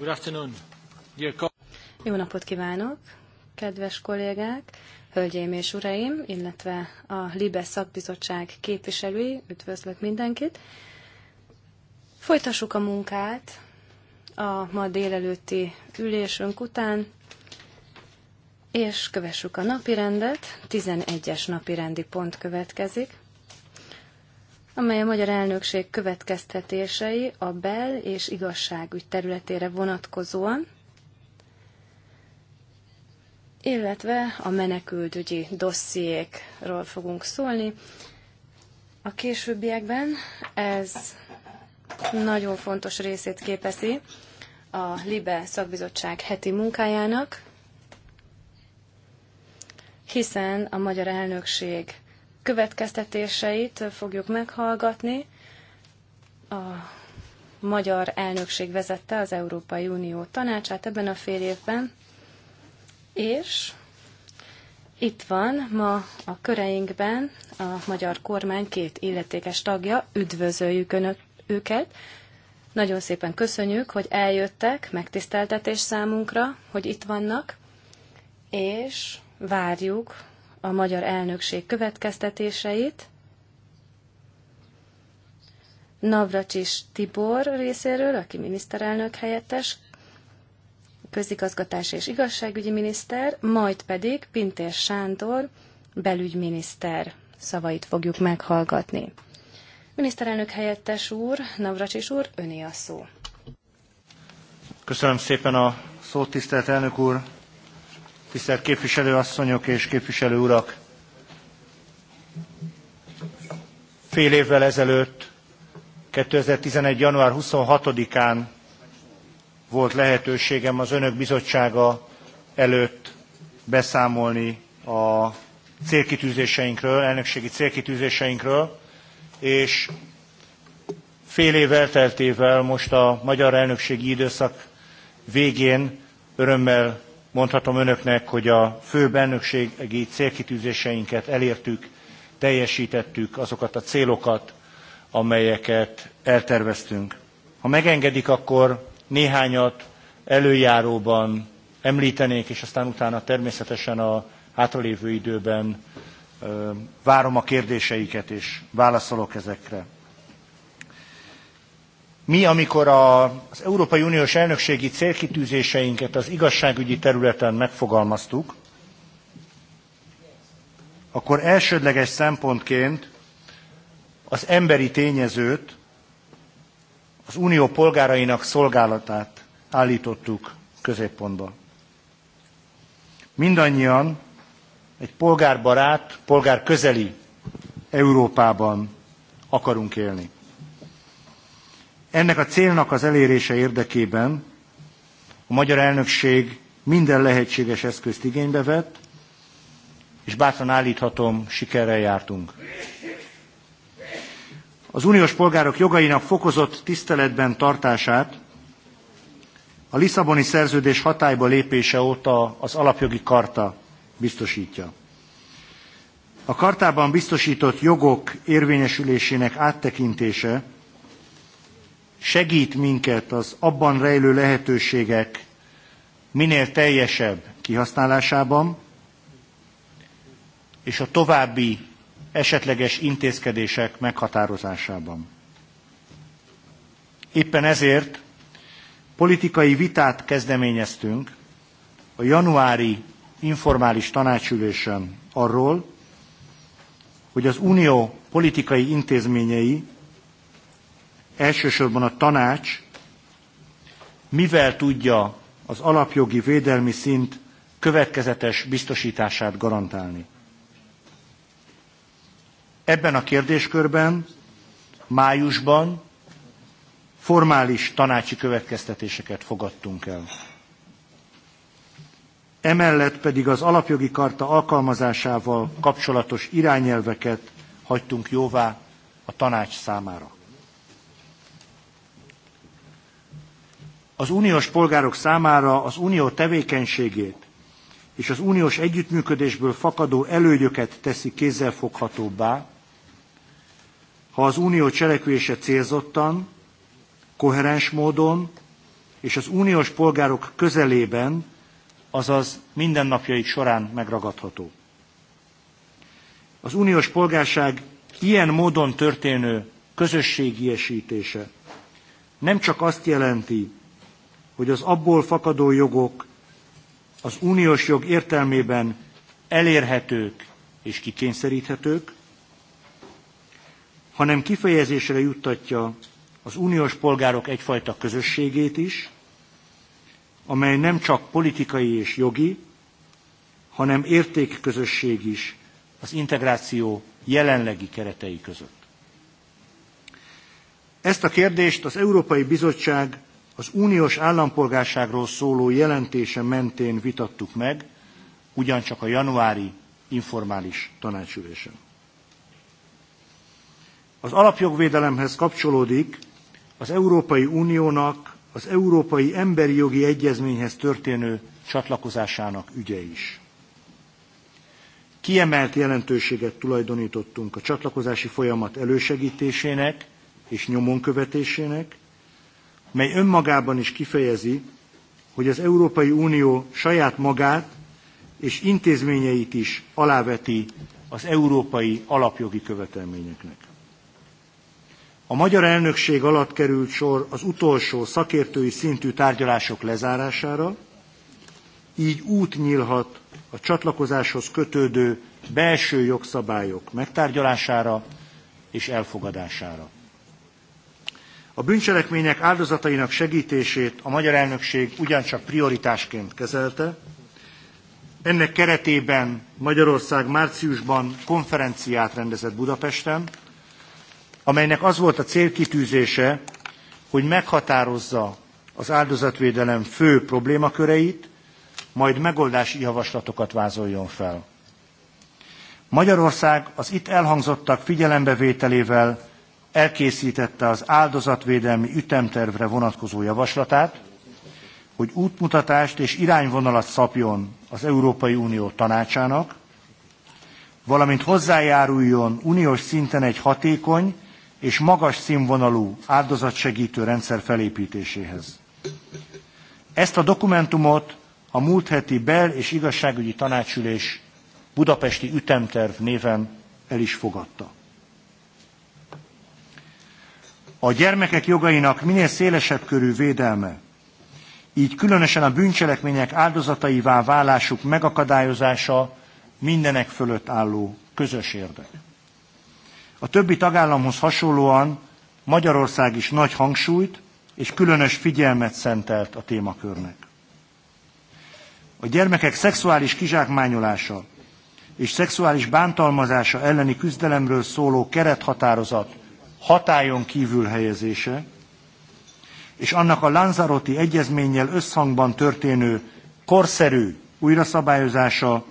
Good afternoon. Jó napot kívánok, kedves kollégák, hölgyeim és uraim, illetve a LIBE szakbizottság képviselői, üdvözlök mindenkit. Folytassuk a munkát a ma délelőtti ülésünk után, és kövessük a napirendet. 11-es napirendi pont következik amely a magyar elnökség következtetései a bel- és igazságügy területére vonatkozóan, illetve a menekültügyi dossziékról fogunk szólni. A későbbiekben ez nagyon fontos részét képezi a LIBE szakbizottság heti munkájának, hiszen a magyar elnökség következtetéseit fogjuk meghallgatni. A magyar elnökség vezette az Európai Unió tanácsát ebben a fél évben, és itt van ma a köreinkben a magyar kormány két illetékes tagja, üdvözöljük önök, őket. Nagyon szépen köszönjük, hogy eljöttek, megtiszteltetés számunkra, hogy itt vannak, és várjuk a magyar elnökség következtetéseit. Navracsis Tibor részéről, aki miniszterelnök helyettes, közigazgatás és igazságügyi miniszter, majd pedig Pintér Sándor, belügyminiszter szavait fogjuk meghallgatni. Miniszterelnök helyettes úr, Navracsis úr, öné a szó. Köszönöm szépen a szót, tisztelt elnök úr, Tisztelt asszonyok és képviselő urak! Fél évvel ezelőtt, 2011. január 26-án volt lehetőségem az Önök bizottsága előtt beszámolni a célkitűzéseinkről, elnökségi célkitűzéseinkről, és fél év elteltével most a magyar elnökségi időszak végén örömmel Mondhatom önöknek, hogy a fő elnökségi célkitűzéseinket elértük, teljesítettük azokat a célokat, amelyeket elterveztünk. Ha megengedik, akkor néhányat előjáróban említenék, és aztán utána természetesen a hátralévő időben várom a kérdéseiket, és válaszolok ezekre. Mi, amikor a, az Európai Uniós elnökségi célkitűzéseinket az igazságügyi területen megfogalmaztuk, akkor elsődleges szempontként az emberi tényezőt, az unió polgárainak szolgálatát állítottuk középpontba. Mindannyian egy polgárbarát, polgárközeli Európában akarunk élni. Ennek a célnak az elérése érdekében a magyar elnökség minden lehetséges eszközt igénybe vett, és bátran állíthatom, sikerrel jártunk. Az uniós polgárok jogainak fokozott tiszteletben tartását a Lisszaboni szerződés hatályba lépése óta az alapjogi karta biztosítja. A kartában biztosított jogok érvényesülésének áttekintése segít minket az abban rejlő lehetőségek minél teljesebb kihasználásában, és a további esetleges intézkedések meghatározásában. Éppen ezért politikai vitát kezdeményeztünk a januári informális tanácsülésen arról, hogy az unió politikai intézményei elsősorban a tanács mivel tudja az alapjogi védelmi szint következetes biztosítását garantálni. Ebben a kérdéskörben májusban formális tanácsi következtetéseket fogadtunk el. Emellett pedig az alapjogi karta alkalmazásával kapcsolatos irányelveket hagytunk jóvá a tanács számára. az uniós polgárok számára az unió tevékenységét és az uniós együttműködésből fakadó előnyöket teszi kézzelfoghatóbbá, ha az unió cselekvése célzottan, koherens módon és az uniós polgárok közelében, azaz mindennapjaik során megragadható. Az uniós polgárság ilyen módon történő közösségiesítése nem csak azt jelenti, hogy az abból fakadó jogok az uniós jog értelmében elérhetők és kikényszeríthetők, hanem kifejezésre juttatja az uniós polgárok egyfajta közösségét is, amely nem csak politikai és jogi, hanem értékközösség is az integráció jelenlegi keretei között. Ezt a kérdést az Európai Bizottság az uniós állampolgárságról szóló jelentése mentén vitattuk meg, ugyancsak a januári informális tanácsülésen. Az alapjogvédelemhez kapcsolódik az Európai Uniónak az Európai Emberi Jogi Egyezményhez történő csatlakozásának ügye is. Kiemelt jelentőséget tulajdonítottunk a csatlakozási folyamat elősegítésének és nyomon követésének, mely önmagában is kifejezi, hogy az Európai Unió saját magát és intézményeit is aláveti az európai alapjogi követelményeknek. A magyar elnökség alatt került sor az utolsó szakértői szintű tárgyalások lezárására, így út nyílhat a csatlakozáshoz kötődő belső jogszabályok megtárgyalására és elfogadására. A bűncselekmények áldozatainak segítését a magyar elnökség ugyancsak prioritásként kezelte. Ennek keretében Magyarország márciusban konferenciát rendezett Budapesten, amelynek az volt a célkitűzése, hogy meghatározza az áldozatvédelem fő problémaköreit, majd megoldási javaslatokat vázoljon fel. Magyarország az itt elhangzottak figyelembevételével elkészítette az áldozatvédelmi ütemtervre vonatkozó javaslatát, hogy útmutatást és irányvonalat szabjon az Európai Unió tanácsának, valamint hozzájáruljon uniós szinten egy hatékony és magas színvonalú áldozatsegítő rendszer felépítéséhez. Ezt a dokumentumot a múlt heti bel- és igazságügyi tanácsülés budapesti ütemterv néven el is fogadta a gyermekek jogainak minél szélesebb körű védelme, így különösen a bűncselekmények áldozataivá válásuk megakadályozása mindenek fölött álló közös érdek. A többi tagállamhoz hasonlóan Magyarország is nagy hangsúlyt és különös figyelmet szentelt a témakörnek. A gyermekek szexuális kizsákmányolása és szexuális bántalmazása elleni küzdelemről szóló kerethatározat hatályon kívül helyezése, és annak a Lanzaroti egyezménnyel összhangban történő korszerű újraszabályozása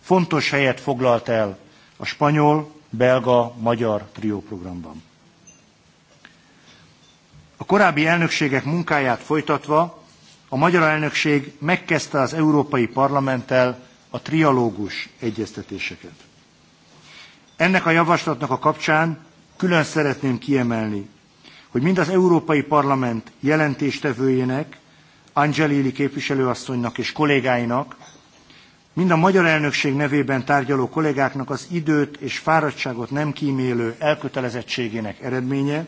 fontos helyet foglalt el a spanyol, belga, magyar trióprogramban. A korábbi elnökségek munkáját folytatva a magyar elnökség megkezdte az Európai Parlamenttel a trialógus egyeztetéseket. Ennek a javaslatnak a kapcsán Külön szeretném kiemelni, hogy mind az Európai Parlament jelentéstevőjének, Angelili képviselőasszonynak és kollégáinak, mind a magyar elnökség nevében tárgyaló kollégáknak az időt és fáradtságot nem kímélő elkötelezettségének eredménye,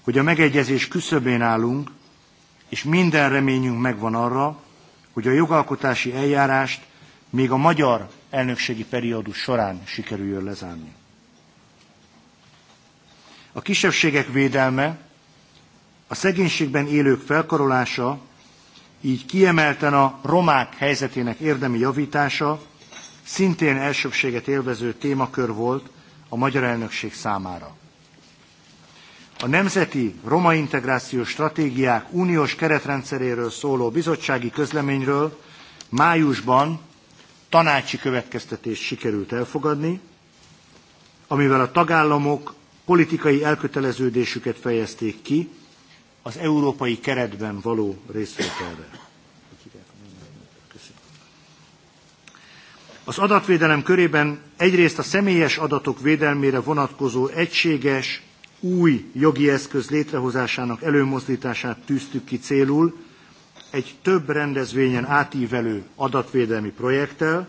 hogy a megegyezés küszöbén állunk, és minden reményünk megvan arra, hogy a jogalkotási eljárást még a magyar elnökségi periódus során sikerüljön lezárni. A kisebbségek védelme, a szegénységben élők felkarolása, így kiemelten a romák helyzetének érdemi javítása szintén elsőbséget élvező témakör volt a magyar elnökség számára. A Nemzeti Roma Integrációs Stratégiák uniós keretrendszeréről szóló bizottsági közleményről májusban tanácsi következtetést sikerült elfogadni, amivel a tagállamok politikai elköteleződésüket fejezték ki az európai keretben való részvételre. Az adatvédelem körében egyrészt a személyes adatok védelmére vonatkozó egységes, új jogi eszköz létrehozásának előmozdítását tűztük ki célul egy több rendezvényen átívelő adatvédelmi projekttel,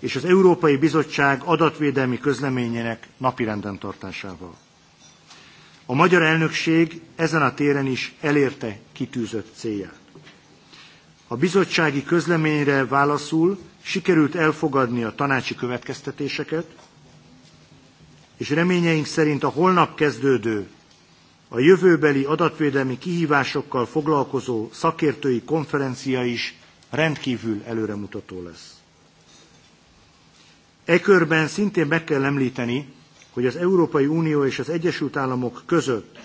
és az Európai Bizottság adatvédelmi közleményének napirenden tartásával. A magyar elnökség ezen a téren is elérte kitűzött célját. A bizottsági közleményre válaszul sikerült elfogadni a tanácsi következtetéseket, és reményeink szerint a holnap kezdődő, a jövőbeli adatvédelmi kihívásokkal foglalkozó szakértői konferencia is rendkívül előremutató lesz. E körben szintén meg kell említeni, hogy az Európai Unió és az Egyesült Államok között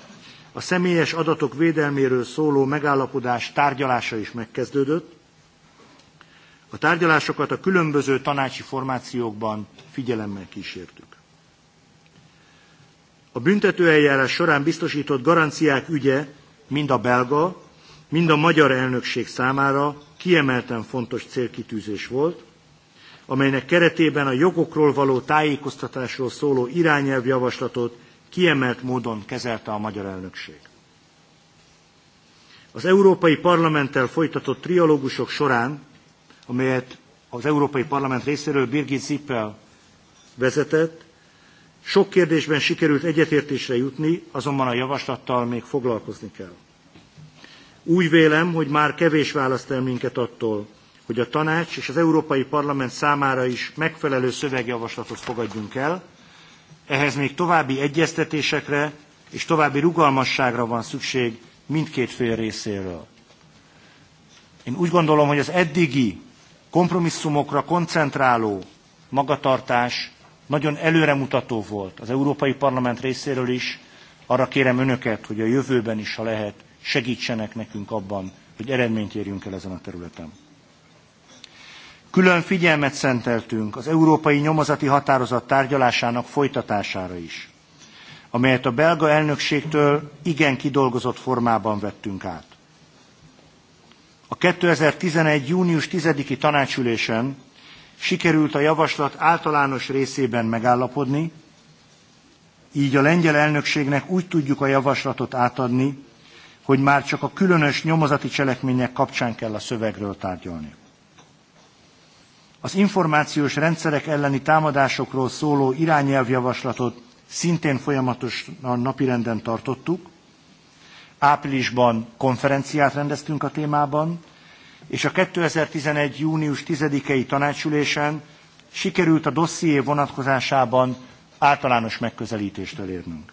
a személyes adatok védelméről szóló megállapodás tárgyalása is megkezdődött. A tárgyalásokat a különböző tanácsi formációkban figyelemmel kísértük. A büntetőeljárás során biztosított garanciák ügye mind a belga, mind a magyar elnökség számára kiemelten fontos célkitűzés volt, amelynek keretében a jogokról való tájékoztatásról szóló irányelvjavaslatot kiemelt módon kezelte a magyar elnökség. Az Európai Parlamenttel folytatott trialógusok során, amelyet az Európai Parlament részéről Birgit Zippel vezetett, sok kérdésben sikerült egyetértésre jutni, azonban a javaslattal még foglalkozni kell. Úgy vélem, hogy már kevés választ el minket attól, hogy a tanács és az Európai Parlament számára is megfelelő szövegjavaslatot fogadjunk el, ehhez még további egyeztetésekre és további rugalmasságra van szükség mindkét fél részéről. Én úgy gondolom, hogy az eddigi kompromisszumokra koncentráló magatartás nagyon előremutató volt az Európai Parlament részéről is. Arra kérem önöket, hogy a jövőben is, ha lehet, segítsenek nekünk abban, hogy eredményt érjünk el ezen a területen. Külön figyelmet szenteltünk az európai nyomozati határozat tárgyalásának folytatására is, amelyet a belga elnökségtől igen kidolgozott formában vettünk át. A 2011. június 10-i tanácsülésen sikerült a javaslat általános részében megállapodni, így a lengyel elnökségnek úgy tudjuk a javaslatot átadni, hogy már csak a különös nyomozati cselekmények kapcsán kell a szövegről tárgyalni. Az információs rendszerek elleni támadásokról szóló irányelvjavaslatot szintén folyamatosan napirenden tartottuk. Áprilisban konferenciát rendeztünk a témában, és a 2011. június 10-i tanácsülésen sikerült a dosszié vonatkozásában általános megközelítést elérnünk.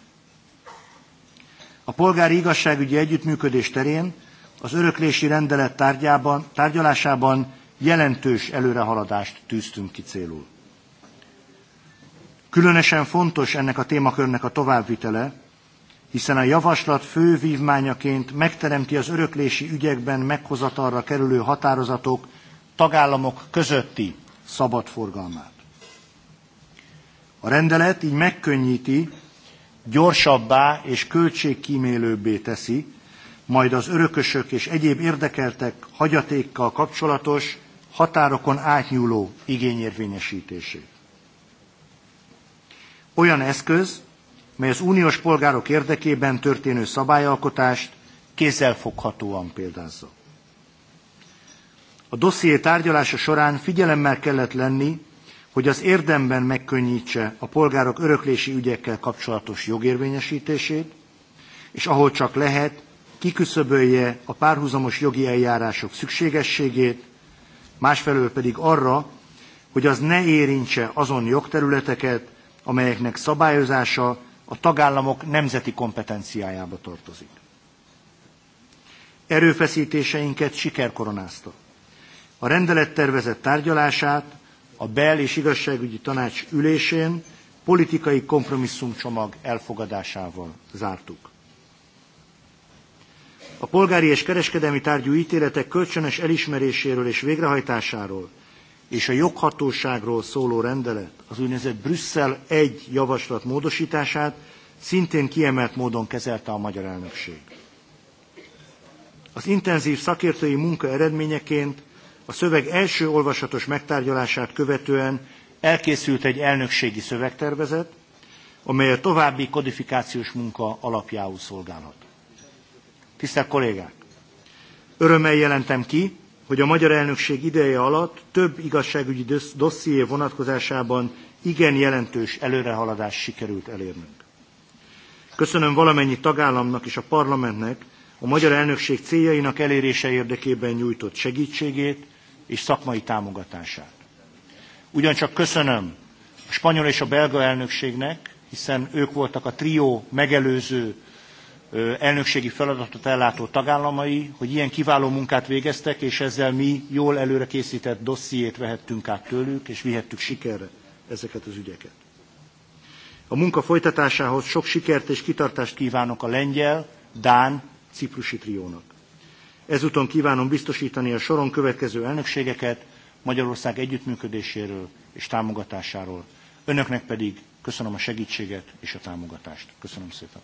A polgári igazságügyi együttműködés terén az öröklési rendelet tárgyában, tárgyalásában jelentős előrehaladást tűztünk ki célul. Különösen fontos ennek a témakörnek a továbbvitele, hiszen a javaslat fő vívmányaként megteremti az öröklési ügyekben meghozatalra kerülő határozatok tagállamok közötti szabad forgalmát. A rendelet így megkönnyíti, gyorsabbá és költségkímélőbbé teszi, majd az örökösök és egyéb érdekeltek hagyatékkal kapcsolatos határokon átnyúló igényérvényesítését. Olyan eszköz, mely az uniós polgárok érdekében történő szabályalkotást kézzelfoghatóan példázza. A dosszié tárgyalása során figyelemmel kellett lenni, hogy az érdemben megkönnyítse a polgárok öröklési ügyekkel kapcsolatos jogérvényesítését, és ahol csak lehet, kiküszöbölje a párhuzamos jogi eljárások szükségességét, másfelől pedig arra, hogy az ne érintse azon jogterületeket, amelyeknek szabályozása a tagállamok nemzeti kompetenciájába tartozik. Erőfeszítéseinket sikerkoronázta. A rendelettervezet tárgyalását a bel- és igazságügyi tanács ülésén politikai kompromisszumcsomag elfogadásával zártuk a polgári és kereskedelmi tárgyú ítéletek kölcsönös elismeréséről és végrehajtásáról és a joghatóságról szóló rendelet, az úgynevezett Brüsszel egy javaslat módosítását szintén kiemelt módon kezelte a magyar elnökség. Az intenzív szakértői munka eredményeként a szöveg első olvasatos megtárgyalását követően elkészült egy elnökségi szövegtervezet, amely a további kodifikációs munka alapjául szolgálhat. Tisztelt kollégák! Örömmel jelentem ki, hogy a magyar elnökség ideje alatt több igazságügyi dosszié vonatkozásában igen jelentős előrehaladás sikerült elérnünk. Köszönöm valamennyi tagállamnak és a parlamentnek a magyar elnökség céljainak elérése érdekében nyújtott segítségét és szakmai támogatását. Ugyancsak köszönöm a spanyol és a belga elnökségnek, hiszen ők voltak a trió megelőző elnökségi feladatot ellátó tagállamai, hogy ilyen kiváló munkát végeztek, és ezzel mi jól előre készített dossziét vehettünk át tőlük, és vihettük sikerre ezeket az ügyeket. A munka folytatásához sok sikert és kitartást kívánok a lengyel, dán, ciprusi triónak. Ezúton kívánom biztosítani a soron következő elnökségeket Magyarország együttműködéséről és támogatásáról. Önöknek pedig köszönöm a segítséget és a támogatást. Köszönöm szépen.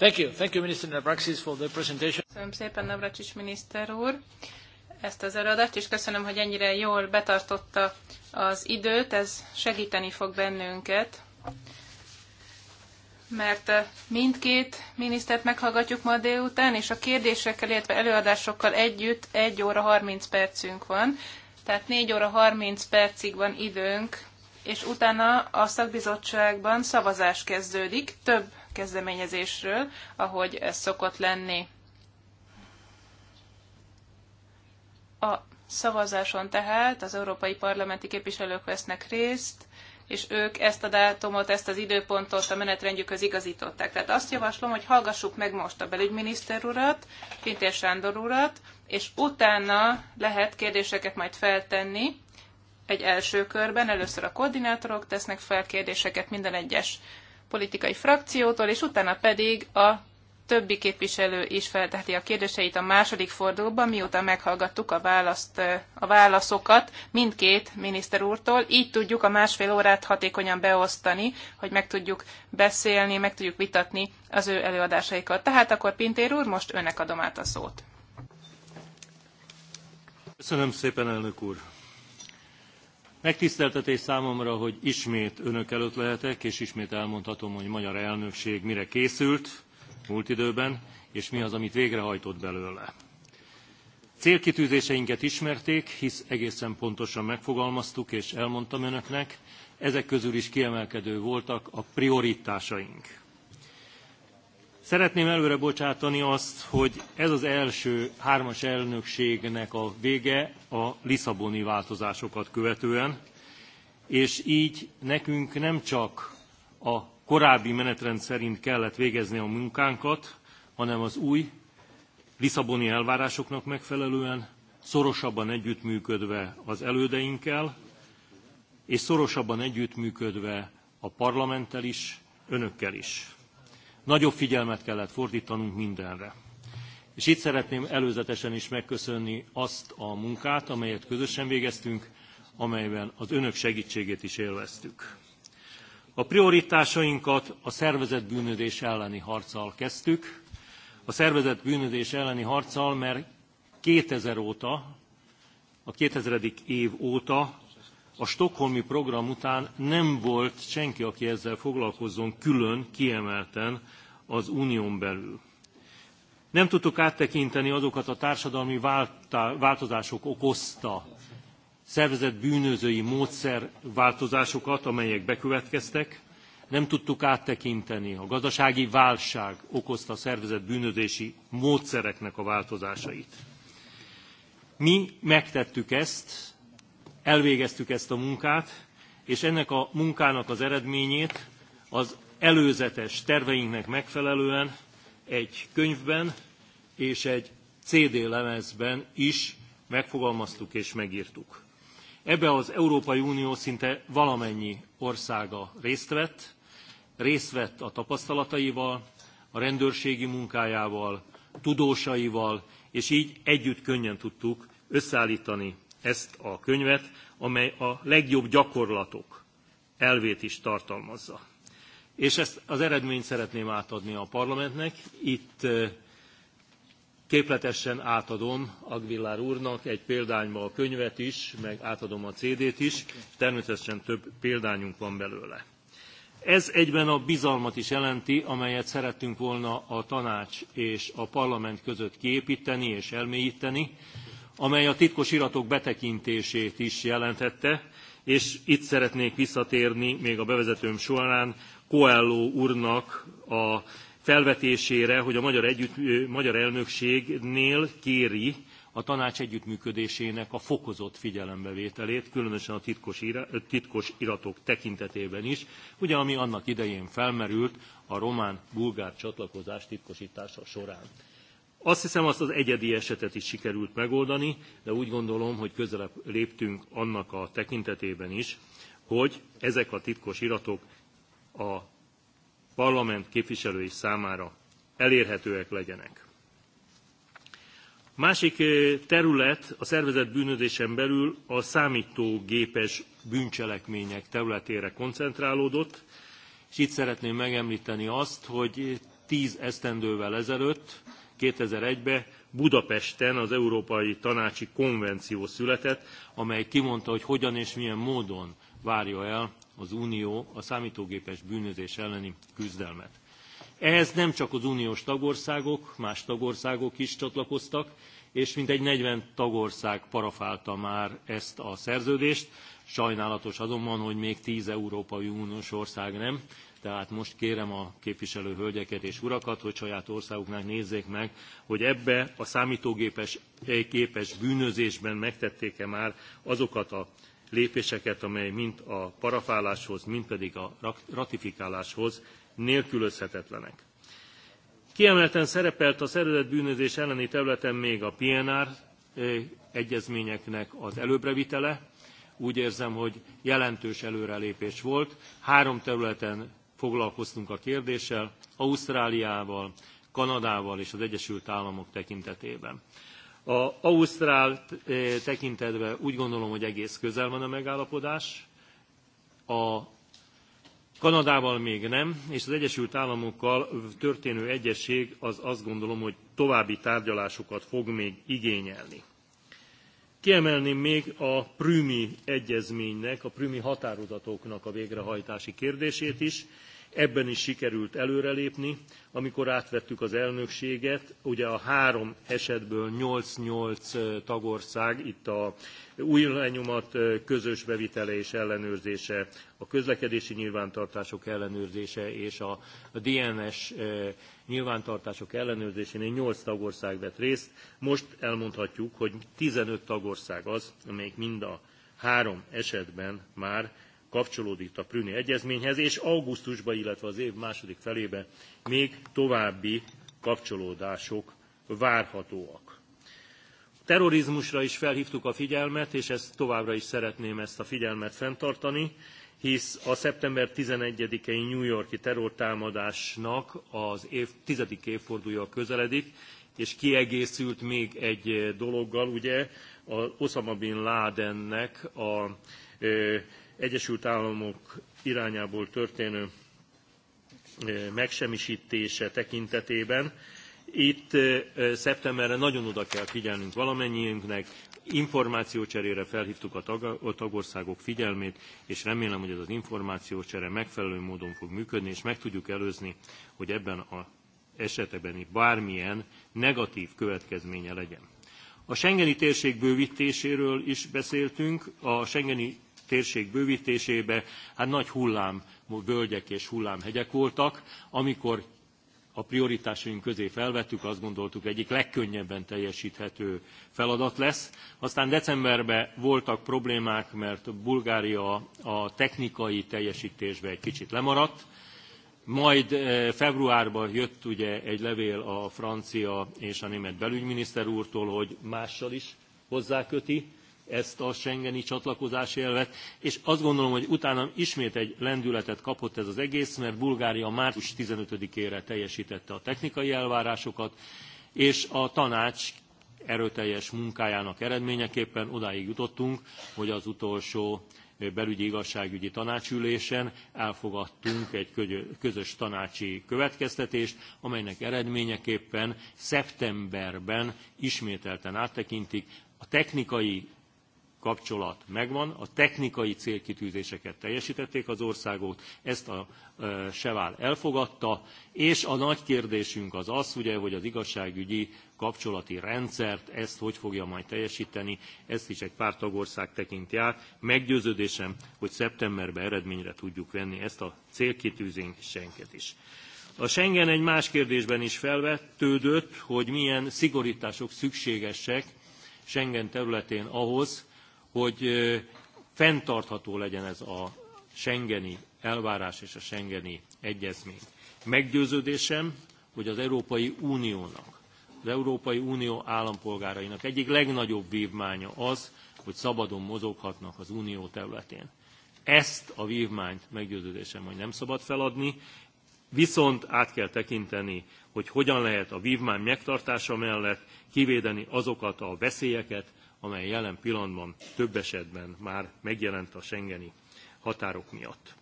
Thank you. Thank you, Minister Navraxis, for the presentation. Köszönöm szépen, Navracsics miniszter úr, ezt az előadást, és köszönöm, hogy ennyire jól betartotta az időt. Ez segíteni fog bennünket, mert eh, mindkét minisztert meghallgatjuk ma délután, és a kérdésekkel, illetve előadásokkal együtt 1 óra 30 percünk van, tehát 4 óra 30 percig van időnk, és utána a szakbizottságban szavazás kezdődik. Több kezdeményezésről, ahogy ez szokott lenni. A szavazáson tehát az európai parlamenti képviselők vesznek részt, és ők ezt a dátumot, ezt az időpontot a menetrendjükhöz igazították. Tehát azt javaslom, hogy hallgassuk meg most a belügyminiszter urat, Pintér Sándor urat, és utána lehet kérdéseket majd feltenni egy első körben. Először a koordinátorok tesznek fel kérdéseket minden egyes politikai frakciótól, és utána pedig a többi képviselő is felteheti a kérdéseit a második fordulóban, miután meghallgattuk a, választ, a válaszokat mindkét miniszter úrtól. Így tudjuk a másfél órát hatékonyan beosztani, hogy meg tudjuk beszélni, meg tudjuk vitatni az ő előadásaikat. Tehát akkor Pintér úr, most önnek adom át a szót. Köszönöm szépen, elnök úr! Megtiszteltetés számomra, hogy ismét önök előtt lehetek, és ismét elmondhatom, hogy magyar elnökség mire készült múlt időben, és mi az, amit végrehajtott belőle. Célkitűzéseinket ismerték, hisz egészen pontosan megfogalmaztuk, és elmondtam önöknek, ezek közül is kiemelkedő voltak a prioritásaink. Szeretném előre bocsátani azt, hogy ez az első hármas elnökségnek a vége a Lisszaboni változásokat követően, és így nekünk nem csak a korábbi menetrend szerint kellett végezni a munkánkat, hanem az új Lisszaboni elvárásoknak megfelelően szorosabban együttműködve az elődeinkkel, és szorosabban együttműködve a parlamenttel is, önökkel is. Nagyobb figyelmet kellett fordítanunk mindenre. És itt szeretném előzetesen is megköszönni azt a munkát, amelyet közösen végeztünk, amelyben az önök segítségét is élveztük. A prioritásainkat a szervezett bűnödés elleni harccal kezdtük. A szervezett bűnödés elleni harccal, mert 2000 óta, a 2000. év óta a stokholmi program után nem volt senki, aki ezzel foglalkozzon külön, kiemelten az unión belül. Nem tudtuk áttekinteni azokat a társadalmi változások okozta szervezett bűnözői változásokat, amelyek bekövetkeztek. Nem tudtuk áttekinteni a gazdasági válság okozta szervezett bűnözési módszereknek a változásait. Mi megtettük ezt, elvégeztük ezt a munkát, és ennek a munkának az eredményét az előzetes terveinknek megfelelően egy könyvben és egy CD lemezben is megfogalmaztuk és megírtuk. Ebbe az Európai Unió szinte valamennyi országa részt vett, részt vett a tapasztalataival, a rendőrségi munkájával, tudósaival, és így együtt könnyen tudtuk összeállítani ezt a könyvet, amely a legjobb gyakorlatok elvét is tartalmazza. És ezt az eredményt szeretném átadni a parlamentnek. Itt képletesen átadom Agvillár úrnak egy példányba a könyvet is, meg átadom a CD-t is, természetesen több példányunk van belőle. Ez egyben a bizalmat is jelenti, amelyet szerettünk volna a tanács és a parlament között kiépíteni és elmélyíteni, amely a titkos iratok betekintését is jelentette, és itt szeretnék visszatérni még a bevezetőm során Coelho úrnak a felvetésére, hogy a magyar, együtt, magyar elnökségnél kéri a tanács együttműködésének a fokozott figyelembevételét, különösen a titkos, ira, titkos iratok tekintetében is, ugye ami annak idején felmerült a román-bulgár csatlakozás titkosítása során. Azt hiszem, azt az egyedi esetet is sikerült megoldani, de úgy gondolom, hogy közelebb léptünk annak a tekintetében is, hogy ezek a titkos iratok a parlament képviselői számára elérhetőek legyenek. Másik eh, terület a szervezett bűnözésen belül a számítógépes bűncselekmények területére koncentrálódott, és itt szeretném megemlíteni azt, hogy tíz esztendővel ezelőtt 2001-ben Budapesten az Európai Tanácsi Konvenció született, amely kimondta, hogy hogyan és milyen módon várja el az Unió a számítógépes bűnözés elleni küzdelmet. Ehhez nem csak az uniós tagországok, más tagországok is csatlakoztak, és mintegy 40 tagország parafálta már ezt a szerződést. Sajnálatos azonban, hogy még 10 Európai Uniós ország nem, tehát most kérem a képviselő hölgyeket és urakat, hogy saját országuknál nézzék meg, hogy ebbe a számítógépes képes bűnözésben megtették-e már azokat a lépéseket, amely mind a parafáláshoz, mind pedig a ratifikáláshoz nélkülözhetetlenek. Kiemelten szerepelt a szervezett bűnözés elleni területen még a PNR egyezményeknek az előbrevitele. Úgy érzem, hogy jelentős előrelépés volt. Három területen foglalkoztunk a kérdéssel, Ausztráliával, Kanadával és az Egyesült Államok tekintetében. A Ausztrál eh, tekintetben úgy gondolom, hogy egész közel van a megállapodás. A Kanadával még nem, és az Egyesült Államokkal történő egyesség az azt gondolom, hogy további tárgyalásokat fog még igényelni. Kiemelném még a Prümi egyezménynek, a Prümi határozatoknak a végrehajtási kérdését is, Ebben is sikerült előrelépni, amikor átvettük az elnökséget, ugye a három esetből 8-8 tagország, itt a új lenyomat közös bevitele és ellenőrzése, a közlekedési nyilvántartások ellenőrzése és a DNS nyilvántartások ellenőrzésén 8 tagország vett részt. Most elmondhatjuk, hogy 15 tagország az, amelyik mind a három esetben már kapcsolódik a Prüni Egyezményhez, és augusztusban, illetve az év második felében még további kapcsolódások várhatóak. A terrorizmusra is felhívtuk a figyelmet, és ezt továbbra is szeretném ezt a figyelmet fenntartani, hisz a szeptember 11-i New Yorki terrortámadásnak az év, tizedik évfordulja közeledik, és kiegészült még egy dologgal, ugye, Osama Bin Ladennek a Egyesült Államok irányából történő megsemmisítése tekintetében. Itt szeptemberre nagyon oda kell figyelnünk valamennyiünknek, információcserére felhívtuk a, tag, a tagországok figyelmét, és remélem, hogy ez az információcsere megfelelő módon fog működni, és meg tudjuk előzni, hogy ebben a esetben bármilyen negatív következménye legyen. A Schengeni térség bővítéséről is beszéltünk. A Schengeni térség bővítésébe, hát nagy hullám völgyek és hullámhegyek voltak, amikor a prioritásaink közé felvettük, azt gondoltuk egyik legkönnyebben teljesíthető feladat lesz. Aztán decemberben voltak problémák, mert Bulgária a technikai teljesítésbe egy kicsit lemaradt, majd eh, februárban jött ugye egy levél a francia és a német belügyminiszter úrtól, hogy mással is hozzáköti ezt a Schengeni csatlakozási elvet, és azt gondolom, hogy utána ismét egy lendületet kapott ez az egész, mert Bulgária március 15-ére teljesítette a technikai elvárásokat, és a tanács erőteljes munkájának eredményeképpen odáig jutottunk, hogy az utolsó belügyi igazságügyi tanácsülésen elfogadtunk egy közös tanácsi következtetést, amelynek eredményeképpen szeptemberben ismételten áttekintik a technikai kapcsolat megvan, a technikai célkitűzéseket teljesítették az országok, ezt a Sevál elfogadta, és a nagy kérdésünk az az, ugye, hogy az igazságügyi kapcsolati rendszert, ezt hogy fogja majd teljesíteni, ezt is egy pár tagország tekinti át. Meggyőződésem, hogy szeptemberben eredményre tudjuk venni ezt a célkitűzésenket is. A Schengen egy más kérdésben is felvetődött, hogy milyen szigorítások szükségesek Schengen területén ahhoz, hogy fenntartható legyen ez a Schengeni elvárás és a Schengeni egyezmény. Meggyőződésem, hogy az Európai Uniónak, az Európai Unió állampolgárainak egyik legnagyobb vívmánya az, hogy szabadon mozoghatnak az unió területén. Ezt a vívmányt meggyőződésem, hogy nem szabad feladni, viszont át kell tekinteni, hogy hogyan lehet a vívmány megtartása mellett kivédeni azokat a veszélyeket, amely jelen pillanatban több esetben már megjelent a Schengeni határok miatt.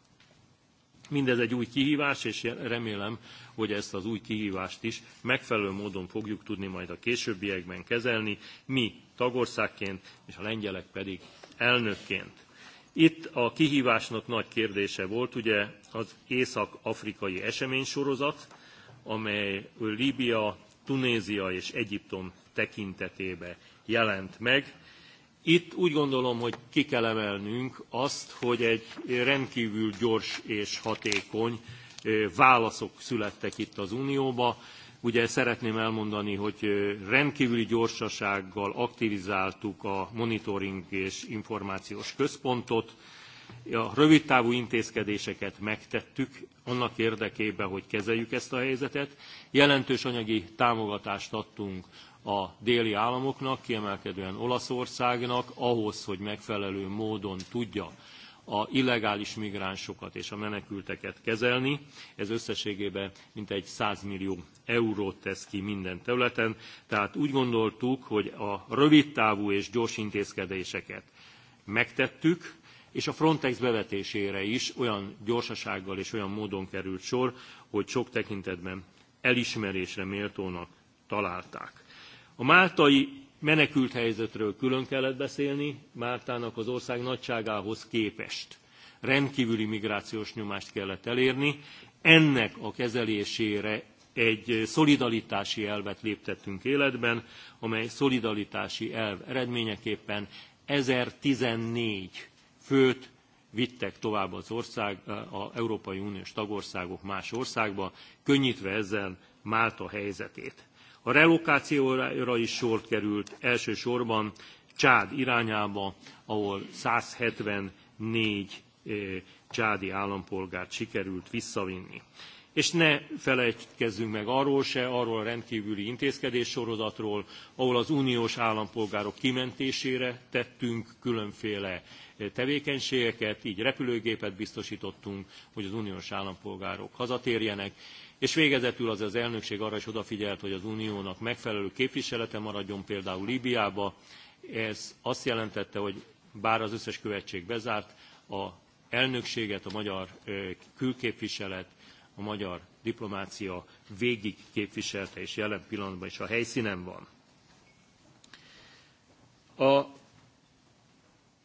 Mindez egy új kihívás, és remélem, hogy ezt az új kihívást is megfelelő módon fogjuk tudni majd a későbbiekben kezelni, mi tagországként, és a lengyelek pedig elnökként. Itt a kihívásnak nagy kérdése volt ugye az észak-afrikai eseménysorozat, amely Líbia, Tunézia és Egyiptom tekintetébe jelent meg. Itt úgy gondolom, hogy ki kell emelnünk azt, hogy egy rendkívül gyors és hatékony válaszok születtek itt az Unióba. Ugye szeretném elmondani, hogy rendkívüli gyorsasággal aktivizáltuk a monitoring és információs központot, a rövidtávú intézkedéseket megtettük annak érdekében, hogy kezeljük ezt a helyzetet. Jelentős anyagi támogatást adtunk a déli államoknak, kiemelkedően Olaszországnak ahhoz, hogy megfelelő módon tudja a illegális migránsokat és a menekülteket kezelni. Ez összességében mintegy 100 millió eurót tesz ki minden területen. Tehát úgy gondoltuk, hogy a rövidtávú és gyors intézkedéseket megtettük, és a Frontex bevetésére is olyan gyorsasággal és olyan módon került sor, hogy sok tekintetben elismerésre méltónak találták. A máltai menekült helyzetről külön kellett beszélni, Máltának az ország nagyságához képest rendkívüli migrációs nyomást kellett elérni. Ennek a kezelésére egy szolidaritási elvet léptettünk életben, amely szolidaritási elv eredményeképpen 1014 főt vittek tovább az ország, a Európai Uniós tagországok más országba, könnyítve ezzel Málta helyzetét. A relokációra is sor került elsősorban Csád irányába, ahol 174 eh, csádi állampolgárt sikerült visszavinni. És ne felejtkezzünk meg arról se, arról a rendkívüli intézkedéssorozatról, ahol az uniós állampolgárok kimentésére tettünk különféle eh, tevékenységeket, így repülőgépet biztosítottunk, hogy az uniós állampolgárok hazatérjenek, és végezetül az az elnökség arra is odafigyelt, hogy az uniónak megfelelő képviselete maradjon például Líbiába. Ez azt jelentette, hogy bár az összes követség bezárt, a elnökséget a magyar külképviselet, a magyar diplomácia végig képviselte, és jelen pillanatban is a helyszínen van. A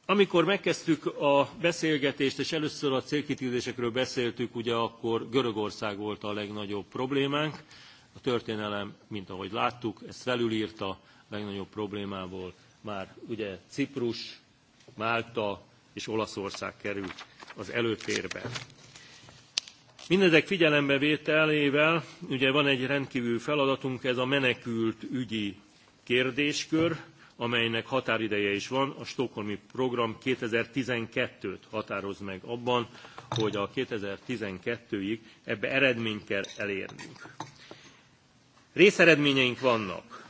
amikor megkezdtük a beszélgetést, és először a célkitűzésekről beszéltük, ugye akkor Görögország volt a legnagyobb problémánk. A történelem, mint ahogy láttuk, ezt felülírta a legnagyobb problémából. Már ugye Ciprus, Málta és Olaszország került az előtérbe. Mindezek figyelembe vételével ugye van egy rendkívül feladatunk, ez a menekült ügyi kérdéskör, amelynek határideje is van, a Stockholmi program 2012-t határoz meg abban, hogy a 2012-ig ebbe eredményt kell elérnünk. Részeredményeink vannak.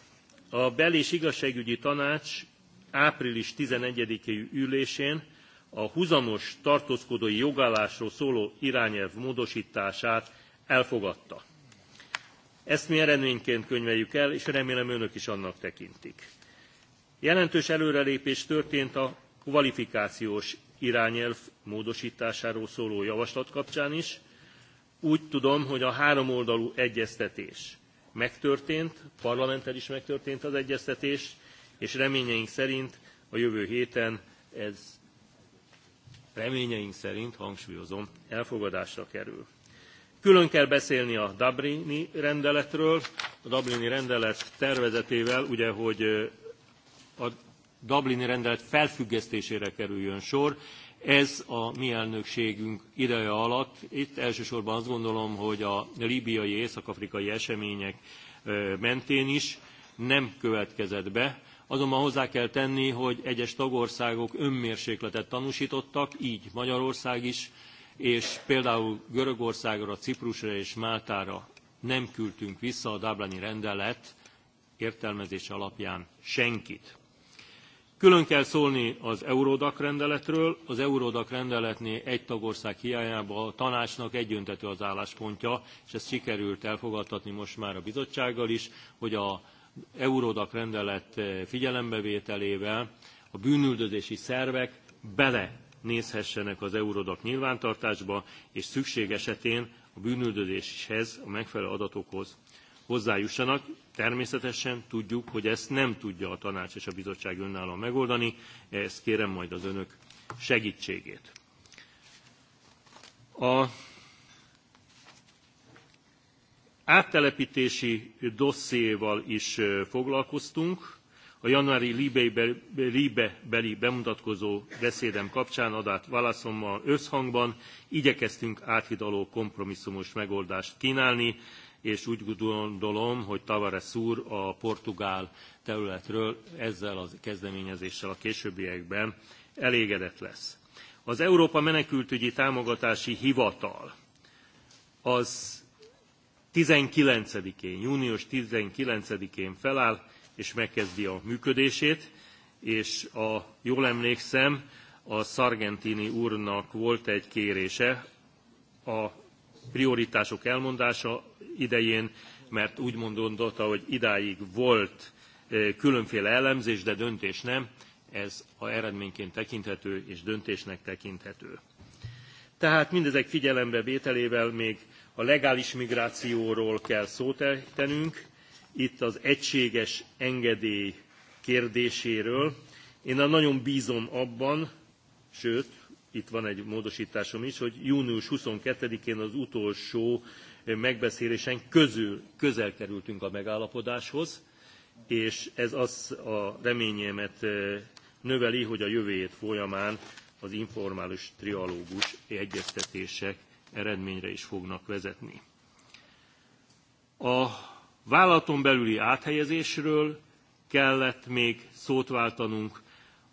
A Bel- és Igazságügyi Tanács április 11-i ülésén a huzamos tartózkodói jogállásról szóló irányelv módosítását elfogadta. Ezt mi eredményként könyveljük el, és remélem önök is annak tekintik. Jelentős előrelépés történt a kvalifikációs irányelv módosításáról szóló javaslat kapcsán is. Úgy tudom, hogy a háromoldalú egyeztetés megtörtént, parlamenttel is megtörtént az egyeztetés, és reményeink szerint a jövő héten ez reményeink szerint, hangsúlyozom, elfogadásra kerül. Külön kell beszélni a Dublini rendeletről. A Dublini rendelet tervezetével, ugye, hogy a Dublini rendelet felfüggesztésére kerüljön sor. Ez a mi elnökségünk ideje alatt. Itt elsősorban azt gondolom, hogy a líbiai, észak-afrikai események mentén is nem következett be. Azonban hozzá kell tenni, hogy egyes tagországok önmérsékletet tanúsítottak, így Magyarország is, és például Görögországra, Ciprusra és Máltára nem küldtünk vissza a Dublini rendelet értelmezése alapján senkit. Külön kell szólni az Eurodac rendeletről. Az Eurodac rendeletnél egy tagország hiányában a tanácsnak egyöntetű az álláspontja, és ezt sikerült elfogadtatni most már a bizottsággal is, hogy a Eurodac rendelet eh, figyelembevételével a bűnüldözési szervek bele nézhessenek az Eurodac nyilvántartásba, és szükség esetén a bűnüldözéshez, a megfelelő adatokhoz hozzájussanak, Természetesen tudjuk, hogy ezt nem tudja a tanács és a bizottság önállóan megoldani, ehhez kérem majd az önök segítségét. A áttelepítési dossziéval is foglalkoztunk. A januári Libe beli bemutatkozó beszédem kapcsán adát válaszommal összhangban igyekeztünk áthidaló kompromisszumos megoldást kínálni, és úgy gondolom, hogy Tavares úr a portugál területről ezzel a kezdeményezéssel a későbbiekben elégedett lesz. Az Európa Menekültügyi Támogatási Hivatal az 19-én, június 19-én feláll, és megkezdi a működését, és a, jól emlékszem, a Sargentini úrnak volt egy kérése a prioritások elmondása idején, mert úgy mondotta, hogy idáig volt különféle elemzés, de döntés nem, ez a eredményként tekinthető és döntésnek tekinthető. Tehát mindezek figyelembe vételével még a legális migrációról kell szót tennünk. itt az egységes engedély kérdéséről. Én nagyon bízom abban, sőt, itt van egy módosításom is, hogy június 22-én az utolsó eh, megbeszélésen közül közel kerültünk a megállapodáshoz, és ez az a reményemet eh, növeli, hogy a jövő hét folyamán az informális trialógus egyeztetések eredményre is fognak vezetni. A vállalaton belüli áthelyezésről kellett még szót váltanunk,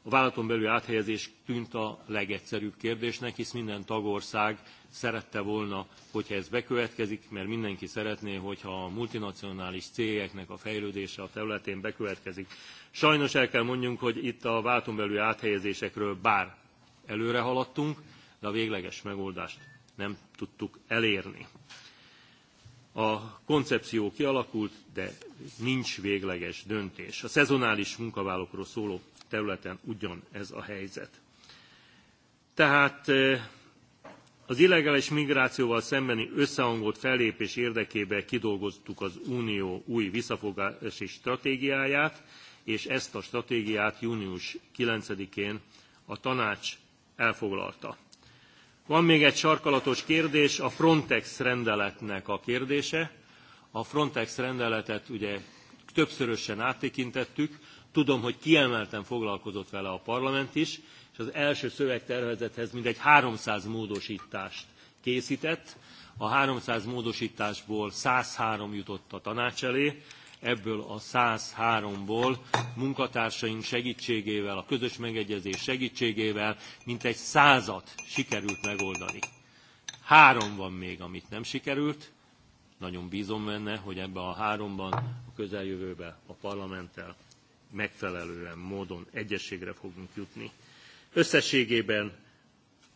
a vállalaton belül áthelyezés tűnt a legegyszerűbb kérdésnek, hisz minden tagország szerette volna, hogyha ez bekövetkezik, mert mindenki szeretné, hogyha a multinacionális cégeknek a fejlődése a területén bekövetkezik. Sajnos el kell mondjunk, hogy itt a vállalaton belül áthelyezésekről bár előre haladtunk, de a végleges megoldást nem tudtuk elérni. A koncepció kialakult, de nincs végleges döntés. A szezonális munkavállalókról szóló területen ugyan ez a helyzet. Tehát az illegális migrációval szembeni összehangolt fellépés érdekében kidolgoztuk az Unió új visszafogási stratégiáját, és ezt a stratégiát június 9-én a tanács elfoglalta. Van még egy sarkalatos kérdés, a Frontex rendeletnek a kérdése. A Frontex rendeletet ugye többszörösen áttekintettük, Tudom, hogy kiemelten foglalkozott vele a parlament is, és az első szövegtervezethez mindegy 300 módosítást készített. A 300 módosításból 103 jutott a tanács elé, ebből a 103-ból munkatársaink segítségével, a közös megegyezés segítségével mintegy százat sikerült megoldani. Három van még, amit nem sikerült. Nagyon bízom benne, hogy ebbe a háromban a közeljövőben a parlamenttel megfelelően módon egyességre fogunk jutni. Összességében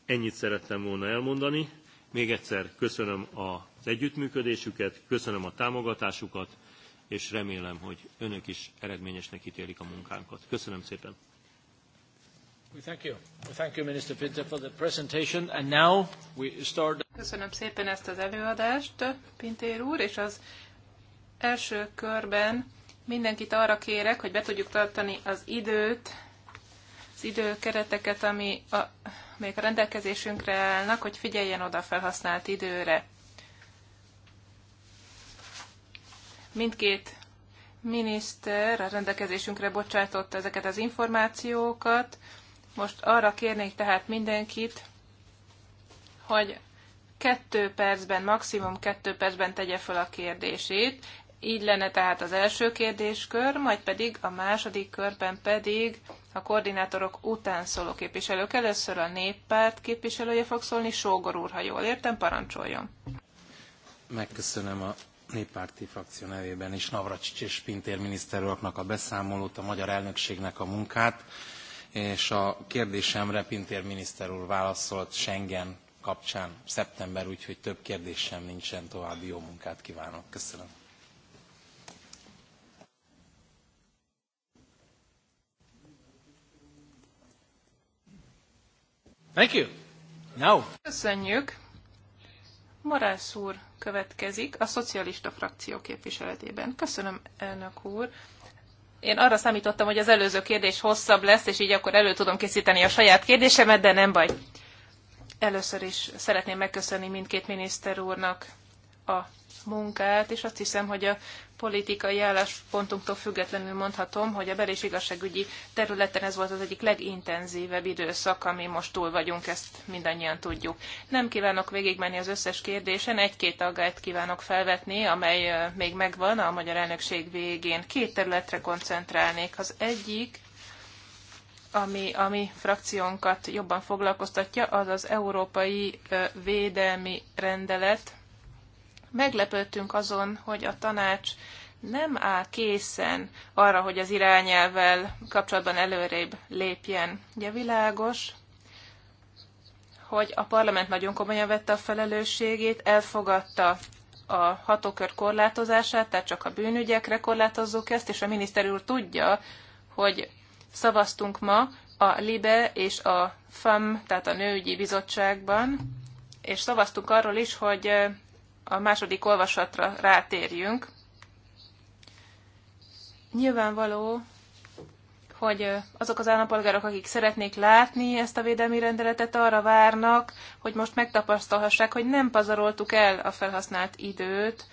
ennyit szerettem volna elmondani. Még egyszer köszönöm az együttműködésüket, köszönöm a támogatásukat, és remélem, hogy önök is eredményesnek ítélik a munkánkat. Köszönöm szépen! Köszönöm szépen ezt az előadást, Pintér úr, és az első körben Mindenkit arra kérek, hogy be tudjuk tartani az időt, az időkereteket, ami a, amelyek a rendelkezésünkre állnak, hogy figyeljen oda a felhasznált időre. Mindkét miniszter a rendelkezésünkre bocsátott ezeket az információkat. Most arra kérnék tehát mindenkit, hogy kettő percben, maximum kettő percben tegye fel a kérdését. Így lenne tehát az első kérdéskör, majd pedig a második körben pedig a koordinátorok után szóló képviselők. Először a néppárt képviselője fog szólni, Sógor úr, ha jól értem, parancsoljon. Megköszönöm a néppárti frakció nevében is Navracsics és Pintér miniszterelnöknek a beszámolót, a magyar elnökségnek a munkát, és a kérdésemre Pintér miniszter úr válaszolt Schengen kapcsán szeptember, úgyhogy több kérdésem nincsen, további jó munkát kívánok. Köszönöm. Thank you. Now. Köszönjük. Morász úr következik a szocialista frakció képviseletében. Köszönöm, elnök úr. Én arra számítottam, hogy az előző kérdés hosszabb lesz, és így akkor elő tudom készíteni a saját kérdésemet, de nem baj. Először is szeretném megköszönni mindkét miniszter úrnak a munkát, és azt hiszem, hogy a politikai álláspontunktól függetlenül mondhatom, hogy a bel- és igazságügyi területen ez volt az egyik legintenzívebb időszak, ami most túl vagyunk, ezt mindannyian tudjuk. Nem kívánok végigmenni az összes kérdésen, egy-két aggályt kívánok felvetni, amely még megvan a magyar elnökség végén. Két területre koncentrálnék. Az egyik ami, ami frakciónkat jobban foglalkoztatja, az az Európai Védelmi Rendelet, meglepődtünk azon, hogy a tanács nem áll készen arra, hogy az irányelvel kapcsolatban előrébb lépjen. Ugye világos, hogy a parlament nagyon komolyan vette a felelősségét, elfogadta a hatókör korlátozását, tehát csak a bűnügyekre korlátozzuk ezt, és a miniszter úr tudja, hogy szavaztunk ma a LIBE és a FAM, tehát a Nőügyi Bizottságban, és szavaztunk arról is, hogy a második olvasatra rátérjünk. Nyilvánvaló, hogy azok az állampolgárok, akik szeretnék látni ezt a védelmi rendeletet, arra várnak, hogy most megtapasztalhassák, hogy nem pazaroltuk el a felhasznált időt,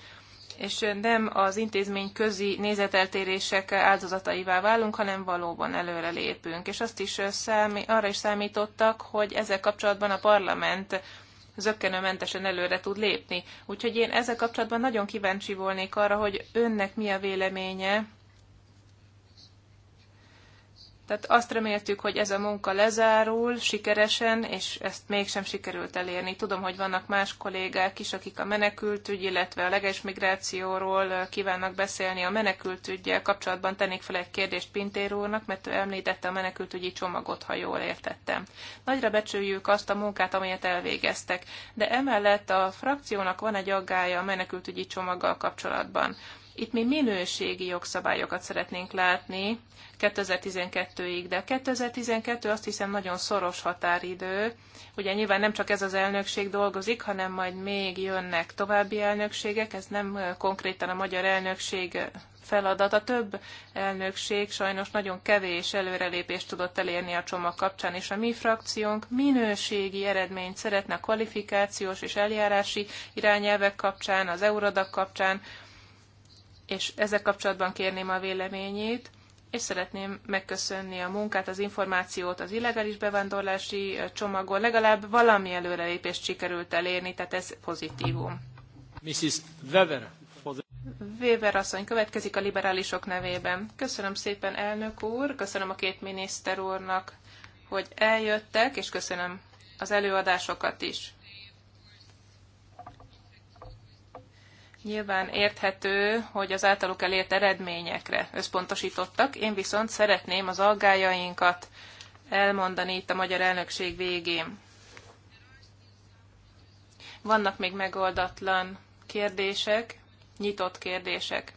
és nem az intézmény közi nézeteltérések áldozataivá válunk, hanem valóban előre lépünk. És azt is számi, arra is számítottak, hogy ezzel kapcsolatban a parlament zöggenőmentesen előre tud lépni. Úgyhogy én ezzel kapcsolatban nagyon kíváncsi volnék arra, hogy önnek mi a véleménye tehát azt reméltük, hogy ez a munka lezárul sikeresen, és ezt mégsem sikerült elérni. Tudom, hogy vannak más kollégák is, akik a menekültügy, illetve a leges migrációról kívánnak beszélni. A menekültügyel kapcsolatban tennék fel egy kérdést Pintér úrnak, mert ő említette a menekültügyi csomagot, ha jól értettem. Nagyra becsüljük azt a munkát, amelyet elvégeztek, de emellett a frakciónak van egy aggája a menekültügyi csomaggal kapcsolatban. Itt mi minőségi jogszabályokat szeretnénk látni 2012-ig, de 2012 azt hiszem nagyon szoros határidő. Ugye nyilván nem csak ez az elnökség dolgozik, hanem majd még jönnek további elnökségek, ez nem konkrétan a magyar elnökség feladata. Több elnökség sajnos nagyon kevés előrelépést tudott elérni a csomag kapcsán, és a mi frakciónk minőségi eredményt szeretne a kvalifikációs és eljárási irányelvek kapcsán, az Eurodak kapcsán, és ezzel kapcsolatban kérném a véleményét, és szeretném megköszönni a munkát, az információt, az illegális bevándorlási csomagon. Legalább valami előrelépést sikerült elérni, tehát ez pozitívum. Mrs. Weber. Weber asszony következik a liberálisok nevében. Köszönöm szépen, elnök úr, köszönöm a két miniszter úrnak, hogy eljöttek, és köszönöm az előadásokat is. Nyilván érthető, hogy az általuk elért eredményekre összpontosítottak, én viszont szeretném az aggájainkat elmondani itt a magyar elnökség végén. Vannak még megoldatlan kérdések, nyitott kérdések.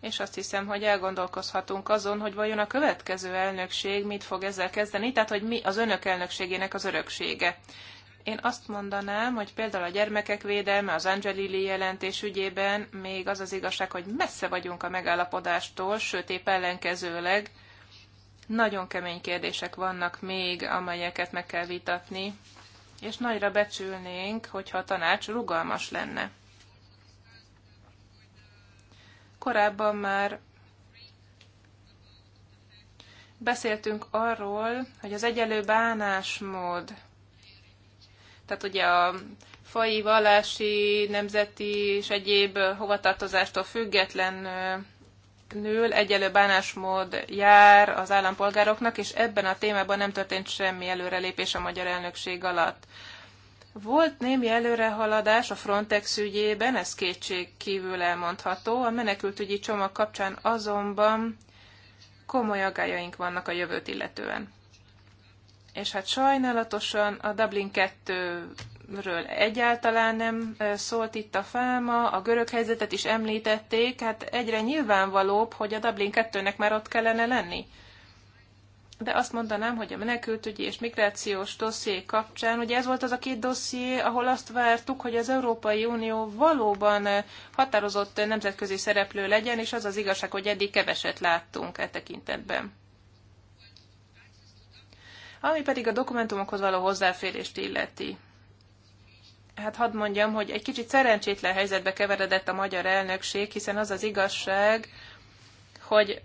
És azt hiszem, hogy elgondolkozhatunk azon, hogy vajon a következő elnökség mit fog ezzel kezdeni, tehát hogy mi az önök elnökségének az öröksége. Én azt mondanám, hogy például a gyermekek védelme az Angelili jelentés ügyében még az az igazság, hogy messze vagyunk a megállapodástól, sőt épp ellenkezőleg nagyon kemény kérdések vannak még, amelyeket meg kell vitatni, és nagyra becsülnénk, hogyha a tanács rugalmas lenne. Korábban már beszéltünk arról, hogy az egyelő bánásmód tehát ugye a fai, vallási, nemzeti és egyéb hovatartozástól független nől egyelő bánásmód jár az állampolgároknak, és ebben a témában nem történt semmi előrelépés a magyar elnökség alatt. Volt némi előrehaladás a Frontex ügyében, ez kétség kívül elmondható, a menekültügyi csomag kapcsán azonban komoly agályaink vannak a jövőt illetően és hát sajnálatosan a Dublin 2-ről egyáltalán nem szólt itt a fáma, a görög helyzetet is említették, hát egyre nyilvánvalóbb, hogy a Dublin 2-nek már ott kellene lenni. De azt mondanám, hogy a menekültügyi és migrációs dosszié kapcsán, ugye ez volt az a két dosszié, ahol azt vártuk, hogy az Európai Unió valóban határozott nemzetközi szereplő legyen, és az az igazság, hogy eddig keveset láttunk e tekintetben. Ami pedig a dokumentumokhoz való hozzáférést illeti. Hát hadd mondjam, hogy egy kicsit szerencsétlen helyzetbe keveredett a magyar elnökség, hiszen az az igazság, hogy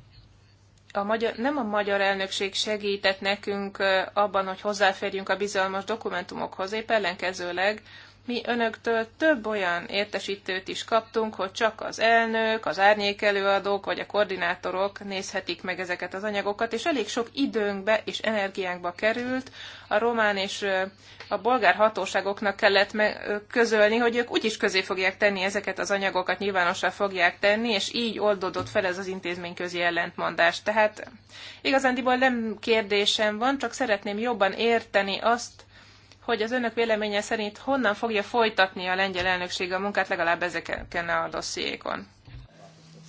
a magyar, nem a magyar elnökség segített nekünk abban, hogy hozzáférjünk a bizalmas dokumentumokhoz, épp ellenkezőleg mi önöktől több olyan értesítőt is kaptunk, hogy csak az elnök, az árnyékelőadók vagy a koordinátorok nézhetik meg ezeket az anyagokat, és elég sok időnkbe és energiánkba került. A román és a bolgár hatóságoknak kellett közölni, hogy ők úgyis közé fogják tenni ezeket az anyagokat, nyilvánossá fogják tenni, és így oldódott fel ez az intézményközi ellentmondás. Tehát igazándiból nem kérdésem van, csak szeretném jobban érteni azt, hogy az önök véleménye szerint honnan fogja folytatni a lengyel elnökség a munkát legalább ezeken a dossziékon.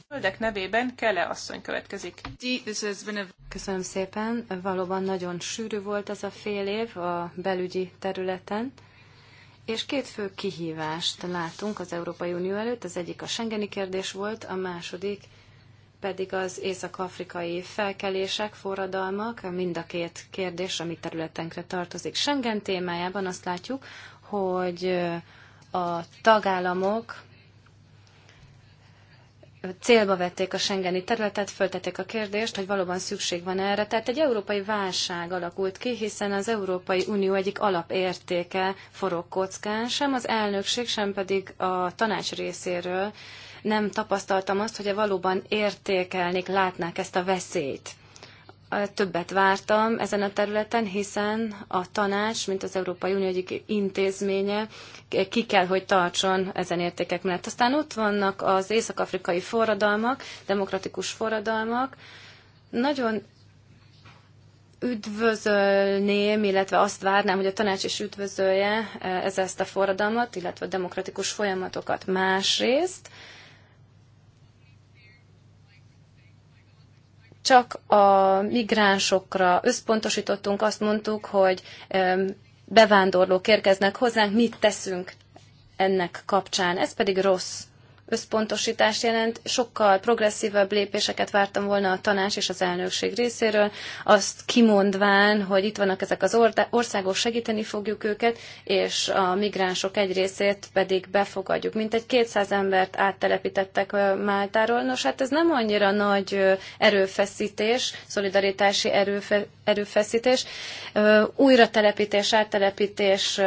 Földek nevében Kele asszony következik. Köszönöm szépen. Valóban nagyon sűrű volt ez a fél év a belügyi területen. És két fő kihívást látunk az Európai Unió előtt. Az egyik a Schengeni kérdés volt, a második pedig az észak-afrikai felkelések, forradalmak, mind a két kérdés, ami területenkre tartozik. Schengen témájában azt látjuk, hogy a tagállamok célba vették a Schengeni területet, föltették a kérdést, hogy valóban szükség van erre. Tehát egy európai válság alakult ki, hiszen az Európai Unió egyik alapértéke forog kockán, sem az elnökség, sem pedig a tanács részéről nem tapasztaltam azt, hogy valóban értékelnék, látnák ezt a veszélyt. Többet vártam ezen a területen, hiszen a tanács, mint az Európai Unió egyik intézménye, ki kell, hogy tartson ezen értékek mellett. Aztán ott vannak az észak-afrikai forradalmak, demokratikus forradalmak. Nagyon üdvözölném, illetve azt várnám, hogy a tanács is üdvözölje eh, ezt a forradalmat, illetve a demokratikus folyamatokat másrészt. csak a migránsokra összpontosítottunk, azt mondtuk, hogy bevándorlók érkeznek hozzánk, mit teszünk ennek kapcsán. Ez pedig rossz összpontosítást jelent. Sokkal progresszívebb lépéseket vártam volna a tanács és az elnökség részéről, azt kimondván, hogy itt vannak ezek az országok, segíteni fogjuk őket, és a migránsok egy részét pedig befogadjuk. Mint egy 200 embert áttelepítettek Máltáról. Nos, hát ez nem annyira nagy erőfeszítés, szolidaritási erőfe, erőfeszítés. Újra telepítés, áttelepítés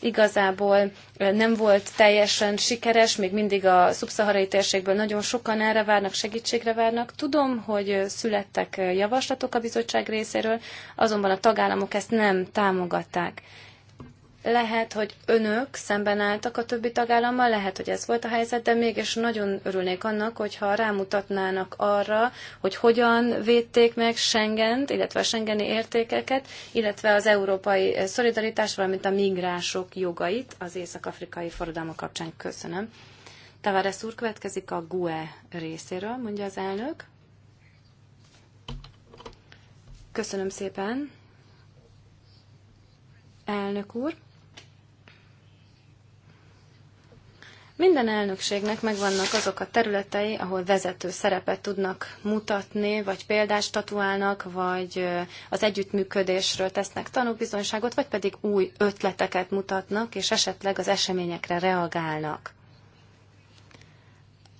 igazából nem volt teljesen sikeres, még mindig a szubszaharai térségből nagyon sokan erre várnak, segítségre várnak. Tudom, hogy születtek javaslatok a bizottság részéről, azonban a tagállamok ezt nem támogatták. Lehet, hogy önök szemben álltak a többi tagállammal, lehet, hogy ez volt a helyzet, de mégis nagyon örülnék annak, hogyha rámutatnának arra, hogy hogyan védték meg Schengent, illetve a Schengeni értékeket, illetve az európai szolidaritás, valamint a migránsok jogait az észak-afrikai forradalma kapcsán. Köszönöm. Tavares úr következik a GUE részéről, mondja az elnök. Köszönöm szépen. Elnök úr. Minden elnökségnek megvannak azok a területei, ahol vezető szerepet tudnak mutatni, vagy példást statuálnak, vagy az együttműködésről tesznek tanúbizonyságot, vagy pedig új ötleteket mutatnak, és esetleg az eseményekre reagálnak.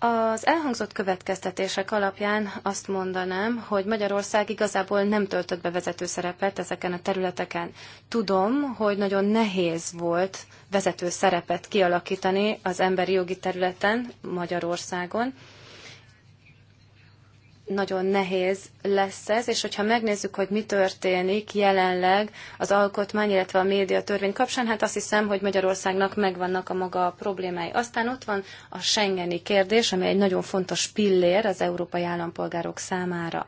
Az elhangzott következtetések alapján azt mondanám, hogy Magyarország igazából nem töltött be vezető szerepet ezeken a területeken. Tudom, hogy nagyon nehéz volt vezető szerepet kialakítani az emberi jogi területen Magyarországon, nagyon nehéz lesz ez, és hogyha megnézzük, hogy mi történik jelenleg az alkotmány, illetve a média törvény kapcsán, hát azt hiszem, hogy Magyarországnak megvannak a maga problémái. Aztán ott van a Schengeni kérdés, ami egy nagyon fontos pillér az európai állampolgárok számára.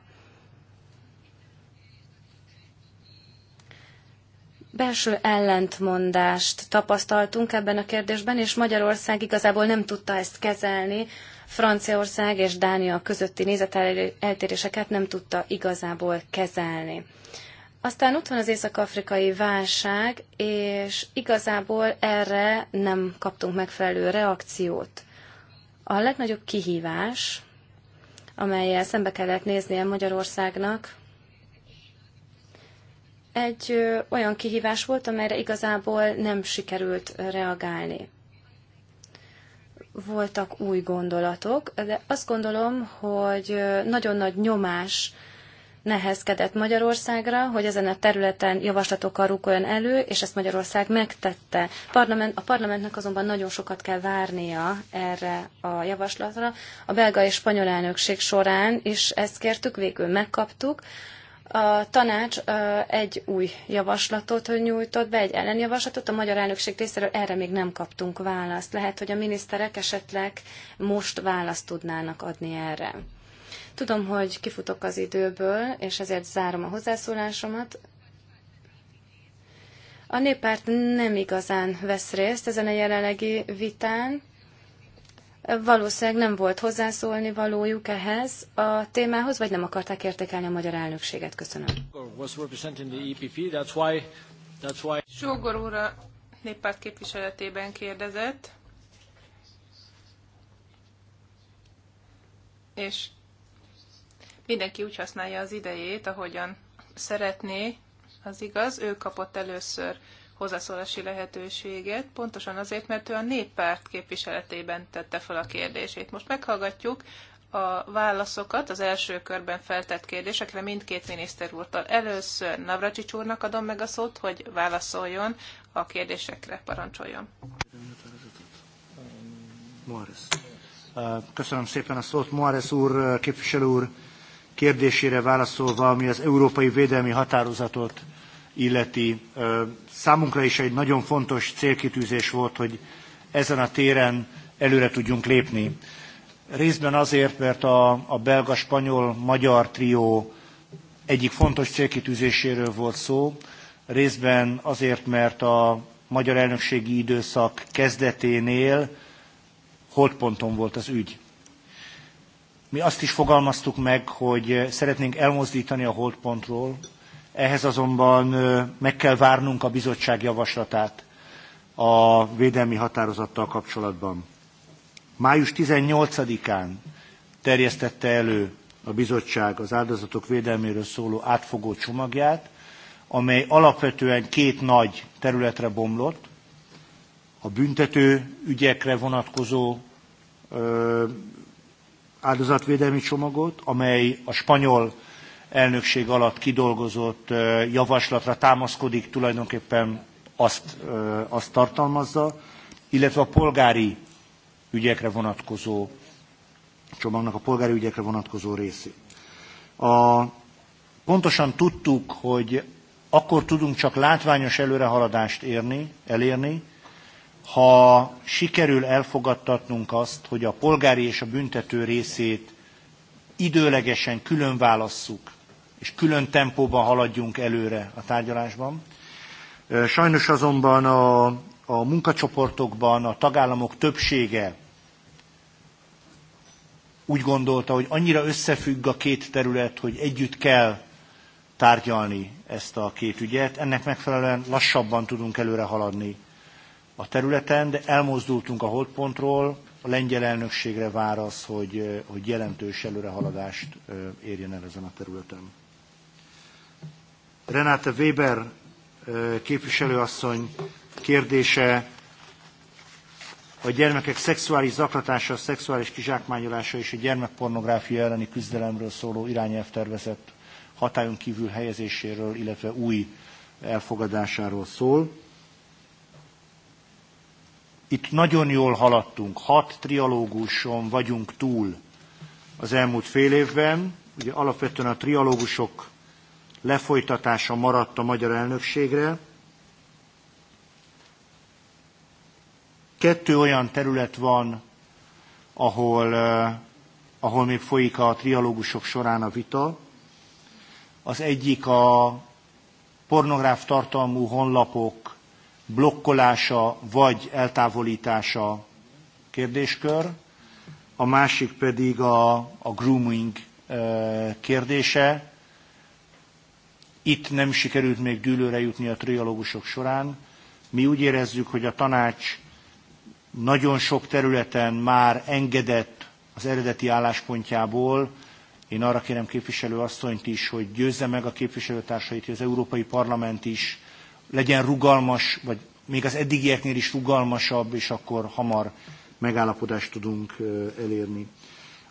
belső ellentmondást tapasztaltunk ebben a kérdésben, és Magyarország igazából nem tudta ezt kezelni Franciaország és Dánia közötti nézeteltéréseket nem tudta igazából kezelni. Aztán ott van az észak-afrikai válság, és igazából erre nem kaptunk megfelelő reakciót. A legnagyobb kihívás, amelyel szembe kellett néznie Magyarországnak, egy olyan kihívás volt, amelyre igazából nem sikerült reagálni voltak új gondolatok, de azt gondolom, hogy nagyon nagy nyomás nehezkedett Magyarországra, hogy ezen a területen javaslatokkal rúkoljon elő, és ezt Magyarország megtette. Parlament, a parlamentnek azonban nagyon sokat kell várnia erre a javaslatra. A belga és spanyol elnökség során is ezt kértük, végül megkaptuk a tanács egy új javaslatot nyújtott be, egy ellenjavaslatot. A magyar elnökség részéről erre még nem kaptunk választ. Lehet, hogy a miniszterek esetleg most választ tudnának adni erre. Tudom, hogy kifutok az időből, és ezért zárom a hozzászólásomat. A néppárt nem igazán vesz részt ezen a jelenlegi vitán. Valószínűleg nem volt hozzászólni valójuk ehhez a témához, vagy nem akarták értékelni a magyar elnökséget. Köszönöm. E Sógor úr a néppárt képviseletében kérdezett, és mindenki úgy használja az idejét, ahogyan szeretné, az igaz, ő kapott először hozzászólási lehetőséget, pontosan azért, mert ő a néppárt képviseletében tette fel a kérdését. Most meghallgatjuk a válaszokat az első körben feltett kérdésekre mindkét miniszter úrtal. Először Navracsics úrnak adom meg a szót, hogy válaszoljon a kérdésekre, parancsoljon. Köszönöm szépen a szót. Moares úr, képviselő úr kérdésére válaszolva, ami az európai védelmi határozatot illeti. Számunkra is egy nagyon fontos célkitűzés volt, hogy ezen a téren előre tudjunk lépni. Részben azért, mert a, a belga, spanyol, magyar trió egyik fontos célkitűzéséről volt szó, részben azért, mert a magyar elnökségi időszak kezdeténél holdponton volt az ügy. Mi azt is fogalmaztuk meg, hogy szeretnénk elmozdítani a holdpontról ehhez azonban meg kell várnunk a bizottság javaslatát a védelmi határozattal kapcsolatban. Május 18-án terjesztette elő a bizottság az áldozatok védelméről szóló átfogó csomagját, amely alapvetően két nagy területre bomlott, a büntető ügyekre vonatkozó áldozatvédelmi csomagot, amely a spanyol elnökség alatt kidolgozott javaslatra támaszkodik, tulajdonképpen azt, azt tartalmazza, illetve a polgári ügyekre vonatkozó csomagnak a polgári ügyekre vonatkozó részét. A, pontosan tudtuk, hogy akkor tudunk csak látványos előrehaladást érni, elérni, ha sikerül elfogadtatnunk azt, hogy a polgári és a büntető részét időlegesen külön válasszuk és külön tempóban haladjunk előre a tárgyalásban. Sajnos azonban a, a munkacsoportokban a tagállamok többsége úgy gondolta, hogy annyira összefügg a két terület, hogy együtt kell tárgyalni ezt a két ügyet. Ennek megfelelően lassabban tudunk előre haladni a területen, de elmozdultunk a holdpontról, a lengyel elnökségre vár az, hogy, hogy jelentős előrehaladást érjen el ezen a területen. Renate Weber képviselőasszony kérdése a gyermekek szexuális zaklatása, a szexuális kizsákmányolása és a gyermekpornográfia elleni küzdelemről szóló irányelvtervezet hatályon kívül helyezéséről, illetve új elfogadásáról szól. Itt nagyon jól haladtunk, hat trialóguson vagyunk túl az elmúlt fél évben. Ugye alapvetően a trialógusok lefolytatása maradt a magyar elnökségre. Kettő olyan terület van, ahol, eh, ahol még folyik a trialógusok során a vita. Az egyik a pornográf tartalmú honlapok blokkolása vagy eltávolítása kérdéskör, a másik pedig a, a grooming kérdése. Itt nem sikerült még dűlőre jutni a triológusok során. Mi úgy érezzük, hogy a tanács nagyon sok területen már engedett az eredeti álláspontjából. Én arra kérem képviselő asszonyt is, hogy győzze meg a képviselőtársait, hogy az Európai Parlament is legyen rugalmas, vagy még az eddigieknél is rugalmasabb, és akkor hamar megállapodást tudunk elérni.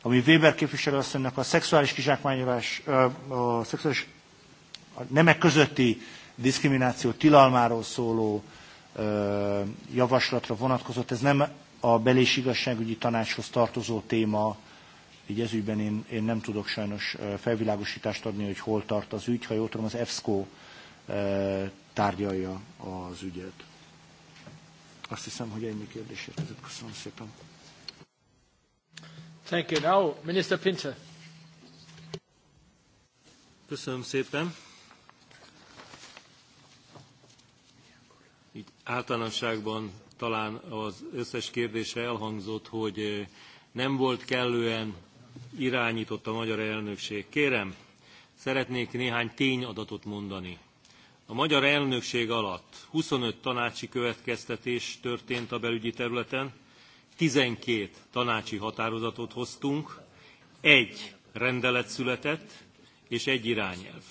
Ami Weber képviselőasszonynak a szexuális kizsákmányolás, a szexuális a nemek közötti diszkrimináció tilalmáról szóló javaslatra vonatkozott, ez nem a belés igazságügyi tanácshoz tartozó téma, így ezügyben én, én nem tudok sajnos felvilágosítást adni, hogy hol tart az ügy. Ha jól tudom, az EFSCO tárgyalja az ügyet. Azt hiszem, hogy ennyi kérdés érkezett. Köszönöm szépen. Thank you. Now, Minister Pinter. Köszönöm szépen. Így általánosságban talán az összes kérdése elhangzott, hogy eh, nem volt kellően irányított a magyar elnökség. Kérem, szeretnék néhány tényadatot mondani a magyar elnökség alatt 25 tanácsi következtetés történt a belügyi területen, 12 tanácsi határozatot hoztunk, egy rendelet született, és egy irányelv.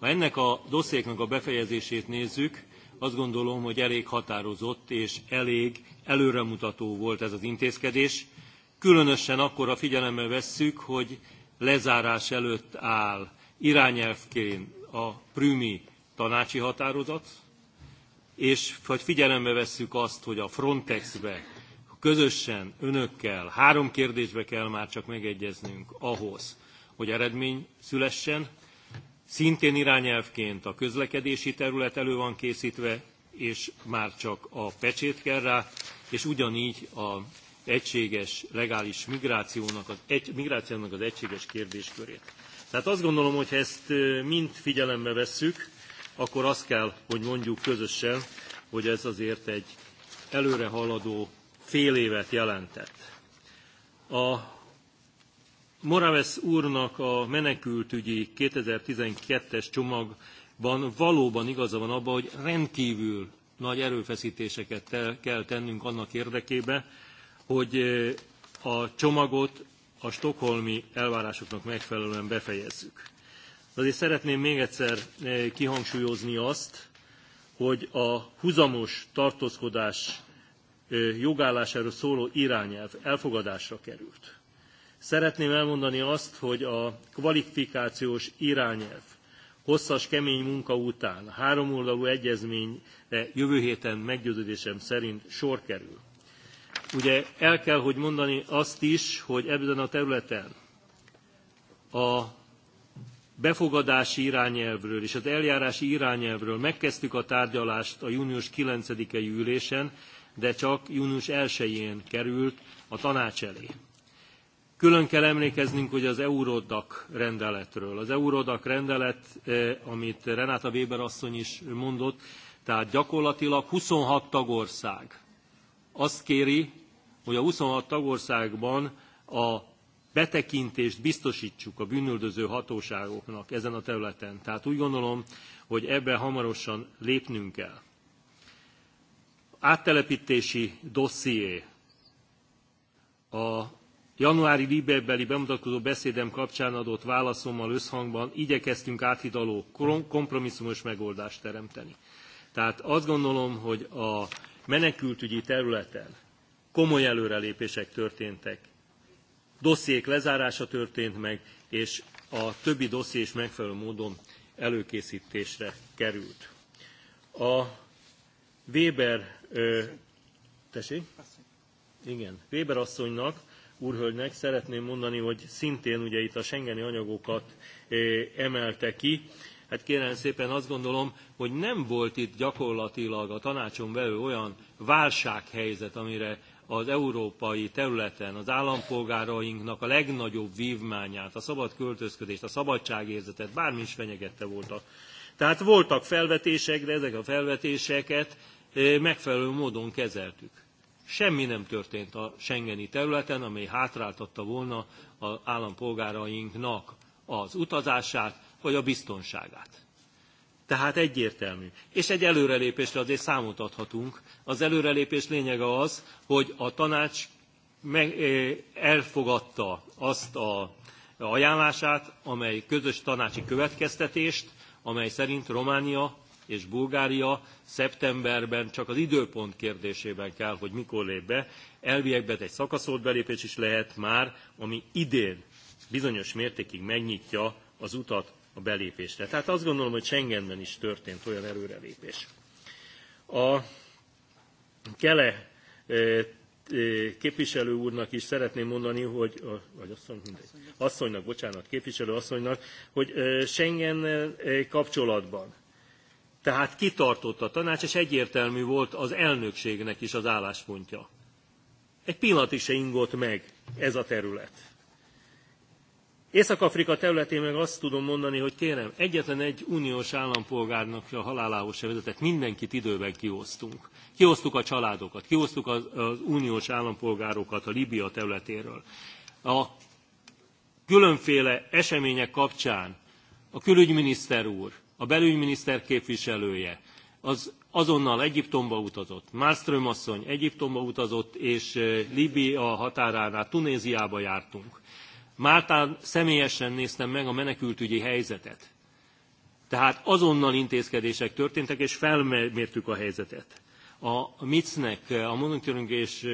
Ha ennek a dossziéknak a befejezését nézzük, azt gondolom, hogy elég határozott és elég előremutató volt ez az intézkedés, különösen akkor, ha figyelembe vesszük, hogy lezárás előtt áll irányelvként a prümi tanácsi határozat, és hogy figyelembe vesszük azt, hogy a Frontexbe közösen önökkel három kérdésbe kell már csak megegyeznünk ahhoz, hogy eredmény szülessen. Szintén irányelvként a közlekedési terület elő van készítve, és már csak a pecsét kell rá, és ugyanígy a egységes legális migrációnak az, egy, migrációnak az egységes kérdéskörét. Tehát azt gondolom, hogy ha ezt mind figyelembe vesszük, akkor azt kell, hogy mondjuk közösen, hogy ez azért egy előre haladó fél évet jelentett. A Moraves úrnak a menekültügyi 2012-es csomagban valóban igaza van abban, hogy rendkívül nagy erőfeszítéseket kell tennünk annak érdekében, hogy eh, a csomagot a stokholmi elvárásoknak megfelelően befejezzük. De azért szeretném még egyszer eh, kihangsúlyozni azt, hogy a huzamos tartózkodás eh, jogállásáról szóló irányelv elfogadásra került. Szeretném elmondani azt, hogy a kvalifikációs irányelv hosszas, kemény munka után háromoldalú egyezményre jövő héten meggyőződésem szerint sor kerül. Ugye el kell, hogy mondani azt is, hogy ebben a területen a befogadási irányelvről és az eljárási irányelvről megkezdtük a tárgyalást a június 9-i ülésen, de csak június 1-én került a tanács elé. Külön kell emlékeznünk, hogy az Eurodac rendeletről. Az Eurodac rendelet, eh, amit Renáta Weber asszony is mondott, tehát gyakorlatilag 26 tagország azt kéri, hogy a 26 tagországban a betekintést biztosítsuk a bűnöldöző hatóságoknak ezen a területen. Tehát úgy gondolom, hogy ebben hamarosan lépnünk kell. Áttelepítési dosszié. A januári libebeli bemutatkozó beszédem kapcsán adott válaszommal összhangban igyekeztünk áthidaló kompromisszumos megoldást teremteni. Tehát azt gondolom, hogy a menekültügyi területen komoly előrelépések történtek dossziék lezárása történt meg, és a többi dosszié is megfelelő módon előkészítésre került. A Weber, ö, tessék? Igen, Weber asszonynak, úrhölgynek szeretném mondani, hogy szintén ugye itt a Schengeni anyagokat ö, emelte ki. Hát kérem szépen azt gondolom, hogy nem volt itt gyakorlatilag a tanácson belül olyan válsághelyzet, amire az európai területen az állampolgárainknak a legnagyobb vívmányát, a szabad költözködést, a szabadságérzetet, bármi is fenyegette voltak. Tehát voltak felvetések, de ezek a felvetéseket megfelelő módon kezeltük. Semmi nem történt a Schengeni területen, amely hátráltatta volna az állampolgárainknak az utazását vagy a biztonságát. Tehát egyértelmű. És egy előrelépésre azért számot adhatunk. Az előrelépés lényege az, hogy a tanács meg, eh, elfogadta azt a ajánlását, amely közös tanácsi következtetést, amely szerint Románia és Bulgária szeptemberben csak az időpont kérdésében kell, hogy mikor lép be. Elviekben egy szakaszolt belépés is lehet már, ami idén bizonyos mértékig megnyitja az utat a belépésre. Tehát azt gondolom, hogy Schengenben is történt olyan előrelépés. A Kele e, e, képviselő úrnak is szeretném mondani, hogy, vagy asszony, mindegy, asszonynak, bocsánat, képviselő asszonynak, hogy e, Schengen kapcsolatban tehát kitartott a tanács, és egyértelmű volt az elnökségnek is az álláspontja. Egy is se ingott meg ez a terület. Észak-Afrika területén meg azt tudom mondani, hogy kérem, egyetlen egy uniós állampolgárnak a halálához se vezetett, mindenkit időben kiosztunk. Kiosztuk a családokat, kiosztuk az, az uniós állampolgárokat a Libia területéről. A különféle események kapcsán a külügyminiszter úr, a belügyminiszter képviselője, az azonnal Egyiptomba utazott, Malmström asszony Egyiptomba utazott, és eh, Libia határánál Tunéziába jártunk Máltán személyesen néztem meg a menekültügyi helyzetet. Tehát azonnal intézkedések történtek, és felmértük a helyzetet. A MIC-nek, a Monitoring és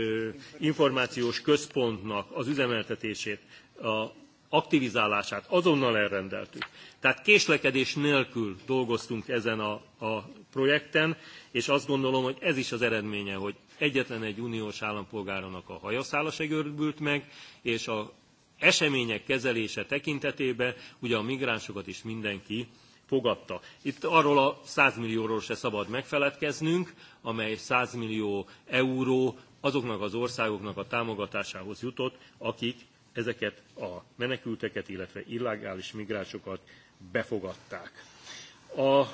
Információs Központnak az üzemeltetését, a aktivizálását azonnal elrendeltük. Tehát késlekedés nélkül dolgoztunk ezen a, a projekten, és azt gondolom, hogy ez is az eredménye, hogy egyetlen egy uniós állampolgáronak a hajaszála se meg, és a események kezelése tekintetében ugye a migránsokat is mindenki fogadta. Itt arról a 100 millióról se szabad megfeledkeznünk, amely 100 millió euró azoknak az országoknak a támogatásához jutott, akik ezeket a menekülteket, illetve illegális migránsokat befogadták. A,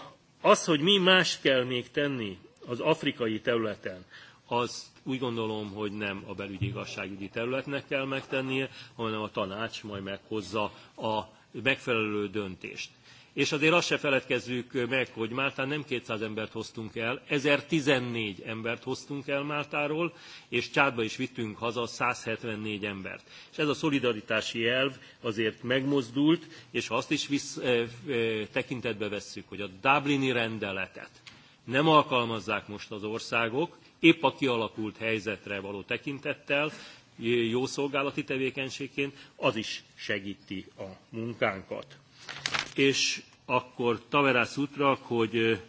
az, hogy mi más kell még tenni az afrikai területen, az úgy gondolom, hogy nem a belügyi igazságügyi területnek kell megtennie, hanem a tanács majd meghozza a megfelelő döntést. És azért azt se feledkezzük meg, hogy Máltán nem 200 embert hoztunk el, 1014 embert hoztunk el Máltáról, és Csádba is vittünk haza 174 embert. És ez a szolidaritási elv azért megmozdult, és ha azt is visz, e, e, tekintetbe vesszük, hogy a Dublini rendeletet nem alkalmazzák most az országok, épp a kialakult helyzetre való tekintettel, jó szolgálati tevékenységként, az is segíti a munkánkat. És akkor Taverász útrak, hogy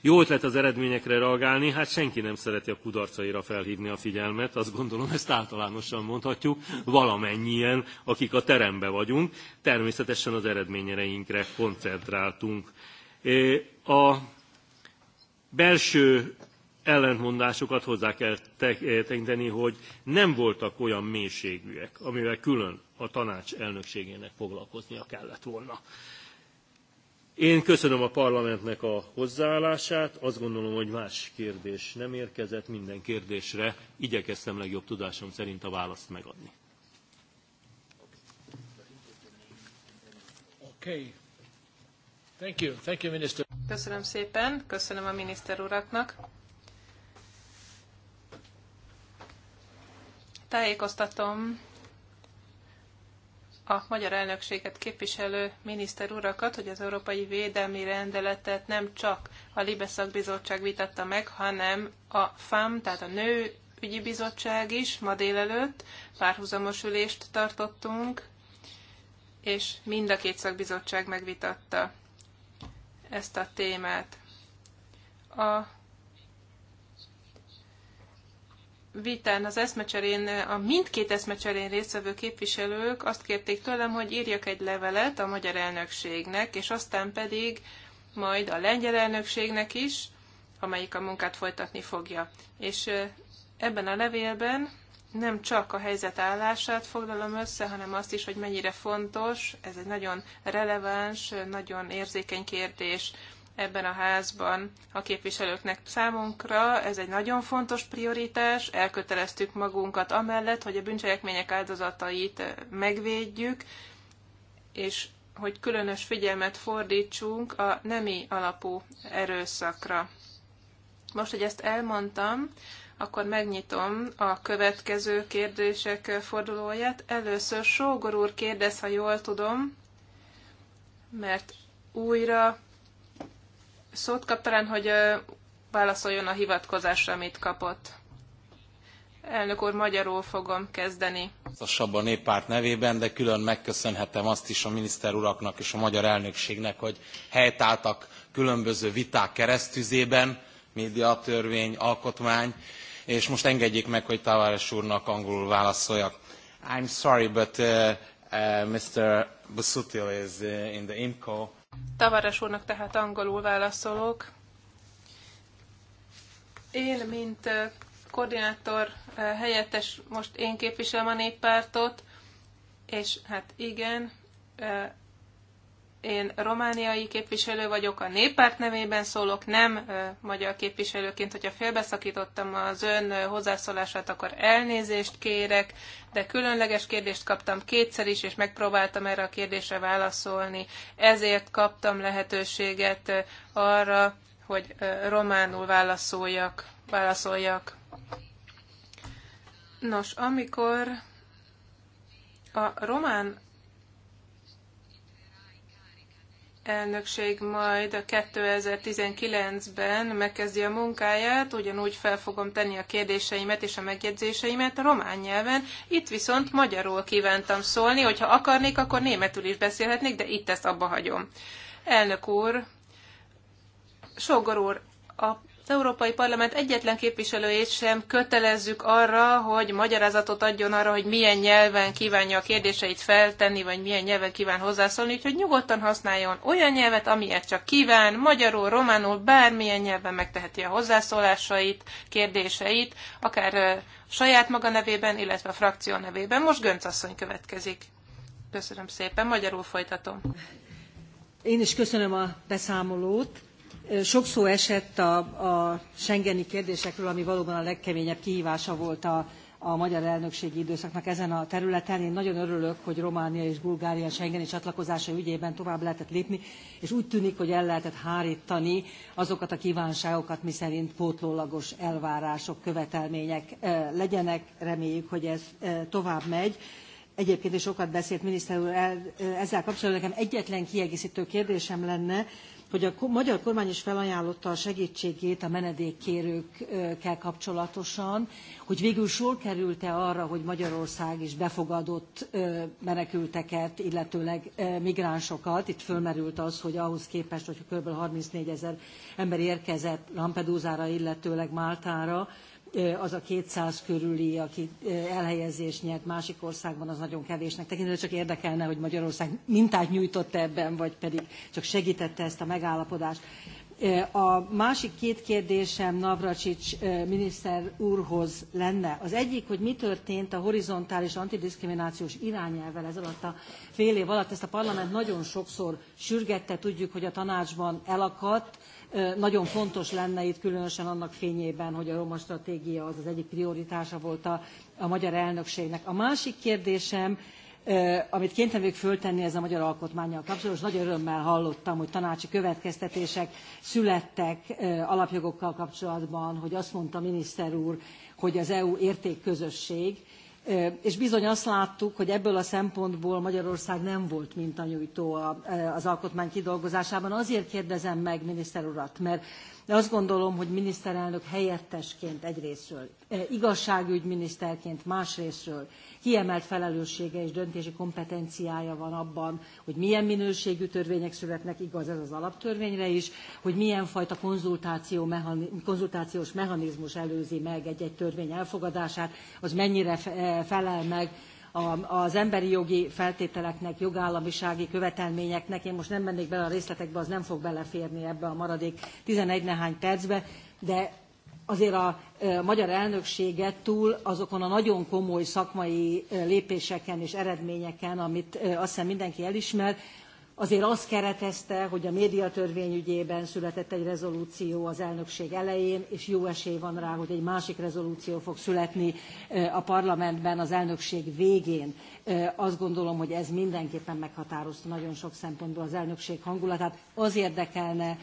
jó ötlet az eredményekre reagálni, hát senki nem szereti a kudarcaira felhívni a figyelmet, azt gondolom ezt általánosan mondhatjuk, valamennyien, akik a terembe vagyunk, természetesen az eredményeinkre koncentráltunk. A belső ellentmondásokat hozzá kell tekinteni, hogy nem voltak olyan mélységűek, amivel külön a tanács elnökségének foglalkoznia kellett volna. Én köszönöm a parlamentnek a hozzáállását, azt gondolom, hogy más kérdés nem érkezett, minden kérdésre igyekeztem legjobb tudásom szerint a választ megadni. Okay. Thank you. Thank you, Köszönöm szépen, köszönöm a miniszter uraknak. Tájékoztatom a magyar elnökséget képviselő miniszter urakat, hogy az Európai Védelmi Rendeletet nem csak a Libeszak Bizottság vitatta meg, hanem a FAM, tehát a Nő ügyi bizottság is ma délelőtt párhuzamos ülést tartottunk, és mind a két szakbizottság megvitatta ezt a témát. A vitán, az eszmecserén, a mindkét eszmecserén résztvevő képviselők azt kérték tőlem, hogy írjak egy levelet a magyar elnökségnek, és aztán pedig majd a lengyel elnökségnek is, amelyik a munkát folytatni fogja. És ebben a levélben nem csak a helyzet állását foglalom össze, hanem azt is, hogy mennyire fontos, ez egy nagyon releváns, nagyon érzékeny kérdés ebben a házban a képviselőknek számunkra. Ez egy nagyon fontos prioritás. Elköteleztük magunkat amellett, hogy a bűncselekmények áldozatait eh, megvédjük, és hogy különös figyelmet fordítsunk a nemi alapú erőszakra. Most, hogy ezt elmondtam, akkor megnyitom a következő kérdések fordulóját. Először Sógor úr kérdez, ha jól tudom, mert újra szót kap talán, hogy válaszoljon a hivatkozásra, amit kapott. Elnök úr, magyarul fogom kezdeni. Szasabb a néppárt nevében, de külön megköszönhetem azt is a miniszter uraknak és a magyar elnökségnek, hogy helytáltak különböző viták keresztüzében, médiatörvény, alkotmány, és most engedjék meg, hogy Tavares úrnak angolul válaszoljak. I'm sorry, but uh, uh, Mr. Busutil is uh, in the IMCO Tavares úrnak tehát angolul válaszolok. Én, mint koordinátor helyettes, most én képviselem a néppártot, és hát igen, én romániai képviselő vagyok, a néppárt nevében szólok, nem magyar képviselőként. Hogyha félbeszakítottam az ön hozzászólását, akkor elnézést kérek, de különleges kérdést kaptam kétszer is, és megpróbáltam erre a kérdésre válaszolni. Ezért kaptam lehetőséget arra, hogy románul válaszoljak. válaszoljak. Nos, amikor a román elnökség majd a 2019-ben megkezdi a munkáját, ugyanúgy fel fogom tenni a kérdéseimet és a megjegyzéseimet a román nyelven. Itt viszont magyarul kívántam szólni, hogyha akarnék, akkor németül is beszélhetnék, de itt ezt abba hagyom. Elnök úr, Sogor úr, a az Európai Parlament egyetlen képviselőjét sem kötelezzük arra, hogy magyarázatot adjon arra, hogy milyen nyelven kívánja a kérdéseit feltenni, vagy milyen nyelven kíván hozzászólni, úgyhogy nyugodtan használjon olyan nyelvet, amilyet csak kíván, magyarul, románul, bármilyen nyelven megteheti a hozzászólásait, kérdéseit, akár saját maga nevében, illetve a frakció nevében. Most Gönc asszony következik. Köszönöm szépen, magyarul folytatom. Én is köszönöm a beszámolót sok szó esett a, a Schengeni kérdésekről, ami valóban a legkeményebb kihívása volt a, a magyar elnökségi időszaknak ezen a területen. Én nagyon örülök, hogy Románia és Bulgária Schengeni csatlakozása ügyében tovább lehetett lépni, és úgy tűnik, hogy el lehetett hárítani azokat a kívánságokat, miszerint pótlólagos elvárások, követelmények legyenek. Reméljük, hogy ez tovább megy. Egyébként is sokat beszélt miniszter úr ezzel kapcsolatban. Nekem egyetlen kiegészítő kérdésem lenne, hogy a magyar kormány is felajánlotta a segítségét a menedékkérőkkel kapcsolatosan, hogy végül sor került-e arra, hogy Magyarország is befogadott menekülteket, illetőleg migránsokat. Itt fölmerült az, hogy ahhoz képest, hogy kb. 34 ezer ember érkezett Lampedusa-ra illetőleg Máltára, az a 200 körüli, aki elhelyezést nyert másik országban, az nagyon kevésnek tekintő, csak érdekelne, hogy Magyarország mintát nyújtott ebben, vagy pedig csak segítette ezt a megállapodást. A másik két kérdésem Navracsics miniszter úrhoz lenne. Az egyik, hogy mi történt a horizontális antidiszkriminációs irányelvel ez alatt a fél év alatt. Ezt a parlament nagyon sokszor sürgette, tudjuk, hogy a tanácsban elakadt, nagyon fontos lenne itt, különösen annak fényében, hogy a roma stratégia az az egyik prioritása volt a, a magyar elnökségnek. A másik kérdésem, amit kénytelenek föltenni ez a magyar alkotmányjal kapcsolatos. Nagy örömmel hallottam, hogy tanácsi következtetések születtek alapjogokkal kapcsolatban, hogy azt mondta miniszter úr, hogy az EU értékközösség, és bizony azt láttuk, hogy ebből a szempontból Magyarország nem volt mintanyújtó az alkotmány kidolgozásában. Azért kérdezem meg miniszter urat, mert de azt gondolom, hogy miniszterelnök helyettesként egyrésztről, eh, igazságügyminiszterként másrésztről kiemelt felelőssége és döntési kompetenciája van abban, hogy milyen minőségű törvények születnek, igaz ez az alaptörvényre is, hogy milyen fajta konzultáció mechani, konzultációs mechanizmus előzi meg egy-egy törvény elfogadását, az mennyire eh, felel meg az emberi jogi feltételeknek, jogállamisági követelményeknek. Én most nem mennék bele a részletekbe, az nem fog beleférni ebbe a maradék 11 nehány percbe, de azért a magyar elnökséget túl azokon a nagyon komoly szakmai lépéseken és eredményeken, amit azt hiszem mindenki elismer, azért azt keretezte, hogy a médiatörvény ügyében született egy rezolúció az elnökség elején, és jó esély van rá, hogy egy másik rezolúció fog születni a parlamentben az elnökség végén. Azt gondolom, hogy ez mindenképpen meghatározta nagyon sok szempontból az elnökség hangulatát. Az érdekelne,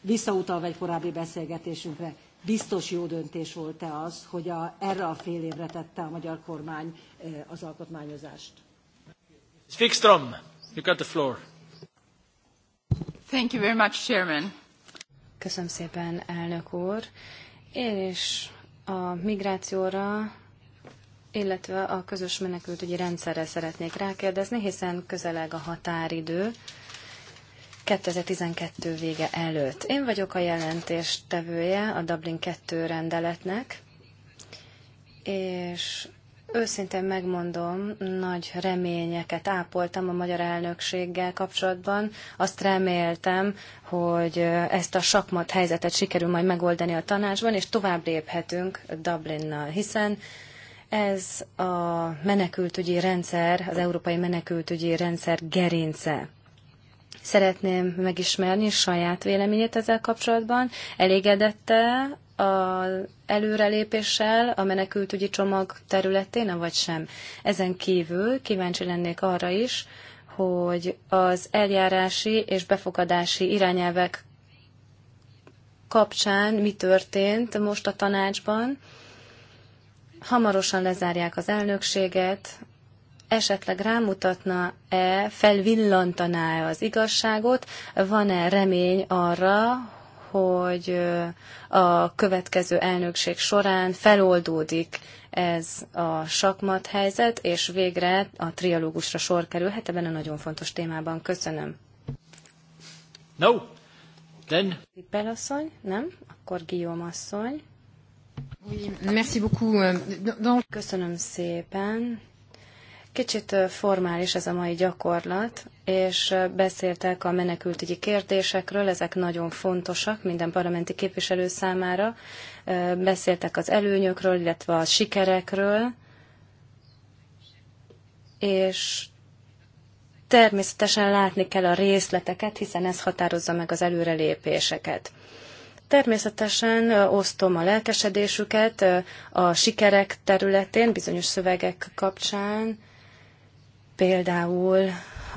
visszautalva egy korábbi beszélgetésünkre, biztos jó döntés volt-e az, hogy a, erre a fél évre tette a magyar kormány az alkotmányozást? Fixtrom! Köszönöm szépen, elnök úr. Én is a migrációra, illetve a közös menekültügyi rendszerre szeretnék rákérdezni, hiszen közeleg a határidő 2012 vége előtt. Én vagyok a jelentéstevője a Dublin 2 rendeletnek, és Őszintén megmondom, nagy reményeket ápoltam a magyar elnökséggel kapcsolatban. Azt reméltem, hogy ezt a sakmat helyzetet sikerül majd megoldani a tanácsban, és tovább léphetünk Dublinnal, hiszen ez a menekültügyi rendszer, az európai menekültügyi rendszer gerince. Szeretném megismerni saját véleményét ezzel kapcsolatban. Elégedette az előrelépéssel a menekültügyi csomag területén, vagy sem. Ezen kívül kíváncsi lennék arra is, hogy az eljárási és befogadási irányelvek kapcsán mi történt most a tanácsban. Hamarosan lezárják az elnökséget, esetleg rámutatna-e, felvillantaná-e az igazságot, van-e remény arra, hogy a következő elnökség során feloldódik ez a sakmat helyzet, és végre a trialógusra sor kerülhet ebben a nagyon fontos témában. Köszönöm. No, then... Pipelasszony, nem? Akkor Guillaume asszony. Oui, merci beaucoup. Euh, Köszönöm szépen. Kicsit formális ez a mai gyakorlat, és beszéltek a menekültügyi kérdésekről, ezek nagyon fontosak minden parlamenti képviselő számára. Beszéltek az előnyökről, illetve a sikerekről, és természetesen látni kell a részleteket, hiszen ez határozza meg az előrelépéseket. Természetesen osztom a lelkesedésüket a sikerek területén, bizonyos szövegek kapcsán, Például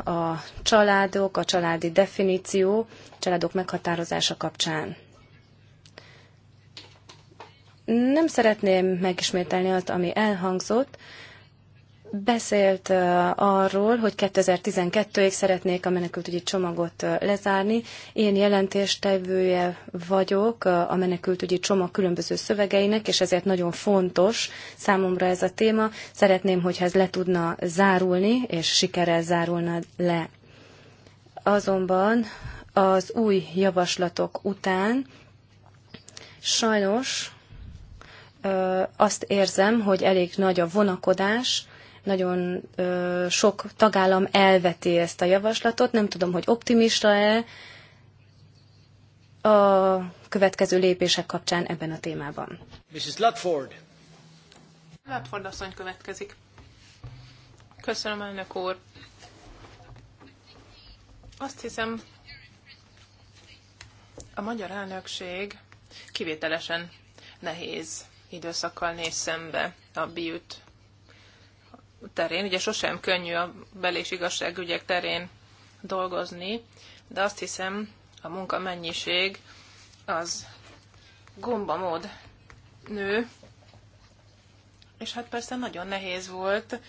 a családok, a családi definíció, családok meghatározása kapcsán. Nem szeretném megismételni azt, ami elhangzott, beszélt arról, hogy 2012-ig szeretnék a menekültügyi csomagot lezárni. Én jelentéstevője vagyok a menekültügyi csomag különböző szövegeinek, és ezért nagyon fontos számomra ez a téma. Szeretném, hogyha ez le tudna zárulni, és sikerrel zárulna le. Azonban az új javaslatok után sajnos azt érzem, hogy elég nagy a vonakodás, nagyon ö, sok tagállam elveti ezt a javaslatot. Nem tudom, hogy optimista-e a következő lépések kapcsán ebben a témában. Mrs. Ludford. Ludford asszony következik. Köszönöm, elnök úr. Azt hiszem, a magyar elnökség kivételesen nehéz időszakkal néz szembe a biut terén, ugye sosem könnyű a bel- és igazságügyek terén dolgozni, de azt hiszem a munka mennyiség az gombamód nő, és hát persze nagyon nehéz volt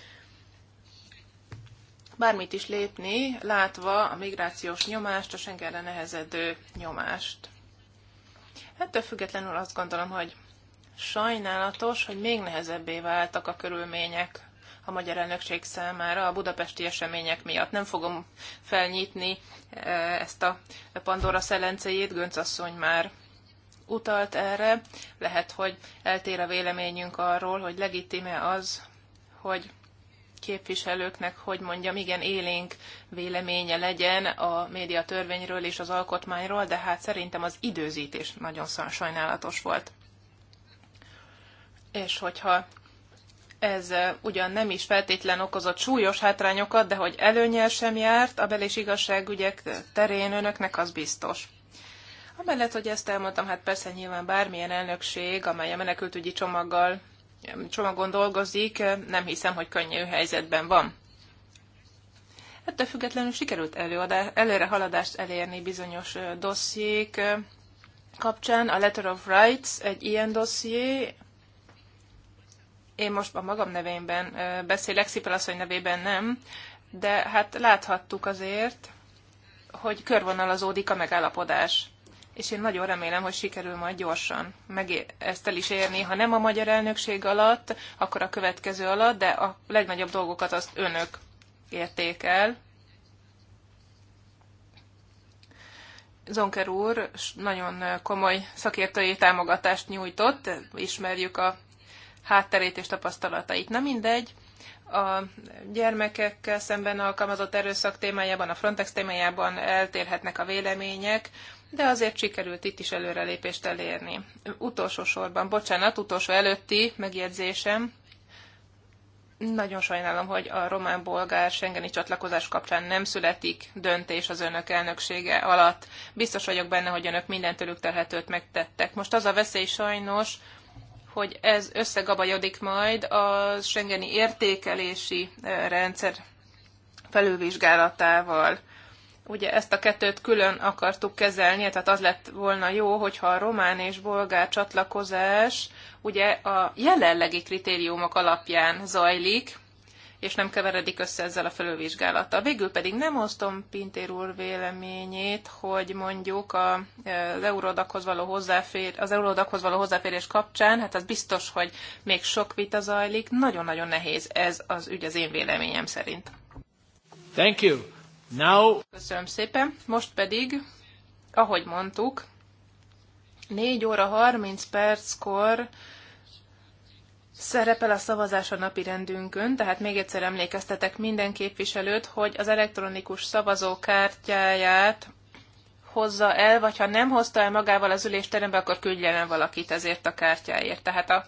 bármit is lépni, látva a migrációs nyomást, a Schengenre nehezedő nyomást. Ettől függetlenül azt gondolom, hogy sajnálatos, hogy még nehezebbé váltak a körülmények a magyar elnökség számára a budapesti események miatt. Nem fogom felnyitni e, ezt a Pandora szelencejét, Gönc asszony már utalt erre. Lehet, hogy eltér a véleményünk arról, hogy legitime az, hogy képviselőknek, hogy mondjam, igen, élénk véleménye legyen a média törvényről és az alkotmányról, de hát szerintem az időzítés nagyon sajnálatos volt. És hogyha ez ugyan nem is feltétlen okozott súlyos hátrányokat, de hogy előnyel sem járt a bel- és igazságügyek terén önöknek, az biztos. Amellett, hogy ezt elmondtam, hát persze nyilván bármilyen elnökség, amely a menekültügyi csomaggal, csomagon dolgozik, nem hiszem, hogy könnyű helyzetben van. Ettől függetlenül sikerült előre haladást elérni bizonyos dossziék kapcsán. A Letter of Rights egy ilyen dosszié, én most a magam nevében beszélek, Szipel asszony nevében nem, de hát láthattuk azért, hogy körvonalazódik a megállapodás. És én nagyon remélem, hogy sikerül majd gyorsan meg ezt el is érni. Ha nem a magyar elnökség alatt, akkor a következő alatt, de a legnagyobb dolgokat azt önök érték el. Zonker úr nagyon komoly szakértői támogatást nyújtott, ismerjük a hátterét és tapasztalatait. Na mindegy, a gyermekekkel szemben alkalmazott erőszak témájában, a Frontex témájában eltérhetnek a vélemények, de azért sikerült itt is előrelépést elérni. Utolsó sorban, bocsánat, utolsó előtti megjegyzésem, nagyon sajnálom, hogy a román-bolgár Schengeni csatlakozás kapcsán nem születik döntés az önök elnöksége alatt. Biztos vagyok benne, hogy önök mindentőlük telhetőt megtettek. Most az a veszély sajnos, hogy ez összegabajodik majd a Schengeni értékelési e, rendszer felülvizsgálatával. Ugye ezt a kettőt külön akartuk kezelni, tehát az lett volna jó, hogyha a román és bolgár csatlakozás ugye a jelenlegi kritériumok alapján zajlik, és nem keveredik össze ezzel a felülvizsgálattal. Végül pedig nem osztom Pintér úr véleményét, hogy mondjuk a, az eurodakhoz való hozzáfér, az eurodakhoz való hozzáférés kapcsán, hát az biztos, hogy még sok vita zajlik, nagyon-nagyon nehéz ez az ügy az én véleményem szerint. Thank you. Now... Köszönöm szépen. Most pedig, ahogy mondtuk, 4 óra 30 perckor szerepel a szavazás a napi rendünkön, tehát még egyszer emlékeztetek minden képviselőt, hogy az elektronikus szavazókártyáját hozza el, vagy ha nem hozta el magával az ülésterembe, akkor küldjen el valakit ezért a kártyáért. Tehát a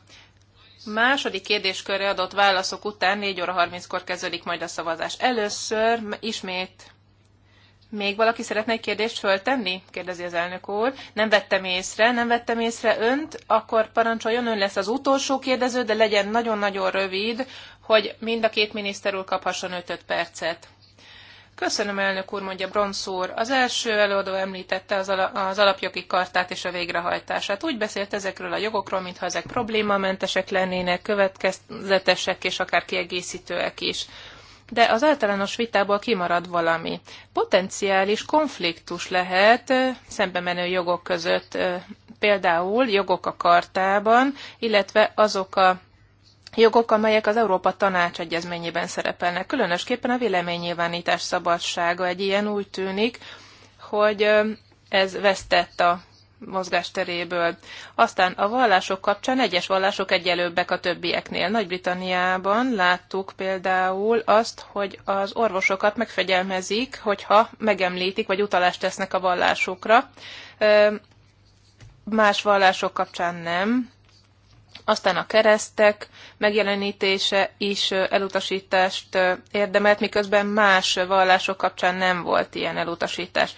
második kérdéskörre adott válaszok után 4 óra 30-kor kezdődik majd a szavazás. Először ismét még valaki szeretne egy kérdést föltenni? kérdezi az elnök úr. Nem vettem észre, nem vettem észre önt, akkor parancsoljon, ön lesz az utolsó kérdező, de legyen nagyon-nagyon rövid, hogy mind a két miniszter úr kaphasson 5, -5 percet. Köszönöm, elnök úr, mondja Bronsz úr. Az első előadó említette az, ala, az alapjogi kartát és a végrehajtását. Úgy beszélt ezekről a jogokról, mintha ezek problémamentesek lennének, következetesek és akár kiegészítőek is de az általános vitából kimarad valami. Potenciális konfliktus lehet szembe menő jogok között, például jogok a kartában, illetve azok a jogok, amelyek az Európa Tanács egyezményében szerepelnek. Különösképpen a véleménynyilvánítás szabadsága egy ilyen úgy tűnik, hogy ez vesztett a mozgásteréből. Aztán a vallások kapcsán egyes vallások egyelőbbek a többieknél. Nagy-Britanniában láttuk például azt, hogy az orvosokat megfegyelmezik, hogyha megemlítik vagy utalást tesznek a vallásukra. Más vallások kapcsán nem. Aztán a keresztek megjelenítése is elutasítást érdemelt, miközben más vallások kapcsán nem volt ilyen elutasítás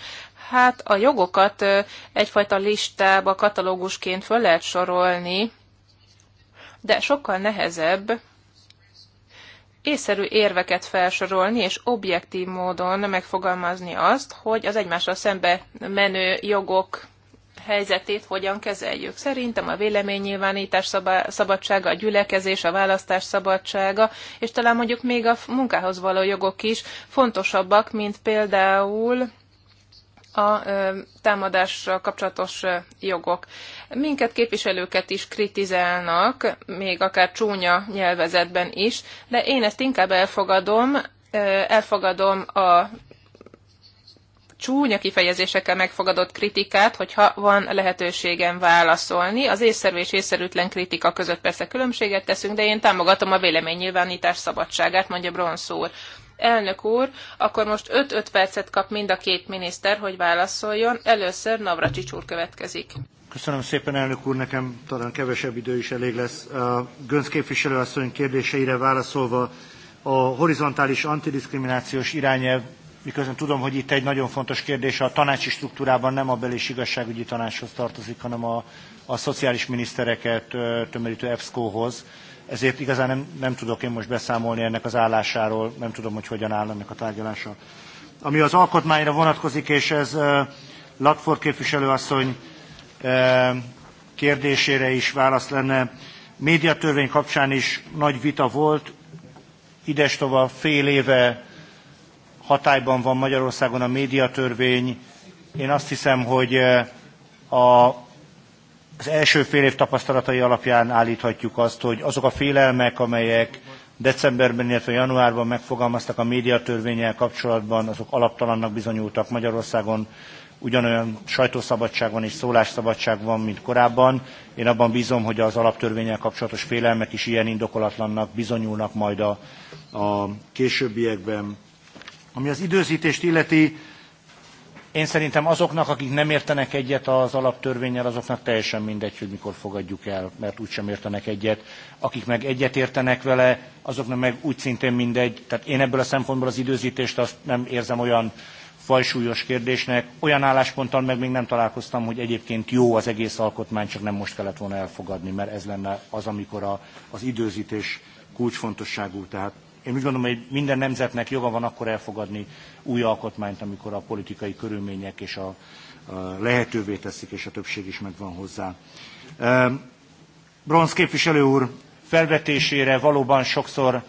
hát a jogokat egyfajta listába, katalógusként föl lehet sorolni, de sokkal nehezebb észszerű érveket felsorolni és objektív módon megfogalmazni azt, hogy az egymással szembe menő jogok helyzetét hogyan kezeljük. Szerintem a véleménynyilvánítás szabadsága, a gyülekezés, a választás szabadsága, és talán mondjuk még a munkához való jogok is fontosabbak, mint például a támadással kapcsolatos jogok. Minket képviselőket is kritizálnak, még akár csúnya nyelvezetben is, de én ezt inkább elfogadom, elfogadom a csúnya kifejezésekkel megfogadott kritikát, hogyha van lehetőségem válaszolni. Az észszerű és észszerűtlen kritika között persze különbséget teszünk, de én támogatom a véleménynyilvánítás szabadságát, mondja Bronsz úr elnök úr, akkor most 5-5 percet kap mind a két miniszter, hogy válaszoljon. Először Navracsics úr következik. Köszönöm szépen, elnök úr, nekem talán kevesebb idő is elég lesz. A Gönc képviselőasszony kérdéseire válaszolva a horizontális antidiszkriminációs irányelv, miközben tudom, hogy itt egy nagyon fontos kérdés, a tanácsi struktúrában nem a bel- és igazságügyi tanácshoz tartozik, hanem a, a szociális minisztereket tömörítő EBSCO-hoz ezért igazán nem, nem tudok én most beszámolni ennek az állásáról, nem tudom, hogy hogyan áll ennek a tárgyalása. Ami az alkotmányra vonatkozik, és ez Latford képviselőasszony kérdésére is válasz lenne. Médiatörvény kapcsán is nagy vita volt, idestova fél éve hatályban van Magyarországon a médiatörvény. Én azt hiszem, hogy a az első fél év tapasztalatai alapján állíthatjuk azt, hogy azok a félelmek, amelyek decemberben, illetve januárban megfogalmaztak a médiatörvényel kapcsolatban, azok alaptalannak bizonyultak Magyarországon. Ugyanolyan sajtószabadság van és szólásszabadság van, mint korábban. Én abban bízom, hogy az alaptörvényel kapcsolatos félelmek is ilyen indokolatlannak bizonyulnak majd a, a későbbiekben. Ami az időzítést illeti, én szerintem azoknak, akik nem értenek egyet az alaptörvényel, azoknak teljesen mindegy, hogy mikor fogadjuk el, mert úgysem értenek egyet. Akik meg egyet értenek vele, azoknak meg úgy szintén mindegy. Tehát én ebből a szempontból az időzítést azt nem érzem olyan fajsúlyos kérdésnek. Olyan állásponttal meg még nem találkoztam, hogy egyébként jó az egész alkotmány, csak nem most kellett volna elfogadni, mert ez lenne az, amikor a, az időzítés kulcsfontosságú. Tehát én úgy gondolom, hogy minden nemzetnek joga van akkor elfogadni új alkotmányt, amikor a politikai körülmények és a, a lehetővé teszik, és a többség is megvan hozzá. Bronz képviselő úr felvetésére valóban sokszor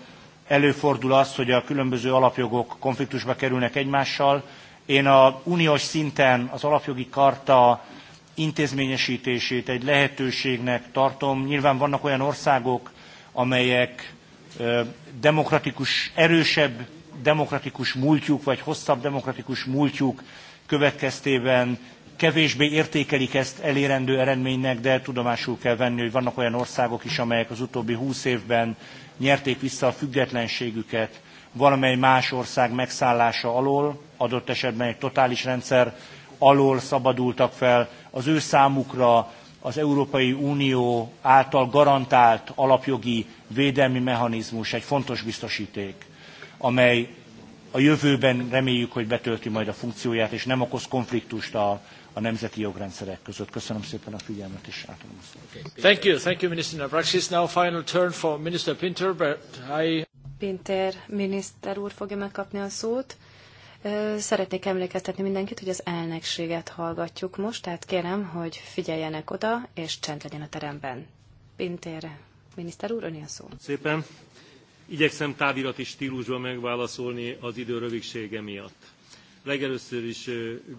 előfordul az, hogy a különböző alapjogok konfliktusba kerülnek egymással. Én a uniós szinten az alapjogi karta intézményesítését egy lehetőségnek tartom. Nyilván vannak olyan országok, amelyek demokratikus, erősebb demokratikus múltjuk, vagy hosszabb demokratikus múltjuk következtében kevésbé értékelik ezt elérendő eredménynek, de tudomásul kell venni, hogy vannak olyan országok is, amelyek az utóbbi húsz évben nyerték vissza a függetlenségüket valamely más ország megszállása alól, adott esetben egy totális rendszer alól szabadultak fel, az ő számukra az Európai Unió által garantált alapjogi védelmi mechanizmus egy fontos biztosíték, amely a jövőben reméljük, hogy betölti majd a funkcióját, és nem okoz konfliktust a, a nemzeti jogrendszerek között. Köszönöm szépen a figyelmet, és átadom Thank you, thank you, Minister Navracsis. Now final turn for Minister Pinter, but I... Pinter miniszter úr fogja megkapni a szót. Szeretnék emlékeztetni mindenkit, hogy az elnökséget hallgatjuk most, tehát kérem, hogy figyeljenek oda, és csend legyen a teremben. Pintér, miniszter úr, ön szó. Szépen. Igyekszem távirati stílusban megválaszolni az idő rövidsége miatt. Legelőször is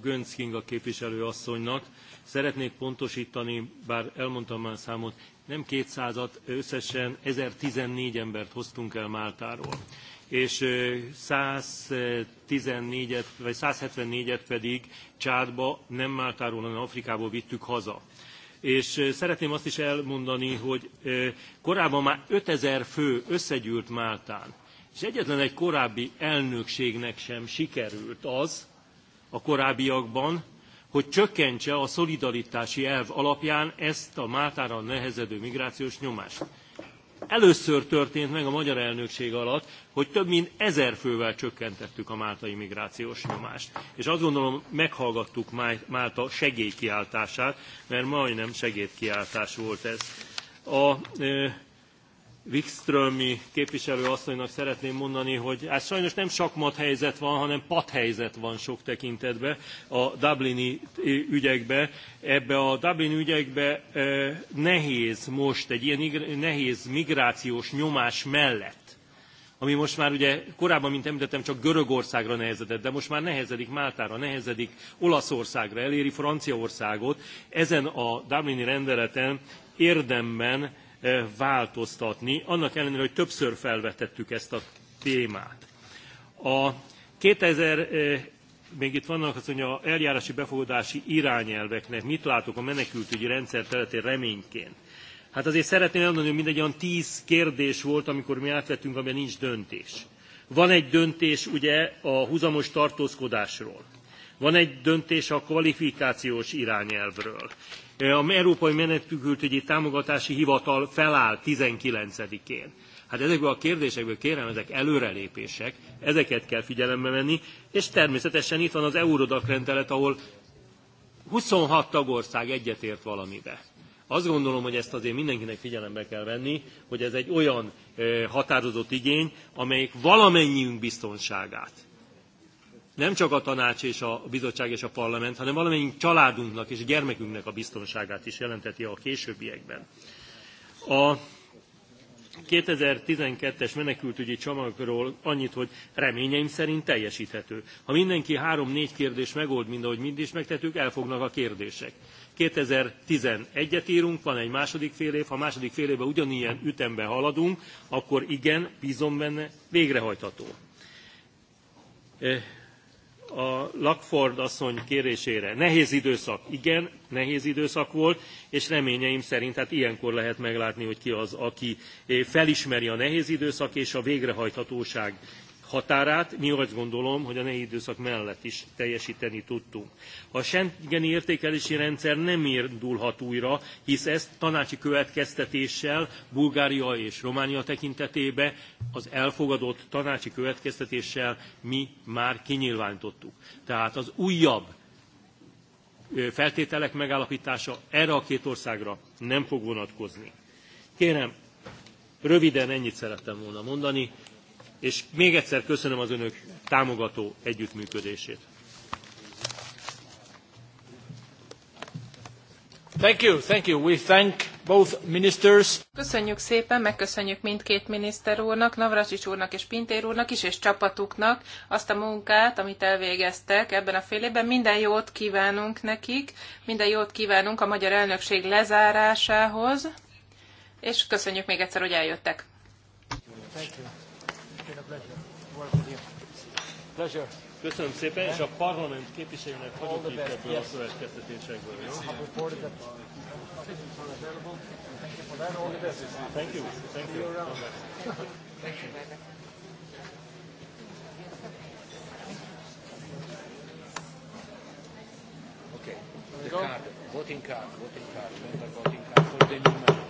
Gönc Kinga képviselő asszonynak szeretnék pontosítani, bár elmondtam már számot, nem 200 összesen 1014 embert hoztunk el Máltáról és 114-et, vagy 174-et pedig Csádba, nem Máltáról, hanem Afrikából vittük haza. És szeretném azt is elmondani, hogy korábban már 5000 fő összegyűlt Máltán, és egyetlen egy korábbi elnökségnek sem sikerült az a korábbiakban, hogy csökkentse a szolidaritási elv alapján ezt a Máltára nehezedő migrációs nyomást először történt meg a magyar elnökség alatt, hogy több mint ezer fővel csökkentettük a máltai migrációs nyomást. És azt gondolom, meghallgattuk Málta segélykiáltását, mert majdnem segédkiáltás volt ez. A, Wikströmi képviselő asszonynak szeretném mondani, hogy hát sajnos nem sakmat helyzet van, hanem pat helyzet van sok tekintetben a Dublini eh, ügyekbe. Ebbe a Dublin ügyekbe eh, nehéz most egy ilyen nehéz migrációs nyomás mellett ami most már ugye korábban, mint említettem, csak Görögországra nehezedett, de most már nehezedik Máltára, nehezedik Olaszországra, eléri Franciaországot. Ezen a Dublini rendeleten érdemben változtatni, annak ellenére, hogy többször felvetettük ezt a témát. A 2000, még itt vannak azt mondja, eljárási befogadási irányelveknek, mit látok a menekültügyi rendszer területén reményként. Hát azért szeretném elmondani, hogy mindegy olyan tíz kérdés volt, amikor mi átvettünk, amiben nincs döntés. Van egy döntés ugye a huzamos tartózkodásról. Van egy döntés a kvalifikációs irányelvről a Európai Menekültügyi Támogatási Hivatal feláll 19-én. Hát ezekből a kérdésekből kérem, ezek előrelépések, ezeket kell figyelembe venni, és természetesen itt van az Eurodac rendelet, ahol 26 tagország egyetért valamibe. Azt gondolom, hogy ezt azért mindenkinek figyelembe kell venni, hogy ez egy olyan határozott igény, amelyik valamennyiünk biztonságát nem csak a tanács és a bizottság és a parlament, hanem valamennyi családunknak és gyermekünknek a biztonságát is jelenteti a későbbiekben. A 2012-es menekültügyi csomagról annyit, hogy reményeim szerint teljesíthető. Ha mindenki három-négy kérdés megold, mind ahogy mindig megtettük, elfognak a kérdések. 2011-et írunk, van egy második fél év, ha második fél évben ugyanilyen ütembe haladunk, akkor igen, bízom benne, végrehajtható a Lakford asszony kérésére. Nehéz időszak, igen, nehéz időszak volt, és reményeim szerint hát ilyenkor lehet meglátni, hogy ki az, aki eh, felismeri a nehéz időszak és a végrehajthatóság határát, mi azt gondolom, hogy a nehéz időszak mellett is teljesíteni tudtunk. A Schengeni értékelési rendszer nem indulhat újra, hisz ezt tanácsi következtetéssel Bulgária és Románia tekintetébe az elfogadott tanácsi következtetéssel mi már kinyilvánítottuk. Tehát az újabb feltételek megállapítása erre a két országra nem fog vonatkozni. Kérem, röviden ennyit szerettem volna mondani és még egyszer köszönöm az önök támogató együttműködését. Thank you, thank you. We thank both ministers. Köszönjük szépen, megköszönjük mindkét miniszter úrnak, Navracsics úrnak és Pintér úrnak is, és csapatuknak azt a munkát, amit elvégeztek ebben a fél évben. Minden jót kívánunk nekik, minden jót kívánunk a magyar elnökség lezárásához, és köszönjük még egyszer, hogy eljöttek. Thank you. Pleasure. Köszönöm szépen, és a parlament képviselőnek hagyok itt ebből yes. a következtetésekből. Jó? Thank you. Thank you. Okay. The card, voting card, voting card, voting card for the new member.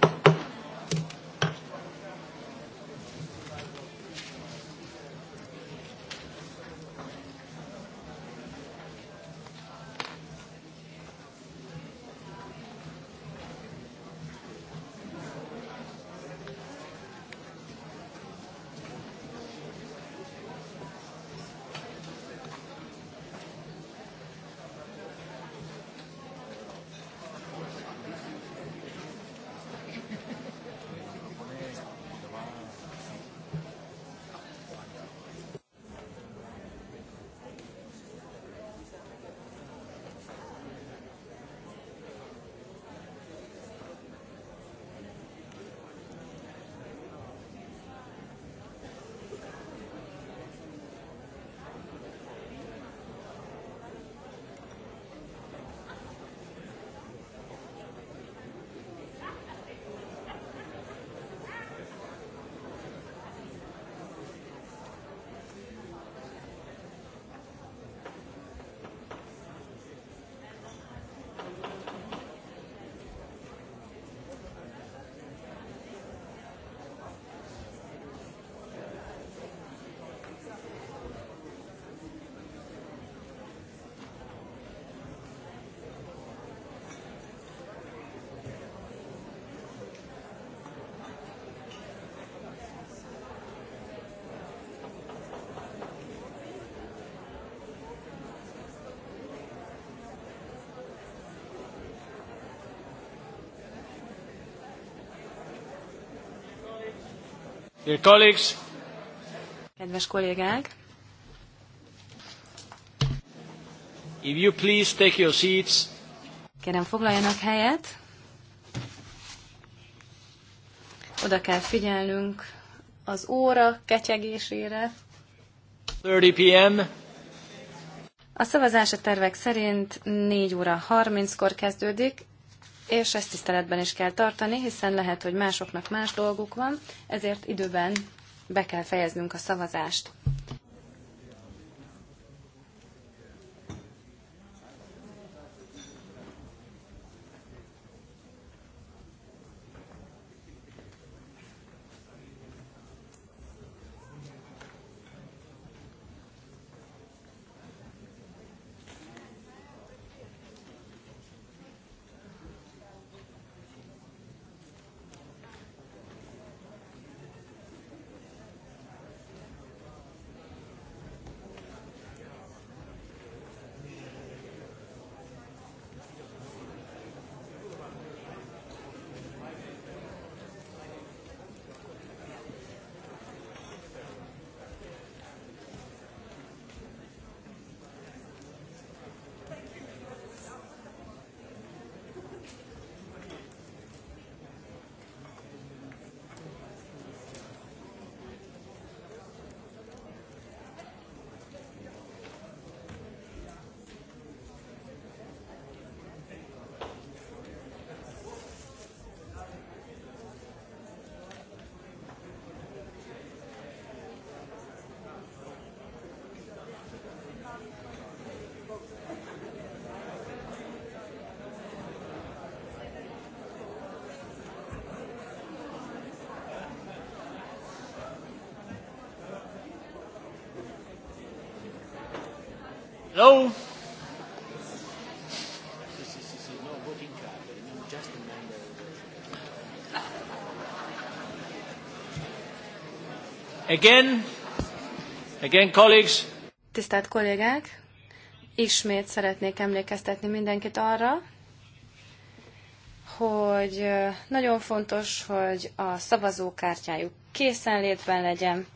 Dear colleagues. Kedves kollégák. If you please take your seats. Kérem foglaljanak helyet. Oda kell figyelnünk az óra ketyegésére. 30 p.m. A szavazás a tervek szerint 4 óra 30-kor kezdődik, és ezt tiszteletben is kell tartani, hiszen lehet, hogy másoknak más dolguk van, ezért időben be kell fejeznünk a szavazást. Hello? Again, again colleagues. Tisztelt kollégák, ismét szeretnék emlékeztetni mindenkit arra, hogy nagyon fontos, hogy a szavazókártyájuk készenlétben legyen,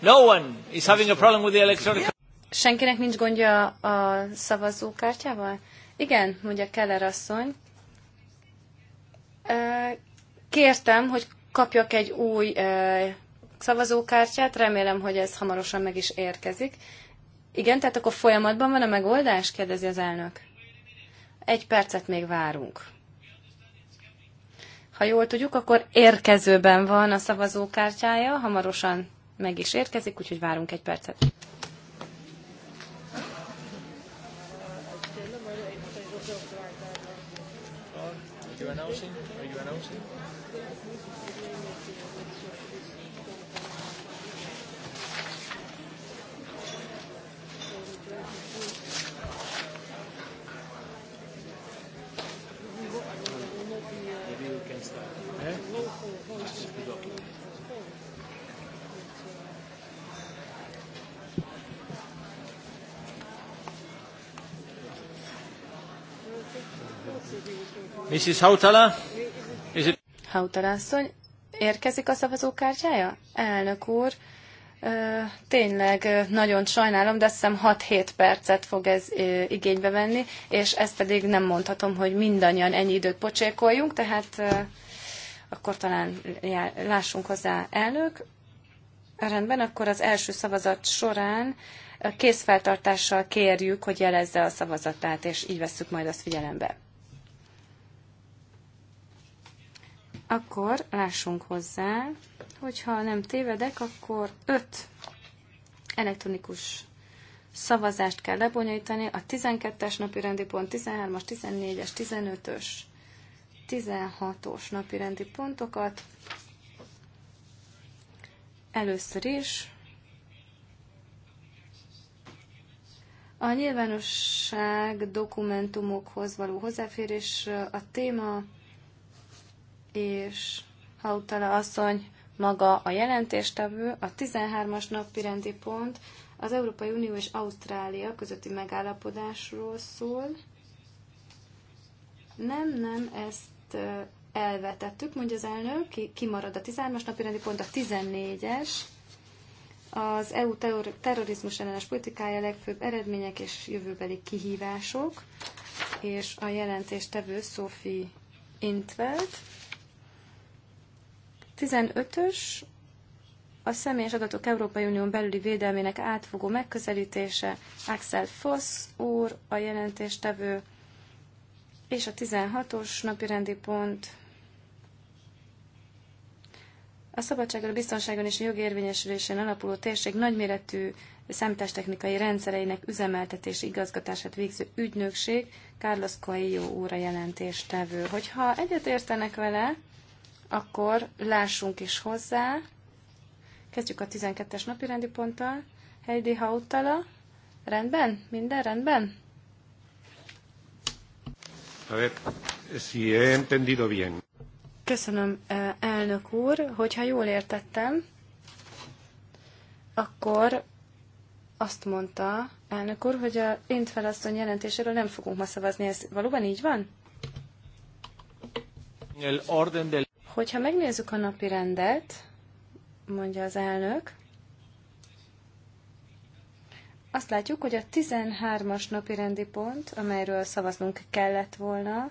No one is having a problem with the electronic... Senkinek nincs gondja a szavazókártyával? Igen, mondja Keller asszony. Kértem, hogy kapjak egy új szavazókártyát, remélem, hogy ez hamarosan meg is érkezik. Igen, tehát akkor folyamatban van a megoldás? kérdezi az elnök. Egy percet még várunk. Ha jól tudjuk, akkor érkezőben van a szavazókártyája, hamarosan meg is érkezik, úgyhogy várunk egy percet. Mrs. Hautala? Is it... Hautala asszony, érkezik a szavazókártyája? Elnök úr, ö, tényleg nagyon sajnálom, de azt hiszem 6-7 percet fog ez ö, igénybe venni, és ezt pedig nem mondhatom, hogy mindannyian ennyi időt pocsékoljunk, tehát ö, akkor talán já, lássunk hozzá elnök. Rendben, akkor az első szavazat során készfeltartással kérjük, hogy jelezze a szavazatát, és így vesszük majd azt figyelembe. Akkor lássunk hozzá, hogyha nem tévedek, akkor öt elektronikus szavazást kell lebonyolítani, a 12-es napi rendi pont, 13-as, 14-es, 15-ös, 16-os napi rendi pontokat. Először is a nyilvánosság dokumentumokhoz való hozzáférés a téma és Hautala asszony maga a jelentéstevő, a 13-as napirendi pont az Európai Unió és Ausztrália közötti megállapodásról szól. Nem, nem, ezt elvetettük, mondja az elnök, ki, kimarad a 13-as napirendi pont, a 14-es, az EU terrorizmus ellenes politikája legfőbb eredmények és jövőbeli kihívások, és a jelentéstevő Sophie Intveld. 15-ös a személyes adatok Európai Unión belüli védelmének átfogó megközelítése, Axel Foss úr, a jelentéstevő, és a 16-os napirendi pont a szabadságra, biztonságon és a jogérvényesülésén alapuló térség nagyméretű szemtestechnikai rendszereinek üzemeltetési igazgatását végző ügynökség, Carlos Coelho úr a jelentéstevő. Hogyha egyetértenek vele, akkor lássunk is hozzá. Kezdjük a 12-es napi rendi ponttal. Heidi Hautala. Rendben? Minden rendben? A ver, si he entendido bien. Köszönöm, eh, elnök úr. Hogyha jól értettem, akkor azt mondta elnök úr, hogy a int asszony jelentéséről nem fogunk ma szavazni. Ez valóban így van? El orden del... Hogyha megnézzük a napi rendet, mondja az elnök, azt látjuk, hogy a 13-as napi rendi pont, amelyről szavaznunk kellett volna,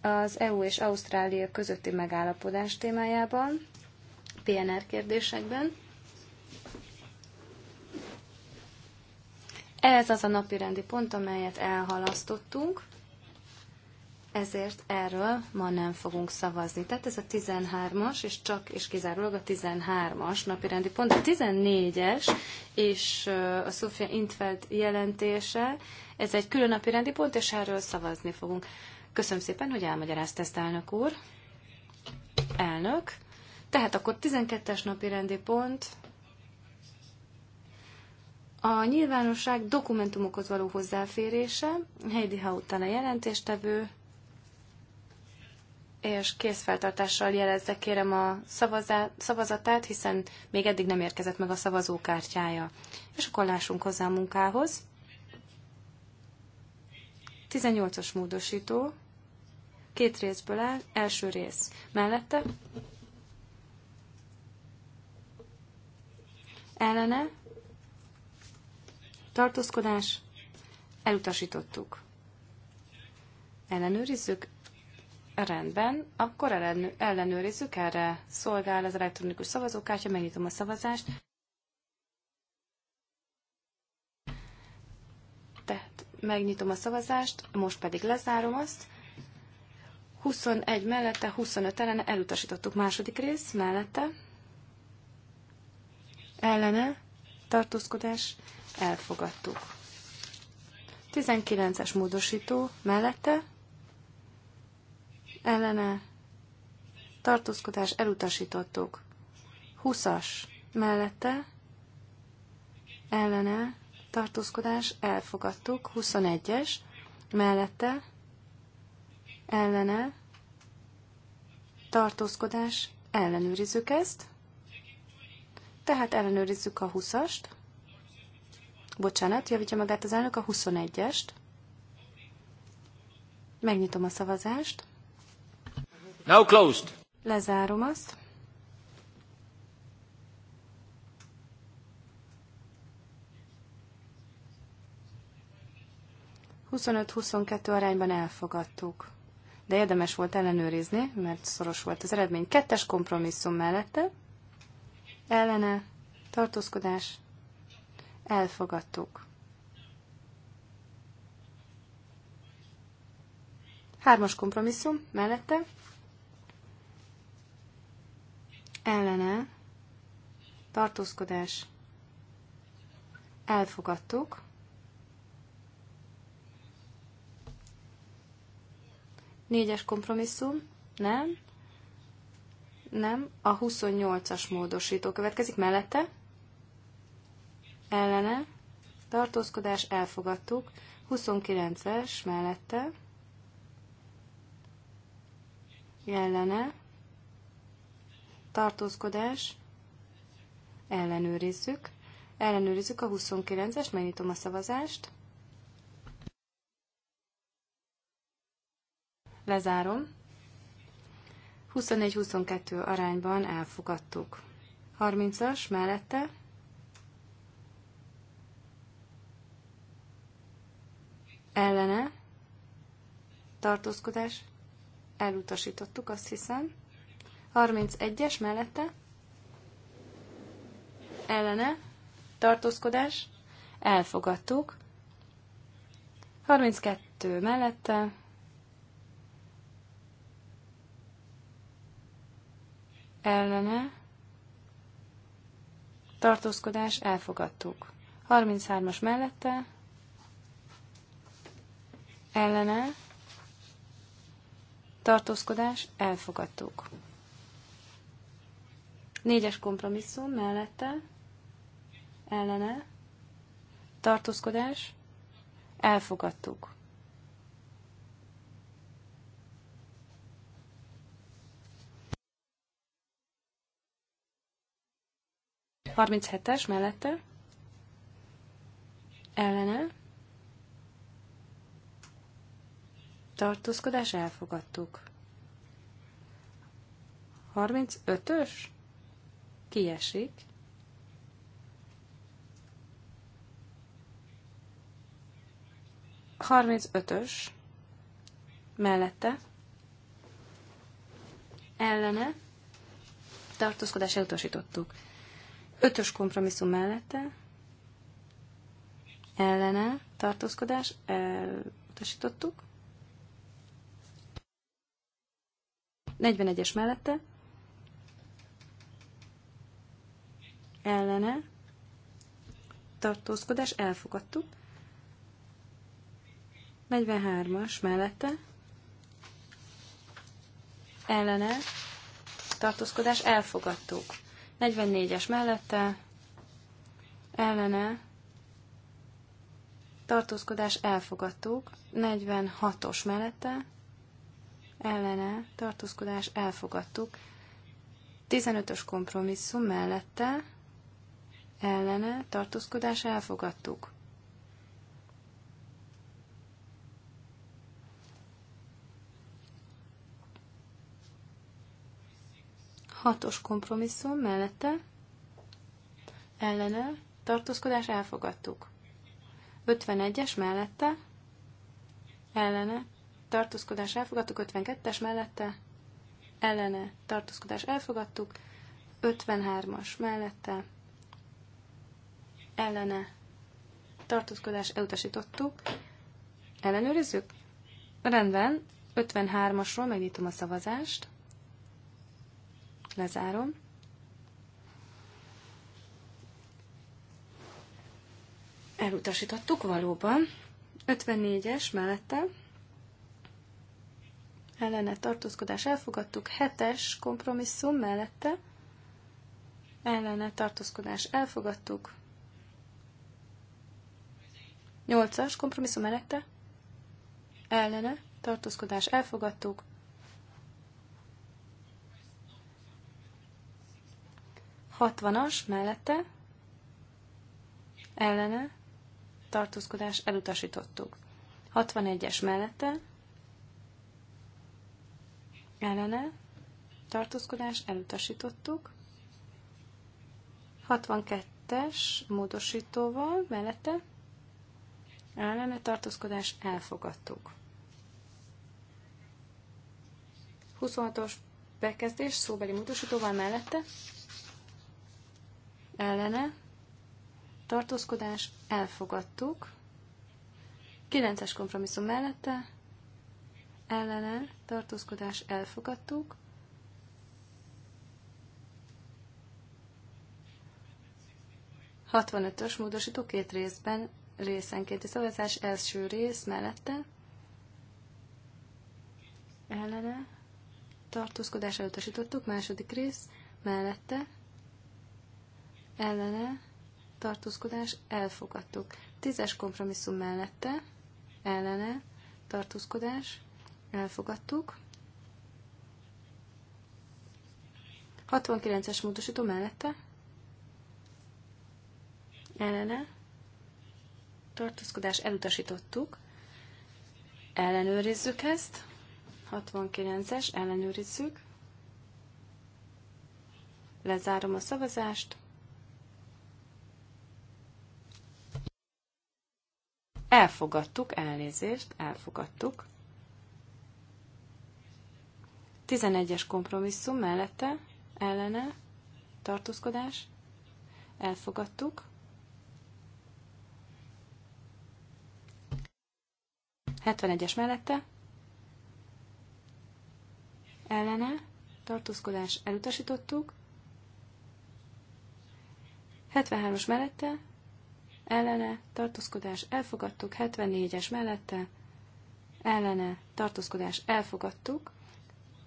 az EU és Ausztrália közötti megállapodás témájában, PNR kérdésekben. Ez az a napi rendi pont, amelyet elhalasztottunk ezért erről ma nem fogunk szavazni. Tehát ez a 13-as, és csak és kizárólag a 13-as napirendi pont. A 14-es és a Sofia Intfeld jelentése, ez egy külön napirendi pont, és erről szavazni fogunk. Köszönöm szépen, hogy elmagyarázt ezt, elnök úr. Elnök. Tehát akkor 12-es napirendi pont, a nyilvánosság dokumentumokhoz való hozzáférése, Heidi Hautala jelentéstevő, és készfeltartással jelezze kérem a szavazát, szavazatát, hiszen még eddig nem érkezett meg a szavazókártyája. És akkor lássunk hozzá a munkához. 18 os módosító, két részből áll, első rész mellette, ellene, tartózkodás, elutasítottuk. Ellenőrizzük, Rendben, akkor ellenőrizzük, erre szolgál az elektronikus szavazókártya, megnyitom a szavazást. Tehát megnyitom a szavazást, most pedig lezárom azt. 21 mellette, 25 ellene, elutasítottuk második rész, mellette. Ellene, tartózkodás, elfogadtuk. 19-es módosító, mellette ellene tartózkodás elutasítottuk. 20-as mellette ellene tartózkodás elfogadtuk. 21-es mellette ellene tartózkodás ellenőrizzük ezt. Tehát ellenőrizzük a 20-ast. Bocsánat, javítja magát az elnök a 21-est. Megnyitom a szavazást. Now closed. Lezárom azt. Huszonöt-huszonkettő arányban elfogadtuk. De érdemes volt ellenőrizni, mert szoros volt az eredmény. Kettes kompromisszum mellette. Ellene. Tartózkodás. Elfogadtuk. Hármas kompromisszum mellette ellene tartózkodás elfogadtuk. Négyes kompromisszum, nem, nem, a 28-as módosító következik mellette, ellene, tartózkodás elfogadtuk, 29-es mellette, ellene, tartózkodás, ellenőrizzük. Ellenőrizzük a 29-est, megnyitom a szavazást. Lezárom. 21-22 arányban elfogadtuk. 30-as mellette ellene tartózkodás elutasítottuk, azt hiszem. 31-es mellette ellene tartózkodás elfogadtuk. 32 mellette ellene tartózkodás elfogadtuk. 33-as mellette ellene tartózkodás elfogadtuk. Négyes kompromisszum mellette, ellene, tartózkodás, elfogadtuk. Harminc hetes mellette, ellene, tartózkodás, elfogadtuk. 35-ös? kiesik. Harmincötös mellette ellene tartózkodás elutasítottuk. Ötös kompromisszum mellette ellene tartózkodás elutasítottuk. 41-es mellette ellene tartózkodás elfogadtuk. 43-as mellette ellene tartózkodás elfogadtuk. 44-es mellette ellene tartózkodás elfogadtuk. 46-os mellette ellene tartózkodás elfogadtuk. 15-ös kompromisszum mellette ellene tartózkodás elfogadtuk. Hatos kompromisszum mellette ellene tartózkodás elfogadtuk. 51-es mellette ellene tartózkodás elfogadtuk, 52-es mellette ellene tartózkodás elfogadtuk, 53-as mellette ellene tartózkodás elutasítottuk. Ellenőrizzük? Rendben, 53-asról megnyitom a szavazást. Lezárom. Elutasítottuk valóban. 54-es mellette ellene tartózkodás elfogadtuk, 7-es kompromisszum mellette ellene tartózkodás elfogadtuk, Nyolcas, as kompromisszum elette. ellene tartózkodás elfogadtuk. Hatvanas mellette ellene tartózkodás elutasítottuk. 61-es mellette ellene tartózkodás elutasítottuk. 62-es módosítóval mellette ellene tartózkodás elfogadtuk. 26-os bekezdés szóbeli módosítóval mellette ellene tartózkodás elfogadtuk. 9-es kompromisszum mellette ellene tartózkodás elfogadtuk. 65-ös módosító két részben részenkénti szavazás első rész mellette ellene tartózkodás elutasítottuk, második rész mellette ellene tartózkodás elfogadtuk. Tízes kompromisszum mellette ellene tartózkodás elfogadtuk. 69-es módosító mellette ellene tartózkodás elutasítottuk. Ellenőrizzük ezt. 69-es, ellenőrizzük. Lezárom a szavazást. Elfogadtuk, elnézést, elfogadtuk. 11-es kompromisszum mellette, ellene, tartózkodás, elfogadtuk. 71-es mellette ellene tartózkodás elutasítottuk. 73-as mellette ellene tartózkodás elfogadtuk. 74-es mellette ellene tartózkodás elfogadtuk.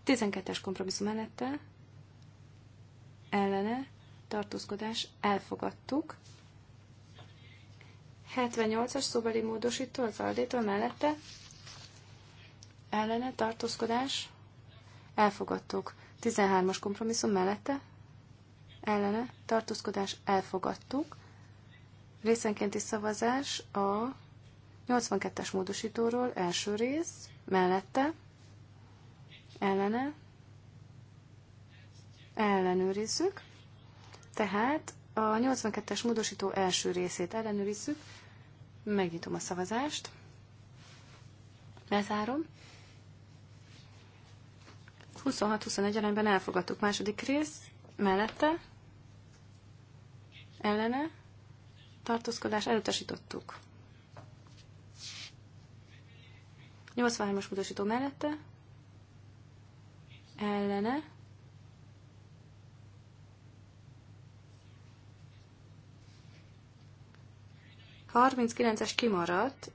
12-es kompromisszum mellette ellene tartózkodás elfogadtuk. 78-as szóbeli módosító az aldétól mellette. Ellene tartózkodás. Elfogadtuk. 13-as kompromisszum mellette. Ellene tartózkodás. Elfogadtuk. Részenkénti szavazás a 82-es módosítóról első rész mellette. Ellene. Ellenőrizzük. Tehát a 82-es módosító első részét ellenőrizzük. Megnyitom a szavazást. Lezárom. 26-21 arányban elfogadtuk. Második rész mellette, ellene, tartózkodás elutasítottuk. 83-as módosító mellette, ellene, 39-es kimaradt,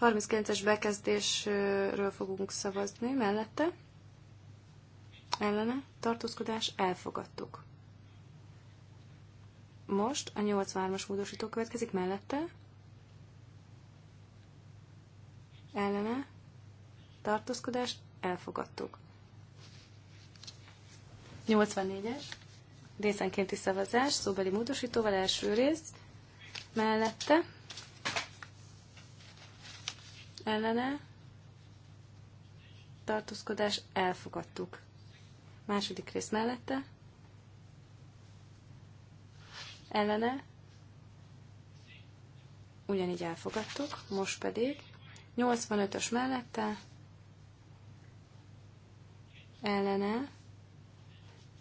39-es bekezdésről fogunk szavazni mellette. Ellene tartózkodás elfogadtuk. Most a 83-as módosító következik mellette. Ellene tartózkodás elfogadtuk. 84-es részenkénti szavazás szóbeli módosítóval első rész mellette ellene tartózkodás elfogadtuk. Második rész mellette ellene ugyanígy elfogadtuk, most pedig 85-ös mellette ellene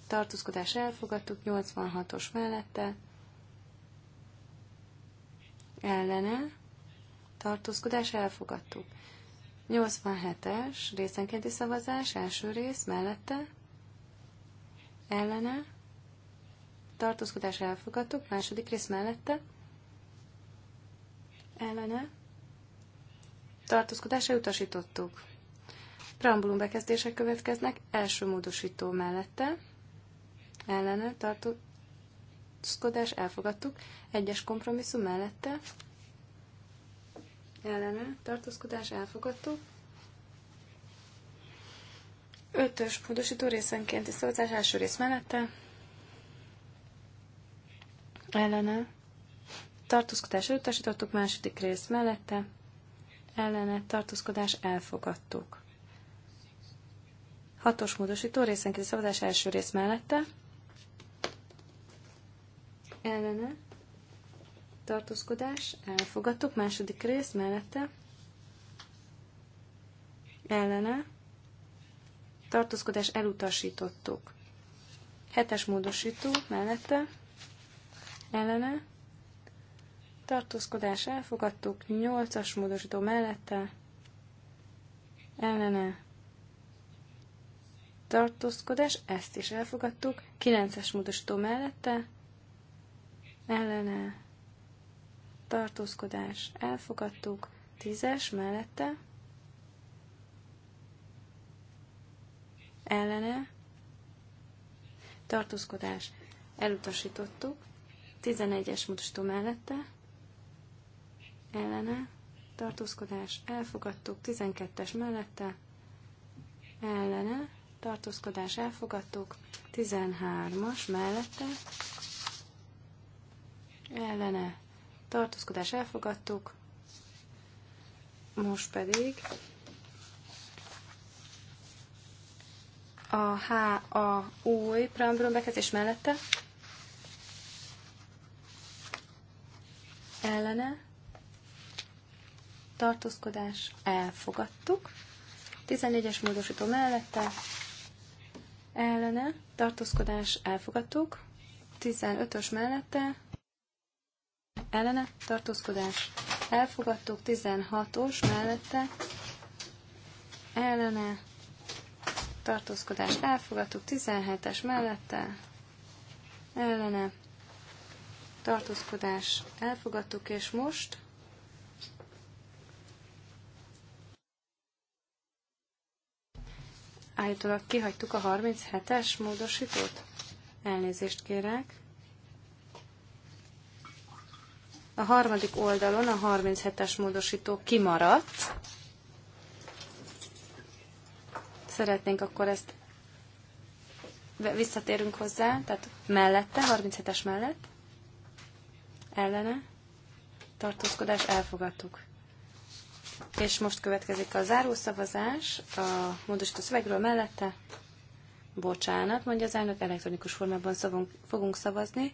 tartózkodás elfogadtuk, 86-os mellette ellene tartózkodás elfogadtuk. 87-es részenkedi szavazás, első rész mellette, ellene, tartózkodás elfogadtuk, második rész mellette, ellene, tartózkodás utasítottuk. Preambulum bekezdések következnek, első módosító mellette, ellene, tartózkodás elfogadtuk, egyes kompromisszum mellette, ellene tartózkodás elfogadtuk. Ötös módosító részenkénti szavazás első rész mellette. Ellene. Tartózkodás elutasítottuk második rész mellette. Ellene tartózkodás elfogadtuk. Hatos módosító részenkénti szavazás első rész mellette. Ellene tartózkodás, elfogadtuk. Második rész mellette, ellene, tartózkodás, elutasítottuk. Hetes módosító mellette, ellene, tartózkodás, elfogadtuk. Nyolcas módosító mellette, ellene, tartózkodás, ezt is elfogadtuk. Kilences módosító mellette, ellene, tartózkodás, elfogadtuk, tízes mellette, ellene, tartózkodás, elutasítottuk, tizenegyes mutató mellette, ellene, tartózkodás, elfogadtuk, tizenkettes mellette, ellene, tartózkodás, elfogadtuk, tizenhármas mellette, ellene, tartózkodás elfogadtuk, most pedig a H, a új preambulum bekezdés mellette ellene tartózkodás elfogadtuk. 14-es módosító mellette ellene tartózkodás elfogadtuk. 15-ös mellette ellene tartózkodás elfogadtuk, 16-os mellette ellene tartózkodás elfogadtuk, 17-es mellette ellene tartózkodás elfogadtuk, és most állítólag kihagytuk a 37-es módosítót. Elnézést kérek. A harmadik oldalon a 37-es módosító kimaradt. Szeretnénk akkor ezt visszatérünk hozzá, tehát mellette, 37-es mellett, ellene, tartózkodás, elfogadtuk. És most következik a zárószavazás, a módosító szövegről mellette, bocsánat, mondja az elnök, elektronikus formában szavunk, fogunk szavazni,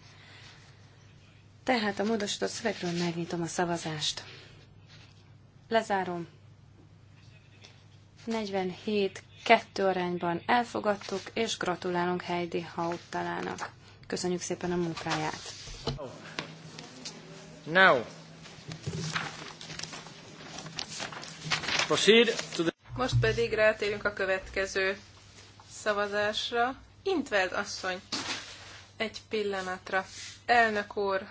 tehát a módosított szövegről megnyitom a szavazást. Lezárom. 47 kettő arányban elfogadtuk, és gratulálunk Heidi Hauttalának. Köszönjük szépen a munkáját. Now. Proceed to the... Most pedig rátérünk a következő szavazásra. Intveld asszony, egy pillanatra. Elnök úr,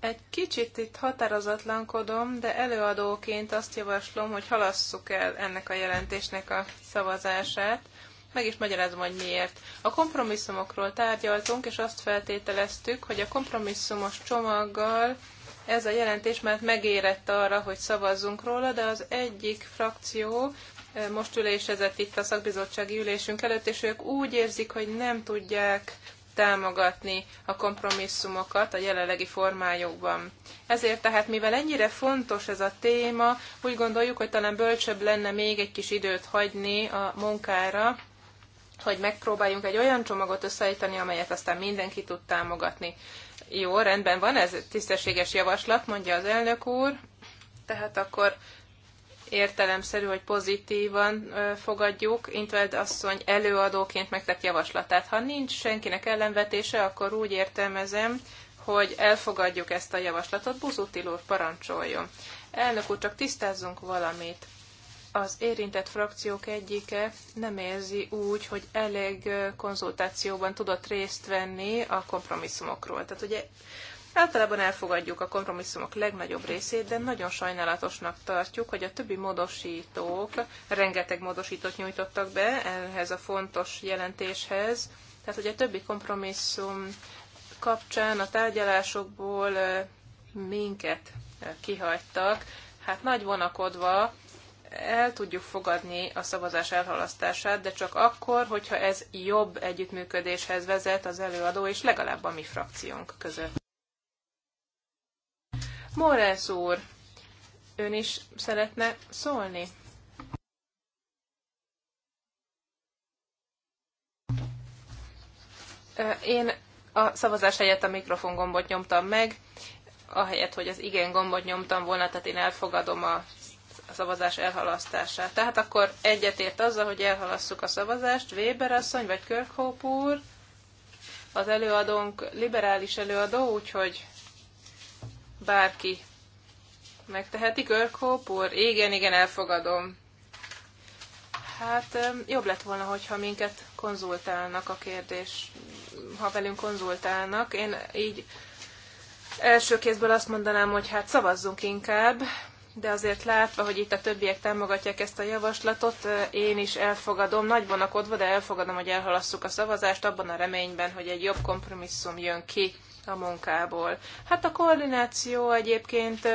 egy kicsit itt határozatlankodom, de előadóként azt javaslom, hogy halasszuk el ennek a jelentésnek a szavazását. Meg is magyarázom, hogy miért. A kompromisszumokról tárgyaltunk, és azt feltételeztük, hogy a kompromisszumos csomaggal ez a jelentés már megérett arra, hogy szavazzunk róla, de az egyik frakció eh, most ülésezett itt a szakbizottsági ülésünk előtt, és ők úgy érzik, hogy nem tudják támogatni a kompromisszumokat a jelenlegi formájukban. Ezért tehát, mivel ennyire fontos ez a téma, úgy gondoljuk, hogy talán bölcsebb lenne még egy kis időt hagyni a munkára, hogy megpróbáljunk egy olyan csomagot összeállítani, amelyet aztán mindenki tud támogatni. Jó, rendben van, ez tisztességes javaslat, mondja az elnök úr. Tehát akkor értelemszerű, hogy pozitívan fogadjuk Intveld asszony előadóként megtett javaslatát. Ha nincs senkinek ellenvetése, akkor úgy értelmezem, hogy elfogadjuk ezt a javaslatot. Buzutil úr, parancsoljon. Elnök úr, csak tisztázzunk valamit. Az érintett frakciók egyike nem érzi úgy, hogy elég konzultációban tudott részt venni a kompromisszumokról. Tehát ugye Általában elfogadjuk a kompromisszumok legnagyobb részét, de nagyon sajnálatosnak tartjuk, hogy a többi módosítók, rengeteg módosítót nyújtottak be ehhez a fontos jelentéshez, tehát hogy a többi kompromisszum kapcsán a tárgyalásokból minket kihagytak. Hát nagy vonakodva el tudjuk fogadni a szavazás elhalasztását, de csak akkor, hogyha ez jobb együttműködéshez vezet az előadó és legalább a mi frakciónk között. Morales úr, ön is szeretne szólni? Én a szavazás helyett a mikrofon gombot nyomtam meg, ahelyett, hogy az igen gombot nyomtam volna, tehát én elfogadom a a szavazás elhalasztását. Tehát akkor egyetért azzal, hogy elhalasszuk a szavazást, Weber asszony vagy Kirkhope úr, az előadónk liberális előadó, úgyhogy bárki megteheti. Görkóp úr, igen, igen, elfogadom. Hát jobb lett volna, hogyha minket konzultálnak a kérdés, ha velünk konzultálnak. Én így első kézből azt mondanám, hogy hát szavazzunk inkább, de azért látva, hogy itt a többiek támogatják ezt a javaslatot, én is elfogadom, nagy vonakodva, de elfogadom, hogy elhalasszuk a szavazást abban a reményben, hogy egy jobb kompromisszum jön ki a munkából. Hát a koordináció egyébként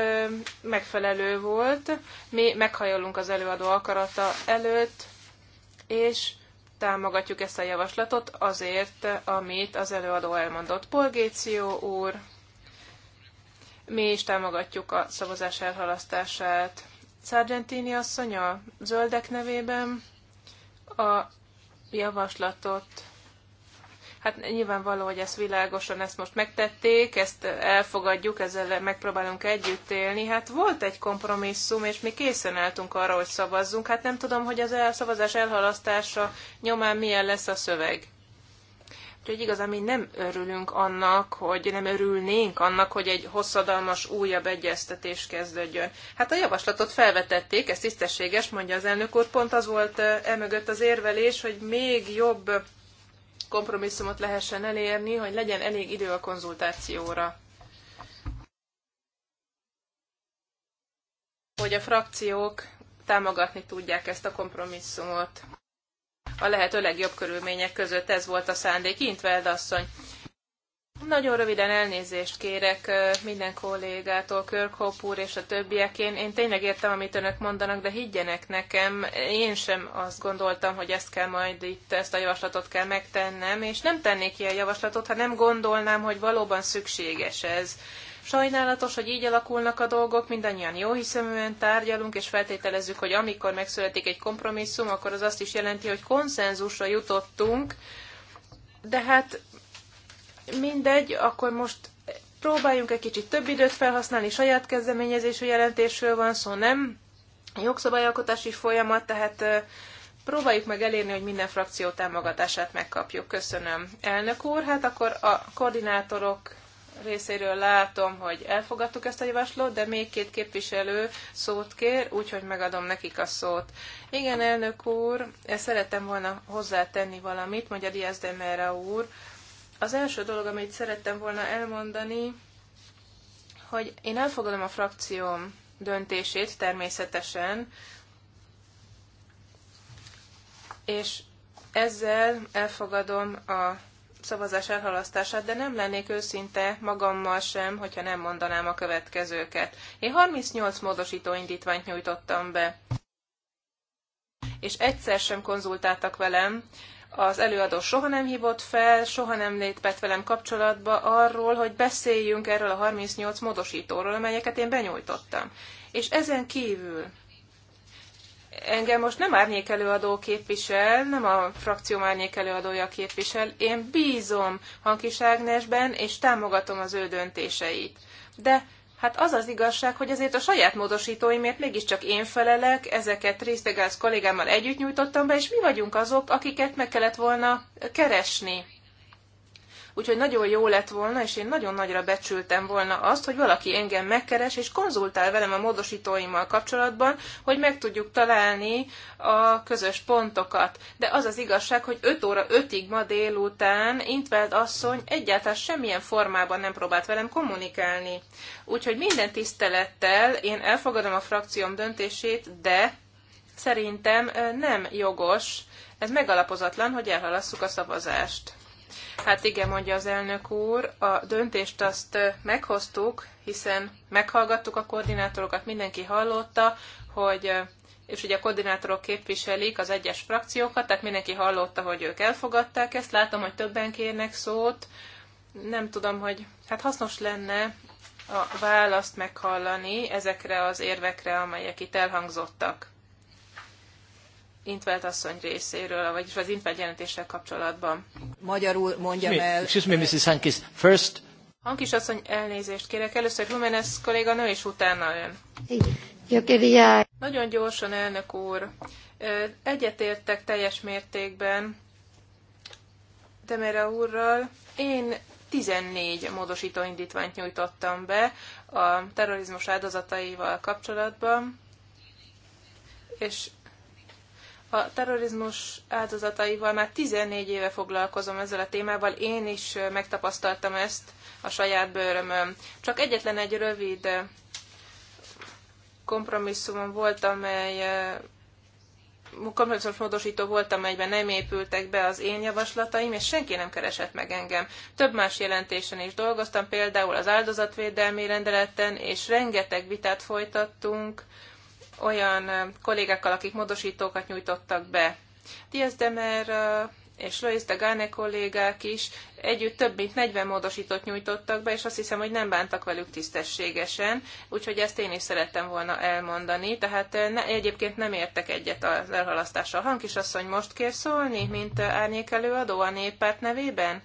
megfelelő volt, mi meghajolunk az előadó akarata előtt, és támogatjuk ezt a javaslatot azért, amit az előadó elmondott. Polgéció úr, mi is támogatjuk a szavazás elhalasztását. Sargentini asszony a zöldek nevében a javaslatot Hát nyilvánvaló, hogy ezt világosan ezt most megtették, ezt elfogadjuk, ezzel megpróbálunk együtt élni. Hát volt egy kompromisszum, és mi készen álltunk arra, hogy szavazzunk. Hát nem tudom, hogy az elszavazás elhalasztása nyomán milyen lesz a szöveg. Úgyhogy igazán mi nem örülünk annak, hogy nem örülnénk annak, hogy egy hosszadalmas újabb egyeztetés kezdődjön. Hát a javaslatot felvetették, ez tisztességes, mondja az elnök úr, pont az volt emögött eh, e az érvelés, hogy még jobb kompromisszumot lehessen elérni, hogy legyen elég idő a konzultációra. Hogy a frakciók támogatni tudják ezt a kompromisszumot. A lehető legjobb körülmények között ez volt a szándék. Intveld asszony, nagyon röviden elnézést kérek minden kollégától, Körkhop úr és a többiek. Én, én tényleg értem, amit önök mondanak, de higgyenek nekem, én sem azt gondoltam, hogy ezt kell majd itt, ezt a javaslatot kell megtennem, és nem tennék ilyen javaslatot, ha nem gondolnám, hogy valóban szükséges ez. Sajnálatos, hogy így alakulnak a dolgok, mindannyian jó hiszeműen tárgyalunk, és feltételezzük, hogy amikor megszületik egy kompromisszum, akkor az azt is jelenti, hogy konszenzusra jutottunk, de hát mindegy, akkor most próbáljunk egy kicsit több időt felhasználni, saját kezdeményezésű jelentésről van szó, nem jogszabályalkotási folyamat, tehát próbáljuk meg elérni, hogy minden frakció támogatását megkapjuk. Köszönöm. Elnök úr, hát akkor a koordinátorok részéről látom, hogy elfogadtuk ezt a javaslót, de még két képviselő szót kér, úgyhogy megadom nekik a szót. Igen, elnök úr, szerettem volna hozzátenni valamit, mondja Diaz de Mera úr, az első dolog, amit szerettem volna elmondani, hogy én elfogadom a frakcióm döntését természetesen, és ezzel elfogadom a szavazás elhalasztását, de nem lennék őszinte magammal sem, hogyha nem mondanám a következőket. Én 38 módosító indítványt nyújtottam be, és egyszer sem konzultáltak velem, az előadó soha nem hívott fel, soha nem lépett velem kapcsolatba arról, hogy beszéljünk erről a 38 módosítóról, amelyeket én benyújtottam. És ezen kívül engem most nem árnyék előadó képvisel, nem a frakció árnyék előadója képvisel, én bízom Hankis Ágnesben, és támogatom az ő döntéseit. De Hát az az igazság, hogy azért a saját módosítóimért mégiscsak én felelek, ezeket Trisztegász kollégámmal együtt nyújtottam be, és mi vagyunk azok, akiket meg kellett volna keresni. Úgyhogy nagyon jó lett volna, és én nagyon nagyra becsültem volna azt, hogy valaki engem megkeres, és konzultál velem a módosítóimmal kapcsolatban, hogy meg tudjuk találni a közös pontokat. De az az igazság, hogy 5 óra 5-ig ma délután Intveld asszony egyáltalán semmilyen formában nem próbált velem kommunikálni. Úgyhogy minden tisztelettel én elfogadom a frakcióm döntését, de szerintem nem jogos, ez megalapozatlan, hogy elhalasszuk a szavazást. Hát igen, mondja az elnök úr, a döntést azt meghoztuk, hiszen meghallgattuk a koordinátorokat, mindenki hallotta, hogy és ugye a koordinátorok képviselik az egyes frakciókat, tehát mindenki hallotta, hogy ők elfogadták ezt. Látom, hogy többen kérnek szót. Nem tudom, hogy hát hasznos lenne a választ meghallani ezekre az érvekre, amelyek itt elhangzottak. Intvelt asszony részéről, vagyis az Intvelt jelentéssel kapcsolatban. Magyarul mondjam el. Excuse me, Mrs. Hankis. First... Hankis asszony, elnézést kérek. Először Jiménez kolléganő, és utána ön. Nagyon gyorsan, elnök úr. Egyetértek teljes mértékben Demere úrral. Én 14 módosító indítványt nyújtottam be a terrorizmus áldozataival kapcsolatban, és a terrorizmus áldozataival már 14 éve foglalkozom ezzel a témával, én is megtapasztaltam ezt a saját bőrömön. Csak egyetlen egy rövid kompromisszumon volt, amely kompromisszumos módosító volt, amelyben nem épültek be az én javaslataim, és senki nem keresett meg engem. Több más jelentésen is dolgoztam, például az áldozatvédelmi rendeleten, és rengeteg vitát folytattunk olyan kollégákkal, akik módosítókat nyújtottak be. Diaz Demer és Lois de Gane kollégák is együtt több mint 40 módosítót nyújtottak be, és azt hiszem, hogy nem bántak velük tisztességesen, úgyhogy ezt én is szerettem volna elmondani. Tehát ne, egyébként nem értek egyet az elhalasztással. Hankisasszony most kér szólni, mint adó a néppárt nevében?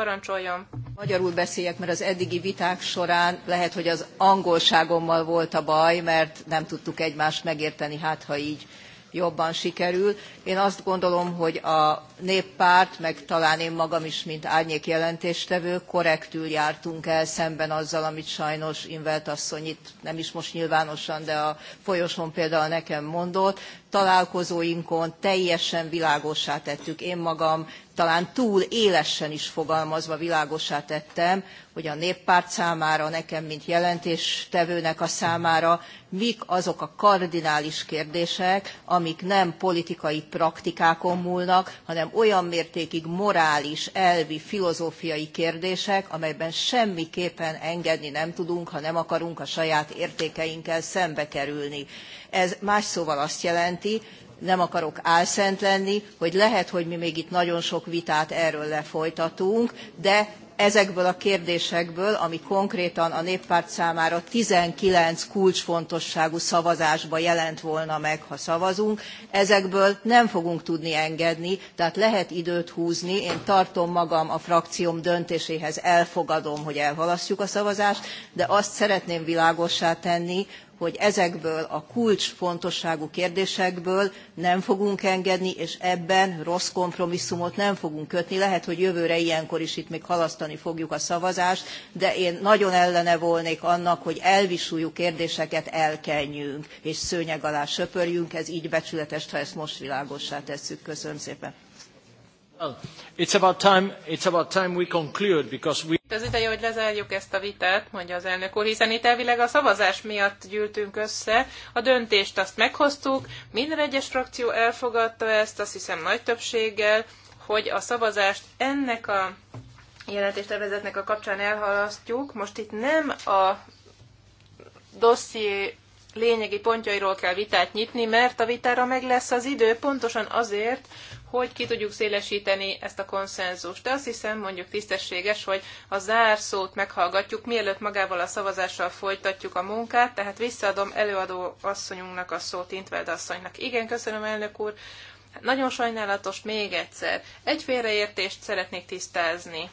Parancsoljon! Magyarul beszéljek, mert az eddigi viták során lehet, hogy az angolságommal volt a baj, mert nem tudtuk egymást megérteni, hát ha így jobban sikerül. Én azt gondolom, hogy a néppárt, meg talán én magam is, mint árnyék jelentéstevő, korrektül jártunk el szemben azzal, amit sajnos Invelt asszony itt nem is most nyilvánosan, de a folyosón például nekem mondott. Találkozóinkon teljesen világossá tettük. Én magam talán túl élesen is fogalmazva világosá tettem, hogy a néppárt számára, nekem, mint jelentéstevőnek a számára, mik azok a kardinális kérdések, amik nem politikai praktikákon múlnak, hanem olyan mértékig morális, elvi, filozófiai kérdések, amelyben semmiképpen engedni nem tudunk, ha nem akarunk a saját értékeinkkel szembe kerülni. Ez más szóval azt jelenti, nem akarok álszent lenni, hogy lehet, hogy mi még itt nagyon sok vitát erről lefolytatunk, de ezekből a kérdésekből, ami konkrétan a néppárt számára 19 kulcsfontosságú szavazásba jelent volna meg, ha szavazunk, ezekből nem fogunk tudni engedni, tehát lehet időt húzni, én tartom magam a frakcióm döntéséhez, elfogadom, hogy elhalasztjuk a szavazást, de azt szeretném világossá tenni, hogy ezekből a kulcsfontosságú kérdésekből nem fogunk engedni, és ebben rossz kompromisszumot nem fogunk kötni. Lehet, hogy jövőre ilyenkor is itt még halasztani fogjuk a szavazást, de én nagyon ellene volnék annak, hogy elvisúlyú kérdéseket elkenjünk, és szőnyeg alá söpörjünk. Ez így becsületes, ha ezt most világossá tesszük. Köszönöm szépen az ideje, hogy lezárjuk ezt a vitát, mondja az elnök úr, hiszen itt elvileg a szavazás miatt gyűltünk össze, a döntést azt meghoztuk, minden egyes frakció elfogadta ezt, azt hiszem nagy többséggel, hogy a szavazást ennek a jelentéstervezetnek a kapcsán elhalasztjuk. Most itt nem a dosszié lényegi pontjairól kell vitát nyitni, mert a vitára meg lesz az idő pontosan azért, hogy ki tudjuk szélesíteni ezt a konszenzust. De azt hiszem mondjuk tisztességes, hogy a zárszót meghallgatjuk, mielőtt magával a szavazással folytatjuk a munkát, tehát visszaadom előadó asszonyunknak a szót, Intveld asszonynak. Igen, köszönöm elnök úr. Hát nagyon sajnálatos még egyszer. Egy félreértést szeretnék tisztázni.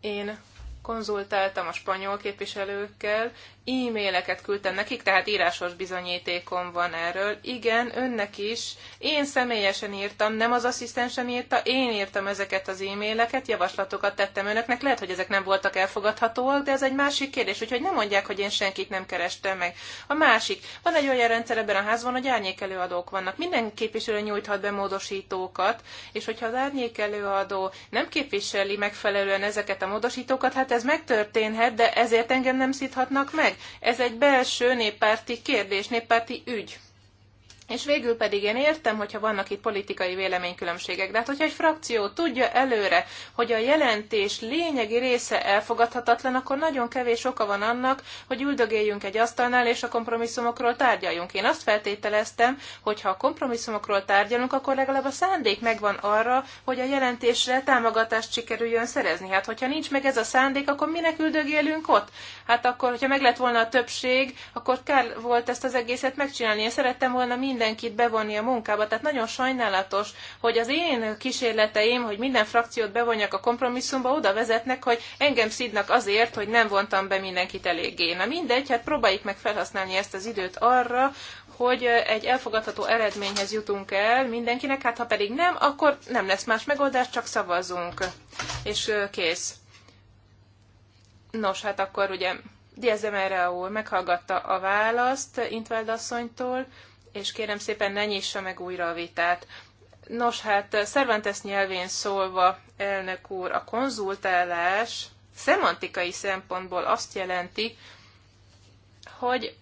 Én konzultáltam a spanyol képviselőkkel, e-maileket küldtem nekik, tehát írásos bizonyítékom van erről. Igen, önnek is. Én személyesen írtam, nem az asszisztensem írta, én írtam ezeket az e-maileket, javaslatokat tettem önöknek. Lehet, hogy ezek nem voltak elfogadhatóak, de ez egy másik kérdés, úgyhogy nem mondják, hogy én senkit nem kerestem meg. A másik, van egy olyan rendszer ebben a házban, hogy árnyékelőadók vannak. Minden képviselő nyújthat be módosítókat, és hogyha az árnyékelőadó nem képviseli megfelelően ezeket a módosítókat, hát ez megtörténhet, de ezért engem nem szíthatnak meg meg. Ez egy belső néppárti kérdés, néppárti ügy. És végül pedig én értem, hogyha vannak itt politikai véleménykülönbségek, de hát hogyha egy frakció tudja előre, hogy a jelentés lényegi része elfogadhatatlan, akkor nagyon kevés oka van annak, hogy üldögéljünk egy asztalnál és a kompromisszumokról tárgyaljunk. Én azt feltételeztem, hogy ha a kompromisszumokról tárgyalunk, akkor legalább a szándék megvan arra, hogy a jelentésre támogatást sikerüljön szerezni. Hát hogyha nincs meg ez a szándék, akkor minek üldögélünk ott? Hát akkor, hogyha meg lett volna a többség, akkor kell volt ezt az egészet megcsinálni. Én szerettem volna minden mindenkit bevonni a munkába. Tehát nagyon sajnálatos, hogy az én kísérleteim, hogy minden frakciót bevonjak a kompromisszumba, oda vezetnek, hogy engem szidnak azért, hogy nem vontam be mindenkit eléggé. Na mindegy, hát próbáljuk meg felhasználni ezt az időt arra, hogy egy elfogadható eredményhez jutunk el mindenkinek, hát ha pedig nem, akkor nem lesz más megoldás, csak szavazunk. És kész. Nos, hát akkor ugye Diaz Emera úr meghallgatta a választ Intveld asszonytól, és kérem szépen ne nyissa meg újra a vitát. Nos, hát eh, Cervantes nyelvén szólva, elnök úr, a konzultálás szemantikai szempontból azt jelenti, hogy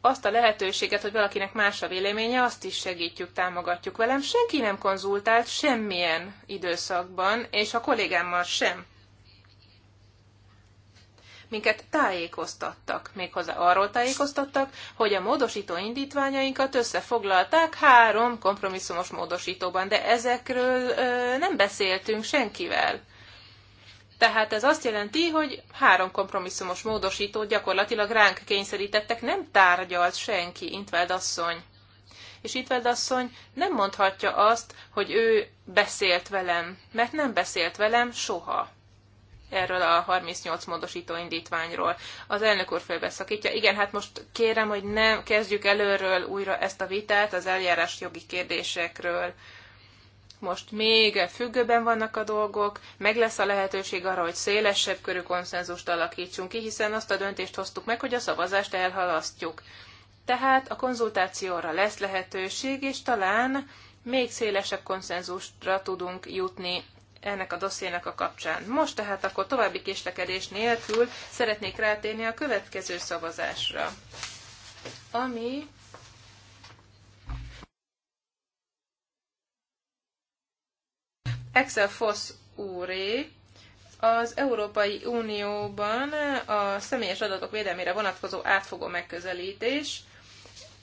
azt a lehetőséget, hogy valakinek más a véleménye, azt is segítjük, támogatjuk velem. Senki nem konzultált semmilyen időszakban, és a kollégámmal sem minket tájékoztattak. Méghozzá arról tájékoztattak, hogy a módosító indítványainkat összefoglalták három kompromisszumos módosítóban, de ezekről ö, nem beszéltünk senkivel. Tehát ez azt jelenti, hogy három kompromisszumos módosítót gyakorlatilag ránk kényszerítettek, nem tárgyalt senki, Intveld asszony. És Intveld asszony nem mondhatja azt, hogy ő beszélt velem, mert nem beszélt velem soha erről a 38 módosító indítványról. Az elnök úr félbeszakítja. Igen, hát most kérem, hogy ne kezdjük előről újra ezt a vitát az eljárás jogi kérdésekről. Most még függőben vannak a dolgok, meg lesz a lehetőség arra, hogy szélesebb körű konszenzust alakítsunk ki, hiszen azt a döntést hoztuk meg, hogy a szavazást elhalasztjuk. Tehát a konzultációra lesz lehetőség, és talán még szélesebb konszenzusra tudunk jutni ennek a dossziénak a kapcsán. Most tehát akkor további késlekedés nélkül szeretnék rátérni a következő szavazásra, ami Excel Foss úré, az Európai Unióban a személyes adatok védelmére vonatkozó átfogó megközelítés.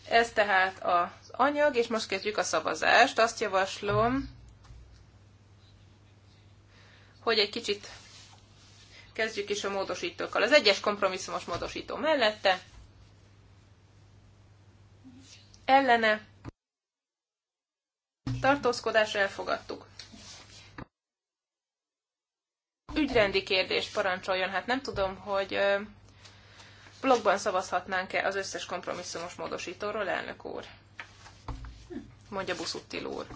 Ez tehát az anyag, és most kezdjük a szavazást. Azt javaslom, hogy egy kicsit kezdjük is a módosítókkal. Az egyes kompromisszumos módosító mellette, ellene, tartózkodás elfogadtuk. Ügyrendi kérdés parancsoljon, hát nem tudom, hogy blogban szavazhatnánk-e az összes kompromisszumos módosítóról, elnök úr? Mondja Buszuttil úr.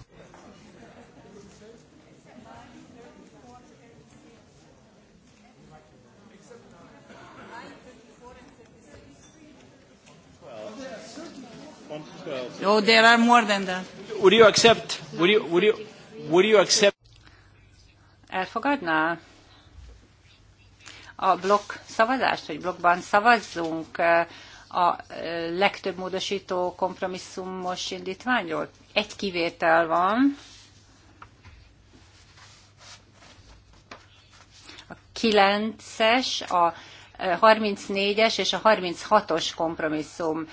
Oh, there are more than that. Would you accept? Would you, would you, would you accept? Elfogadná? A blokk szavazást, hogy blokkban szavazzunk eh, a eh, legtöbb módosító kompromisszumos indítványról? Egy kivétel van. A 9-es, a 34-es eh, és a 36-os kompromisszum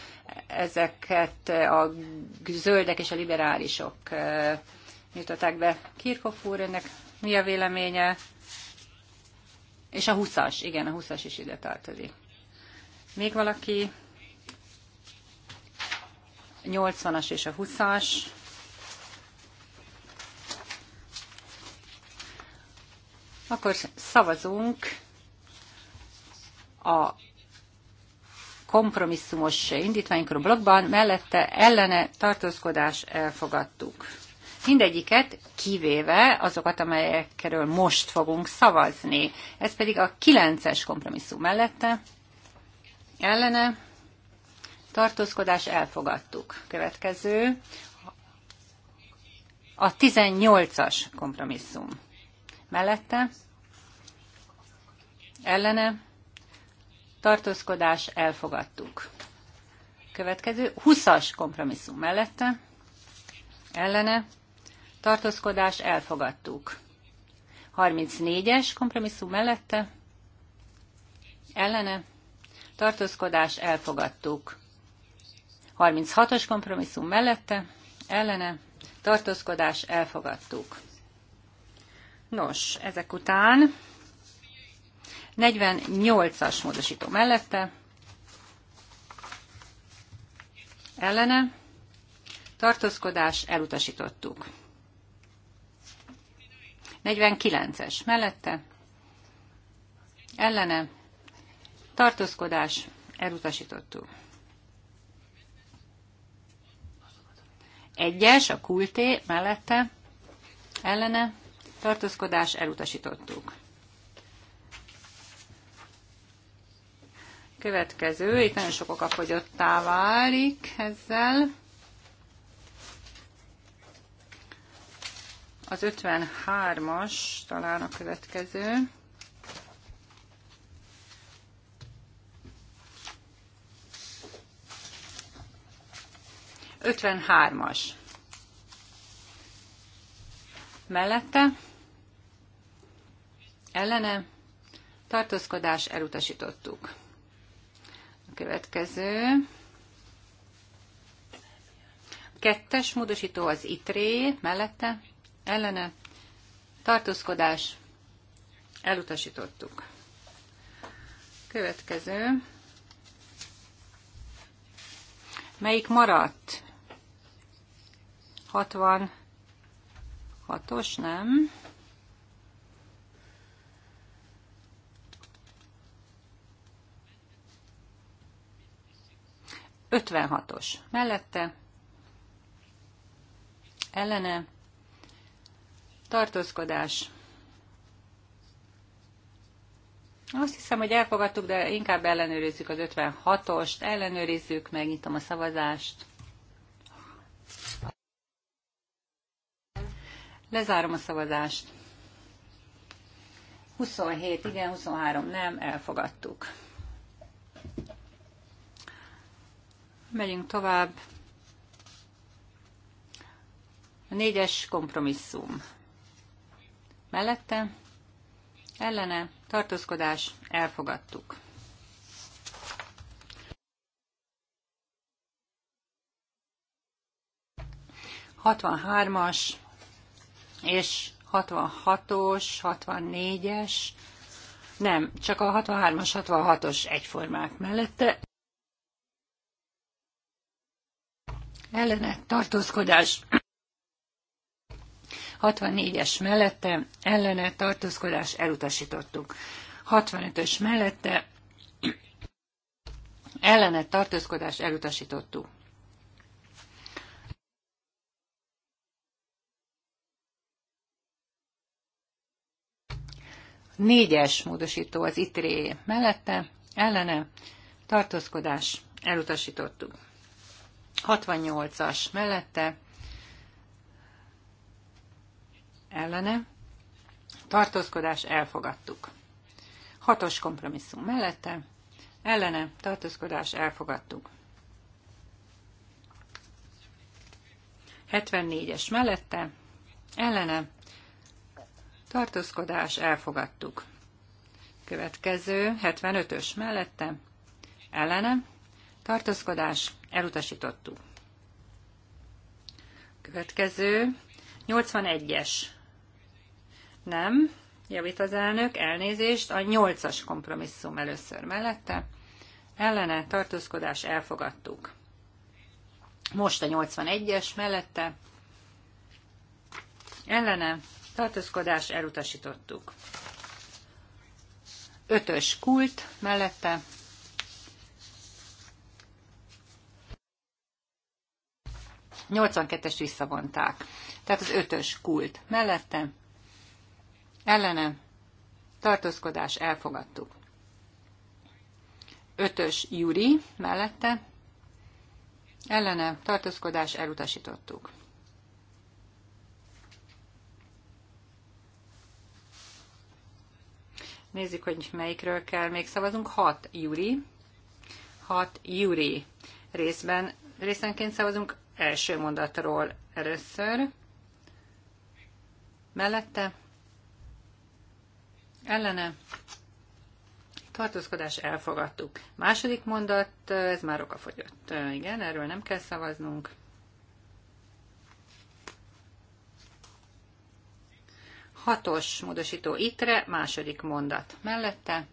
ezeket a zöldek és a liberálisok nyújtották be. Kirchhoff úr, ennek mi a véleménye? És a 20-as, igen, a 20-as is ide tartozik. Még valaki? 80-as és a 20-as. Akkor szavazunk a kompromisszumos indítványokról blogban, mellette ellene tartózkodás elfogadtuk. Mindegyiket kivéve azokat, amelyekről most fogunk szavazni. Ez pedig a kilences kompromisszum mellette ellene tartózkodás elfogadtuk. Következő a 18-as kompromisszum mellette ellene tartózkodás, elfogadtuk. Következő, 20-as kompromisszum mellette, ellene, tartózkodás, elfogadtuk. 34-es kompromisszum mellette, ellene, tartózkodás, elfogadtuk. 36-os kompromisszum mellette, ellene, tartózkodás, elfogadtuk. Nos, ezek után 48-as módosító mellette, ellene, tartózkodás, elutasítottuk. 49-es mellette, ellene, tartózkodás, elutasítottuk. Egyes, a kulté mellette, ellene, tartózkodás, elutasítottuk. következő, itt nagyon sok oka fogyottá válik ezzel. Az 53-as talán a következő. Ötvenhármas. Mellette ellene tartózkodás elutasítottuk. Következő. Kettes módosító az itré, mellette, ellene, tartózkodás, elutasítottuk. Következő. Melyik maradt? 66-os, nem? 56-os mellette, ellene, tartózkodás. Azt hiszem, hogy elfogadtuk, de inkább ellenőrizzük az 56-ost, ellenőrizzük, megnyitom a szavazást. Lezárom a szavazást. 27 igen, 23 nem, elfogadtuk. Megyünk tovább. A négyes kompromisszum. Mellette, ellene, tartózkodás, elfogadtuk. Hatvanhármas és 66-os, 64-es, nem, csak a 63-as, 66-os egyformák mellette ellene tartózkodás. 64-es mellette ellene tartózkodás elutasítottuk. 65-ös mellette ellene tartózkodás elutasítottuk. Négyes módosító az itré mellette, ellene tartózkodás elutasítottuk. 68-as mellette ellene tartózkodás elfogadtuk. 6-os kompromisszum mellette ellene tartózkodás elfogadtuk. 74-es mellette ellene tartózkodás elfogadtuk. Következő 75-ös mellette ellene tartózkodás, elutasítottuk. Következő, 81-es. Nem, javít az elnök, elnézést, a 8-as kompromisszum először mellette. Ellene tartózkodás elfogadtuk. Most a 81-es mellette. Ellene tartózkodás elutasítottuk. Ötös kult mellette 82-est visszavonták. Tehát az ötös kult mellette, ellene, tartózkodás, elfogadtuk. Ötös Juri mellette, ellene, tartózkodás, elutasítottuk. Nézzük, hogy melyikről kell még szavazunk. 6 Júri. 6 Júri. Részben, részenként szavazunk első mondatról először. Mellette ellene tartózkodás elfogadtuk. Második mondat, ez már okafogyott. Igen, erről nem kell szavaznunk. Hatos módosító itre, második mondat mellette.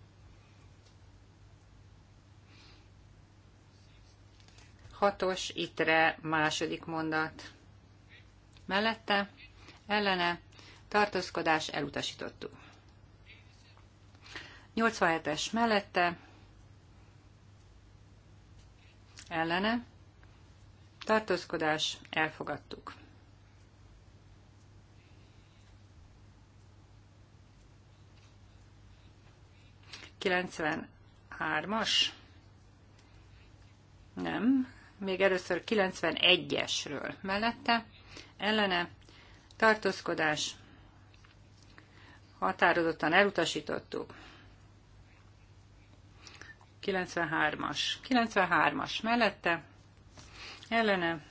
hatos itre második mondat. Mellette, ellene, tartózkodás elutasítottuk. 87-es mellette, ellene, tartózkodás elfogadtuk. Kilencven hármas? Nem még először 91-esről mellette, ellene tartózkodás határozottan elutasítottuk. 93-as. 93-as mellette, ellene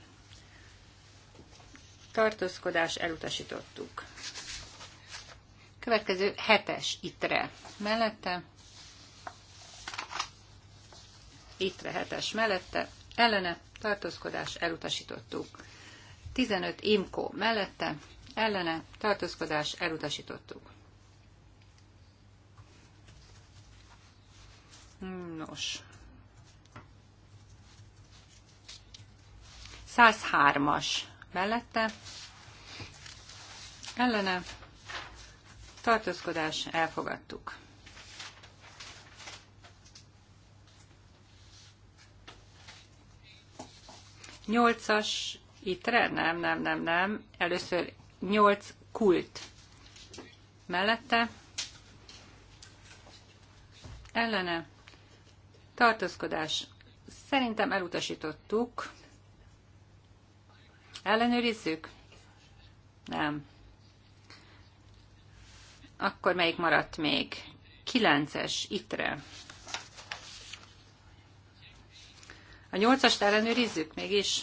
tartózkodás elutasítottuk. Következő hetes itre mellette, itre hetes mellette, ellene tartózkodás elutasítottuk. 15 imkó mellette ellene tartózkodás elutasítottuk. Nos. 103-as mellette ellene tartózkodás elfogadtuk. Nyolcas itre? Nem, nem, nem, nem. Először nyolc kult. Mellette. Ellene. Tartózkodás. Szerintem elutasítottuk. Ellenőrizzük? Nem. Akkor melyik maradt még? kilences itre. A nyolcast ellenőrizzük mégis.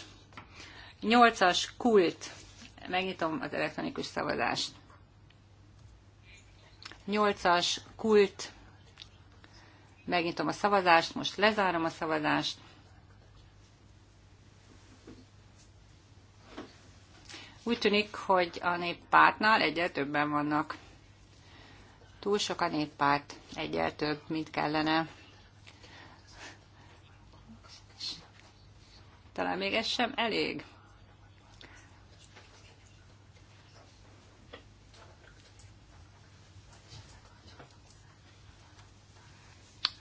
Nyolcas kult. Megnyitom az elektronikus szavazást. Nyolcas kult. Megnyitom a szavazást, most lezárom a szavazást. Úgy tűnik, hogy a néppártnál egyre többen vannak. Túl sok a néppárt, egyel több, mint kellene. talán még ez sem elég.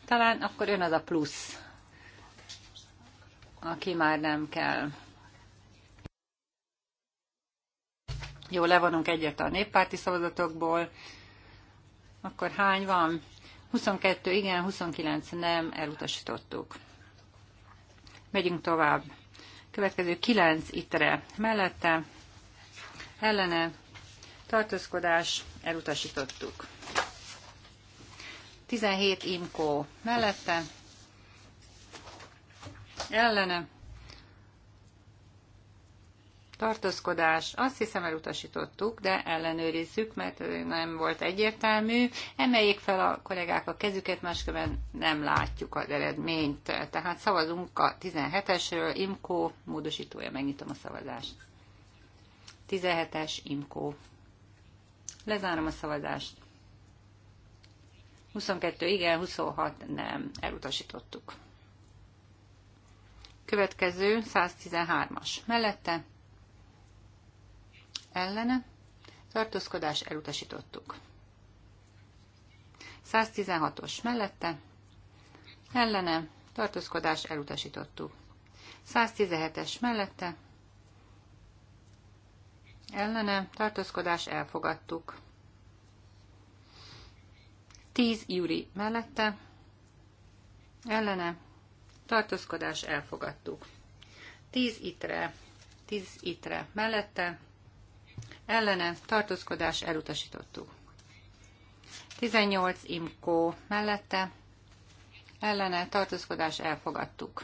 Talán akkor jön az a plusz, aki már nem kell. Jó, levonunk egyet a néppárti szavazatokból. Akkor hány van? 22 igen, 29 nem, elutasítottuk. Megyünk tovább. Következő kilenc ittre mellette, ellene, tartózkodás, elutasítottuk. 17 imkó mellette, ellene, tartózkodás, azt hiszem elutasítottuk, de ellenőrizzük, mert nem volt egyértelmű. Emeljék fel a kollégák a kezüket, máskülönben nem látjuk az eredményt. Tehát szavazunk a 17-esről, IMKO módosítója, megnyitom a szavazást. 17-es IMKO. Lezárom a szavazást. 22 igen, 26 nem, elutasítottuk. Következő 113-as. Mellette ellene, tartózkodás elutasítottuk. 116-os mellette, ellene, tartózkodás elutasítottuk. 117-es mellette, ellene, tartózkodás elfogadtuk. 10 júri mellette, ellene, tartózkodás elfogadtuk. 10 itre, 10 itre mellette, ellene tartózkodás elutasítottuk. 18 imkó mellette ellene tartózkodás elfogadtuk.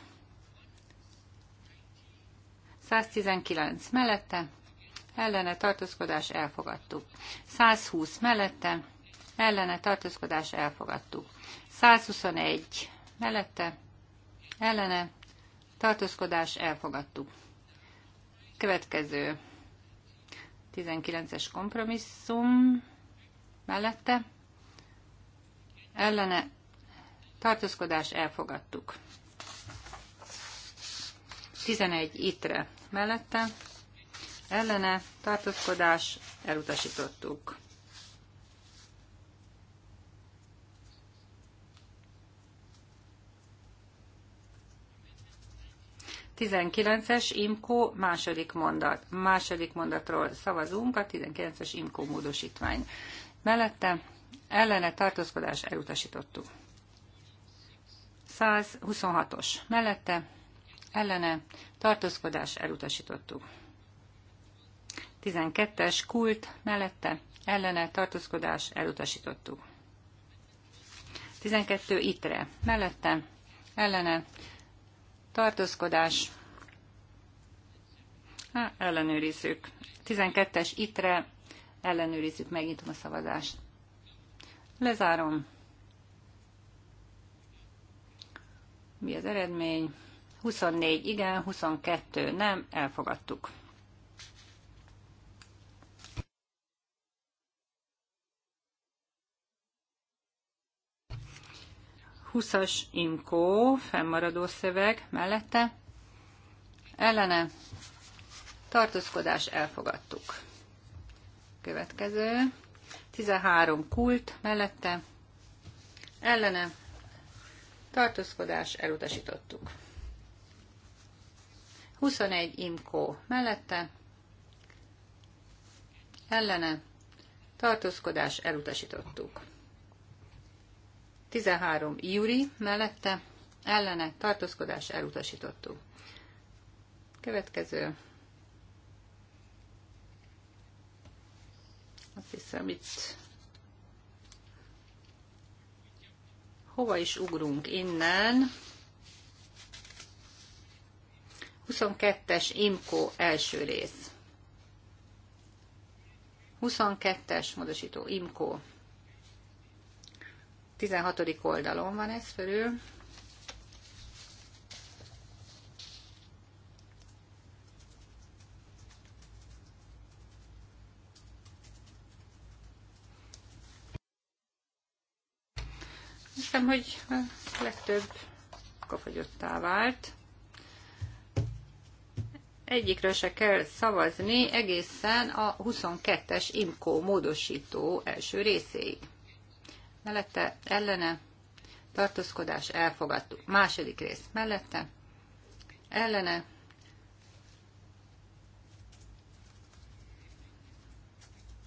119 mellette ellene tartózkodás elfogadtuk. 120 mellette ellene tartózkodás elfogadtuk. 121 mellette ellene tartózkodás elfogadtuk. Következő 19-es kompromisszum mellette ellene tartózkodás elfogadtuk. 11 itre mellette ellene tartózkodás elutasítottuk. 19-es IMKO második mondat. Második mondatról szavazunk, a 19-es IMKO módosítvány. Mellette ellene tartózkodás elutasítottuk. 126-os. Mellette ellene tartózkodás elutasítottuk. 12-es kult mellette ellene tartózkodás elutasítottuk. 12 itre mellette ellene tartózkodás, Há, ellenőrizzük. 12-es itre ellenőrizzük, megnyitom a szavazást. Lezárom. Mi az eredmény? 24 igen, 22 nem, elfogadtuk. 20-as imkó, fennmaradó szöveg, mellette, ellene, tartózkodás, elfogadtuk. Következő, 13 kult, mellette, ellene, tartózkodás, elutasítottuk. 21 imkó, mellette, ellene, tartózkodás, elutasítottuk. 13 júri mellette ellene tartózkodás elutasítottó. Következő. Azt hiszem itt hova is ugrunk innen. 22-es Imko első rész. 22-es módosító Imko 16. oldalon van ez fölül. Hiszem, hogy a legtöbb kapagyottá vált. Egyikről se kell szavazni egészen a 22-es IMCO módosító első részéig mellette ellene tartózkodás elfogadtuk. Második rész mellette ellene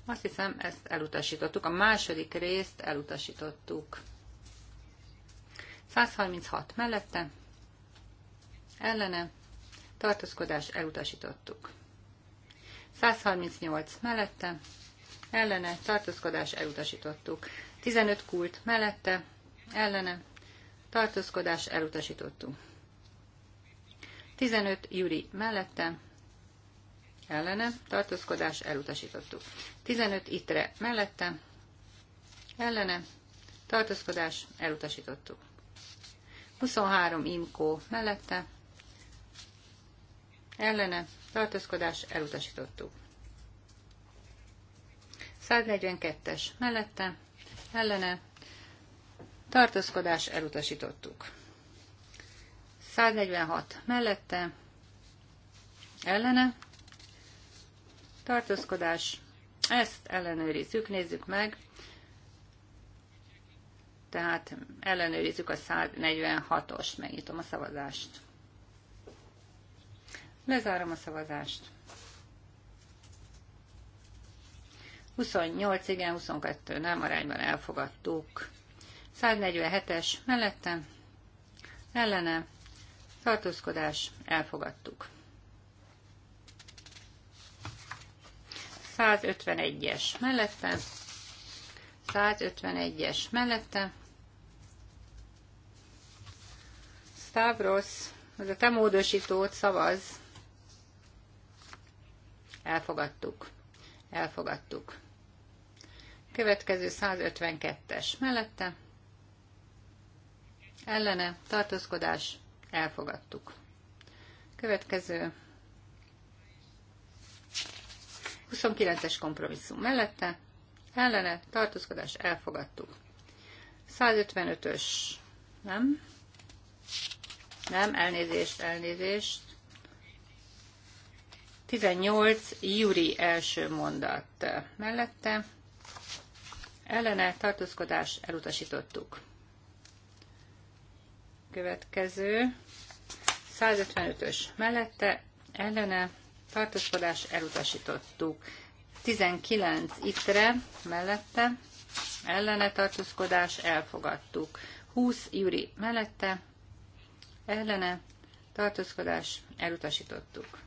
Azt hiszem, ezt elutasítottuk. A második részt elutasítottuk. 136 mellette, ellene, tartózkodás elutasítottuk. 138 mellette, ellene, tartózkodás elutasítottuk. 15 kult mellette, ellene, tartózkodás elutasítottuk. 15 Juri mellette, ellene, tartózkodás elutasítottuk. 15 Itre mellette, ellene, tartózkodás elutasítottuk. 23 Imkó mellette, ellene, tartózkodás elutasítottuk. 142-es mellette, ellene tartózkodás elutasítottuk. 146 mellette ellene tartózkodás, ezt ellenőrizzük, nézzük meg, tehát ellenőrizzük a 146-ost, megnyitom a szavazást. Lezárom a szavazást. 28 igen, 22 nem arányban elfogadtuk. 147-es mellette, ellene, tartózkodás, elfogadtuk. 151-es mellette, 151-es mellette, Stavros, az a te módosítót szavaz. Elfogadtuk. Elfogadtuk. Következő 152-es mellette. Ellene tartózkodás elfogadtuk. Következő 29-es kompromisszum mellette. Ellene tartózkodás elfogadtuk. 155-ös nem. Nem, elnézést, elnézést. 18 Júri első mondat mellette ellene tartózkodás elutasítottuk. Következő 155-ös mellette ellene tartózkodás elutasítottuk. 19 itre mellette ellene tartózkodás elfogadtuk. 20 júri mellette ellene tartózkodás elutasítottuk.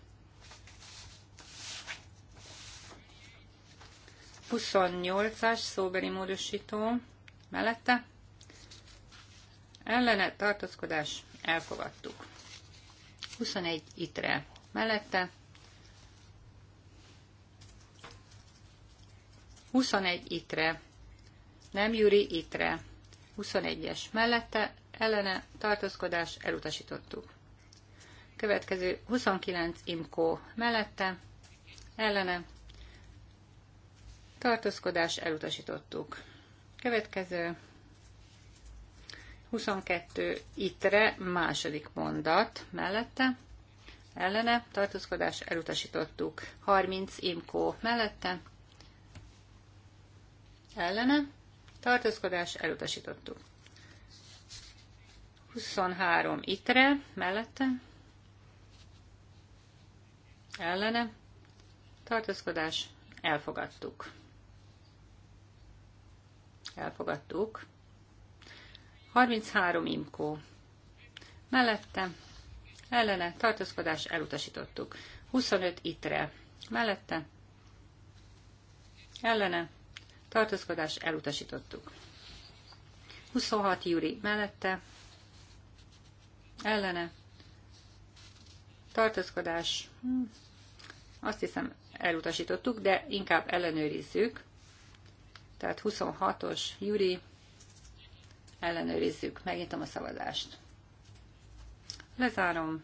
28-as szóbeli módosító mellette ellene tartózkodás elfogadtuk. 21 itre mellette 21 itre nem Júri itre 21-es mellette ellene tartózkodás elutasítottuk. Következő 29 imkó mellette ellene tartózkodás elutasítottuk. Következő 22 itre második mondat mellette, ellene, tartózkodás elutasítottuk. 30 imkó mellette, ellene, tartózkodás elutasítottuk. 23 itre mellette, ellene, tartózkodás elfogadtuk elfogadtuk. 33 imkó. Mellette, ellene, tartózkodás, elutasítottuk. 25 itre. Mellette, ellene, tartózkodás, elutasítottuk. 26 júri. Mellette, ellene, tartózkodás, hmm, azt hiszem elutasítottuk, de inkább ellenőrizzük. Tehát 26-os Júri, ellenőrizzük, megnyitom a szavazást. Lezárom.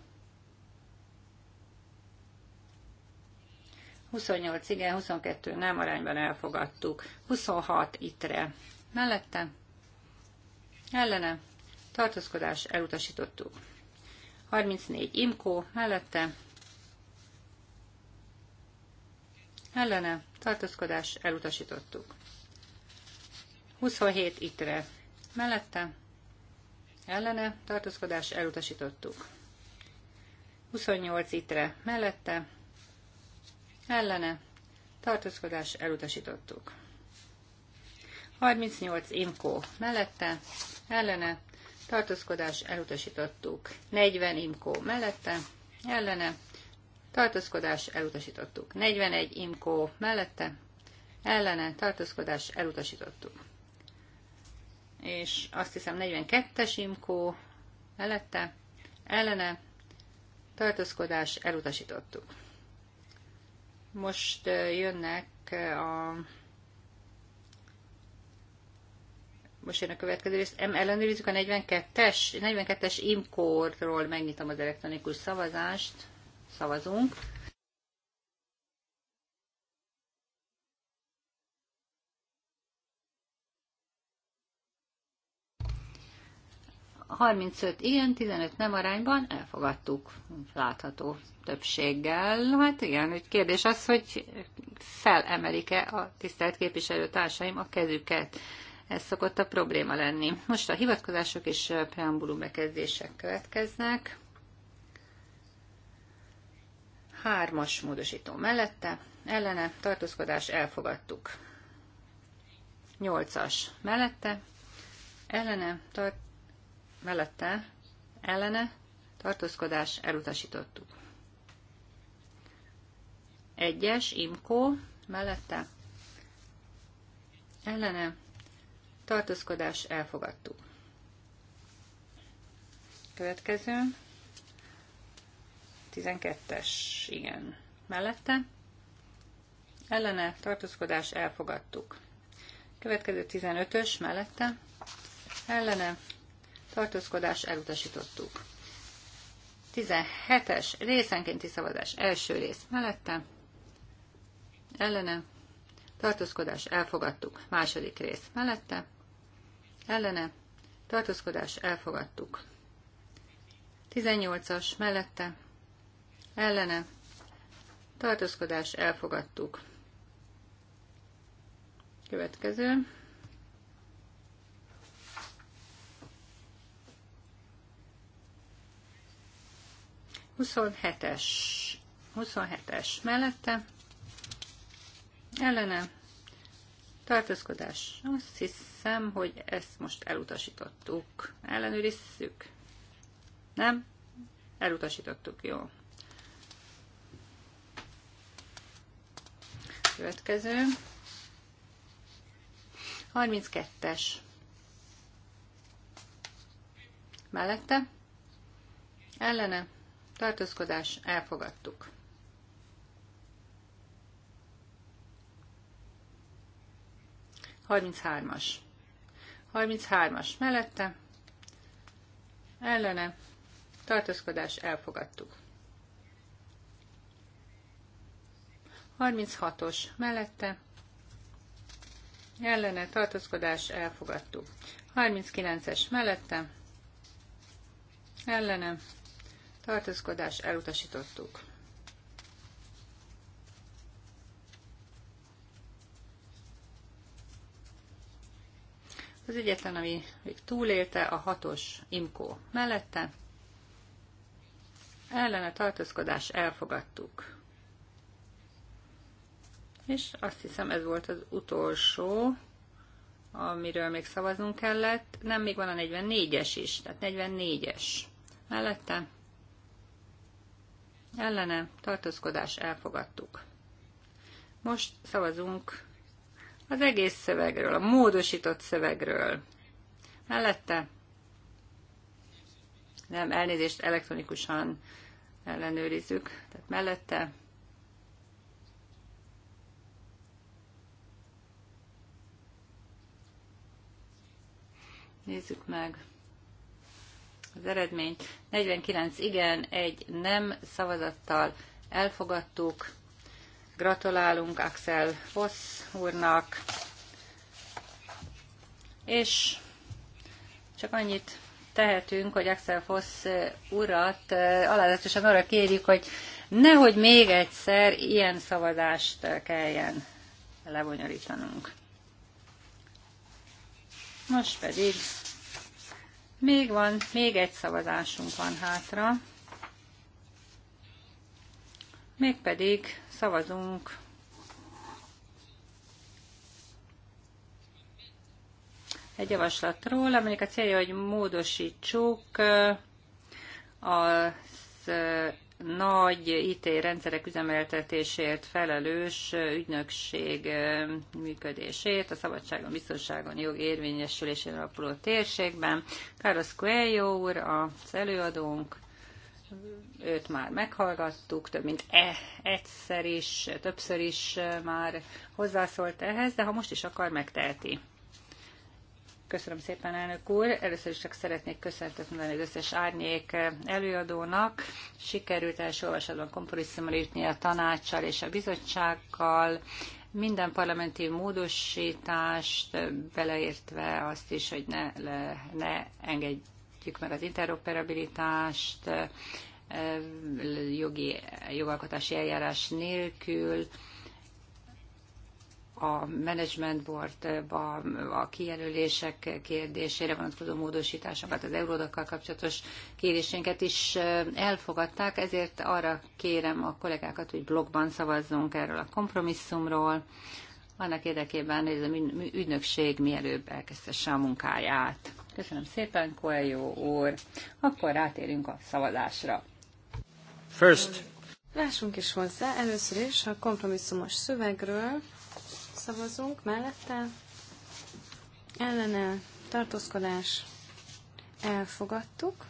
28 igen, 22 nem arányban elfogadtuk. 26 ittre. Mellette? Ellene. Tartózkodás elutasítottuk. 34 imkó. Mellette? Ellene. Tartózkodás elutasítottuk. 27 itre. Mellette ellene tartózkodás elutasítottuk. 28 itre. Mellette ellene tartózkodás elutasítottuk. 38 imkó. Mellette ellene tartózkodás elutasítottuk. 40 imkó. Mellette ellene tartózkodás elutasítottuk. 41 imkó. Mellette ellene tartózkodás elutasítottuk és azt hiszem 42-es imkó mellette, ellene, tartózkodás, elutasítottuk. Most jönnek a most jön a következő rész. Ellenőrizzük a 42-es, 42-es imkórról megnyitom az elektronikus szavazást. Szavazunk. 35 igen, 15 nem arányban elfogadtuk látható többséggel. Hát igen, hogy kérdés az, hogy felemelik-e a tisztelt képviselőtársaim a kezüket. Ez szokott a probléma lenni. Most a hivatkozások és preambulum bekezdések következnek. Hármas módosító mellette, ellene tartózkodás elfogadtuk. Nyolcas mellette, ellene tart mellette, ellene, tartózkodás elutasítottuk. Egyes, imkó, mellette, ellene, tartózkodás elfogadtuk. Következő, 12-es, igen, mellette, ellene, tartózkodás elfogadtuk. Következő 15-ös mellette, ellene, tartózkodás elutasítottuk. 17-es részenkénti szavazás első rész mellette, ellene, tartózkodás elfogadtuk második rész mellette, ellene, tartózkodás elfogadtuk. 18-as mellette, ellene, tartózkodás elfogadtuk. Következő. 27-es, 27-es mellette, ellene, tartózkodás. Azt hiszem, hogy ezt most elutasítottuk. Ellenőrizzük. Nem? Elutasítottuk, jó. Következő. 32-es. Mellette? Ellene? tartózkodás, elfogadtuk. Harminchármas. Harminc as mellette, ellene, tartózkodás, elfogadtuk. 36-os mellette, ellene, tartózkodás, elfogadtuk. 39-es mellette, ellene, tartózkodás elutasítottuk. Az egyetlen, ami még túlélte, a hatos imkó mellette. Ellene tartózkodás elfogadtuk. És azt hiszem ez volt az utolsó, amiről még szavaznunk kellett. Nem, még van a 44-es is, tehát 44-es mellette ellene tartózkodás elfogadtuk. Most szavazunk az egész szövegről, a módosított szövegről. Mellette nem, elnézést elektronikusan ellenőrizzük, tehát mellette Nézzük meg az eredményt. 49 igen, egy nem szavazattal elfogadtuk. Gratulálunk Axel Foss úrnak. És csak annyit tehetünk, hogy Axel Foss urat alázatosan arra kérjük, hogy nehogy még egyszer ilyen szavazást kelljen lebonyolítanunk. Most pedig még van, még egy szavazásunk van hátra. Mégpedig szavazunk egy javaslatról, aminek a célja, hogy módosítsuk az nagy IT rendszerek üzemeltetésért felelős ügynökség működését a szabadságon, biztonságon, jog érvényesülésén alapuló térségben. Carlos Coelho úr, az előadónk, őt már meghallgattuk, több mint e, egyszer is, többször is már hozzászólt ehhez, de ha most is akar, megteheti. Köszönöm szépen, elnök úr. Először is csak szeretnék köszöntet mondani az összes árnyék előadónak. Sikerült első olvasatban kompromisszumra írni a tanácssal és a bizottsággal. Minden parlamenti módosítást beleértve azt is, hogy ne, ne engedjük meg az interoperabilitást eh, jogi, jogalkotási eljárás nélkül a management boardba a kijelölések kérdésére vonatkozó módosításokat, az eurodakkal kapcsolatos kérésénket is elfogadták, ezért arra kérem a kollégákat, hogy blogban szavazzunk erről a kompromisszumról, annak érdekében, hogy ez a ügynökség mielőbb elkezdhesse a munkáját. Köszönöm szépen, Koeljó úr. Akkor rátérünk a szavazásra. First. Lássunk is hozzá, először is a kompromisszumos szövegről szavazunk, mellette ellene tartózkodás elfogadtuk.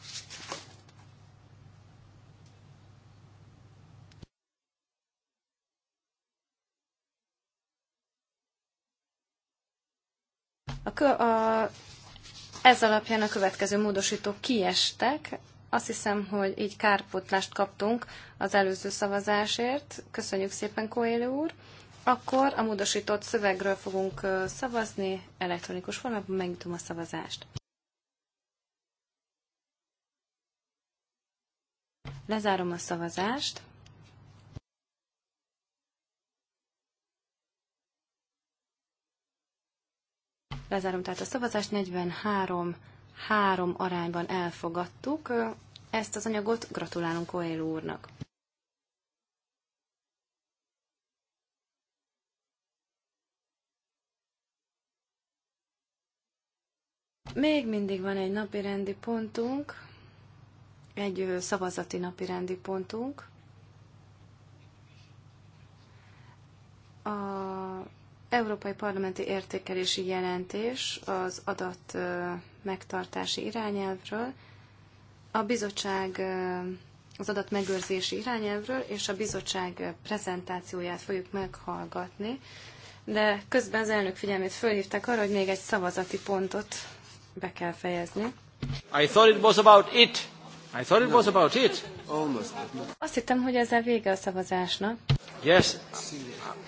A, kö a, ez alapján a következő módosítók kiestek. Azt hiszem, hogy így kárpótlást kaptunk az előző szavazásért. Köszönjük szépen, Koélő úr! Akkor a módosított szövegről fogunk szavazni, elektronikus formában megnyitom a szavazást. Lezárom a szavazást. Lezárom tehát a szavazást, 43 három arányban elfogadtuk ezt az anyagot, gratulálunk Koél úrnak. Még mindig van egy napi rendi pontunk, egy szavazati napi rendi pontunk. A Európai Parlamenti Értékelési Jelentés az adat megtartási irányelvről, a bizottság az adat megőrzési irányelvről, és a bizottság prezentációját fogjuk meghallgatni, de közben az elnök figyelmét fölhívták arra, hogy még egy szavazati pontot be kell fejezni. I thought it was about it. I thought it was about it. Almost. Azt hittem, hogy a vége a szavazásnak. Yes.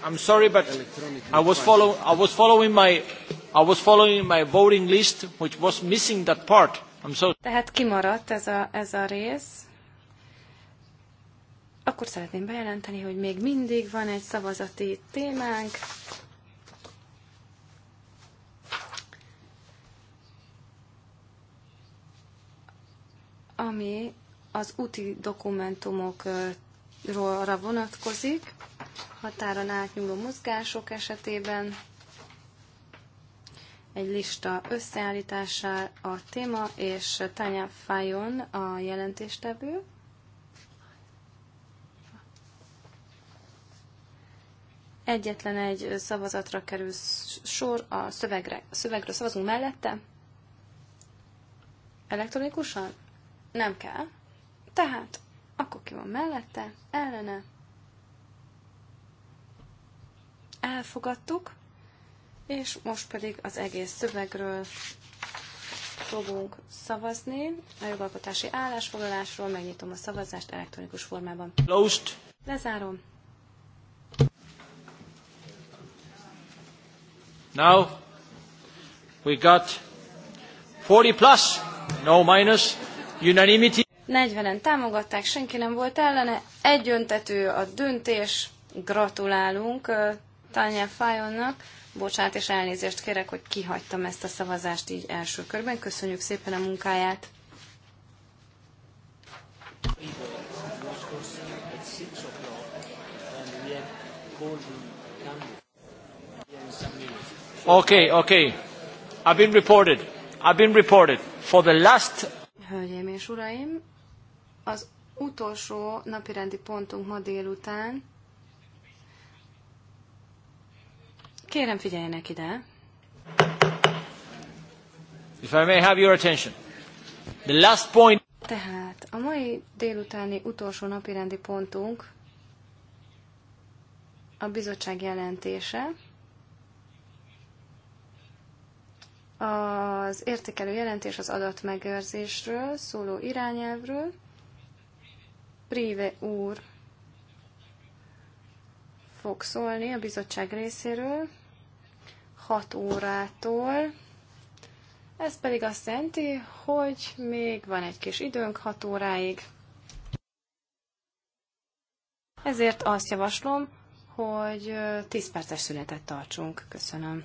I'm sorry, but I was, follow, I was following my I was following my voting list, which was missing that part. I'm so. Tehát kimaradt ez a, ez a rész. Akkor szeretném bejelenteni, hogy még mindig van egy szavazati témánk. ami az úti dokumentumokra vonatkozik, határon átnyúló mozgások esetében egy lista összeállítására a téma, és Tanya Fajon a jelentéstevő. Egyetlen egy szavazatra kerül sor a szövegre. A szövegről szavazunk mellette? Elektronikusan? Nem kell. Tehát, akkor ki van mellette, ellene. Elfogadtuk, és most pedig az egész szövegről fogunk szavazni. A jogalkotási állásfoglalásról megnyitom a szavazást elektronikus formában. Closed. Lezárom. Now we got 40 plus, no minus. Unanimity. 40-en támogatták, senki nem volt ellene. Egyöntető a döntés. Gratulálunk Tanya Fajonnak. Bocsánat, és elnézést kérek, hogy kihagytam ezt a szavazást így első körben. Köszönjük szépen a munkáját. Okay, okay. I've been reported. I've been reported. For the last Hölgyeim és uraim, az utolsó napirendi pontunk ma délután. Kérem figyeljenek ide. If I may have your attention. The last point. Tehát a mai délutáni utolsó napirendi pontunk a bizottság jelentése. az értékelő jelentés az adatmegőrzésről szóló irányelvről. Príve úr fog szólni a bizottság részéről 6 órától. Ez pedig azt jelenti, hogy még van egy kis időnk 6 óráig. Ezért azt javaslom, hogy 10 perces szünetet tartsunk. Köszönöm.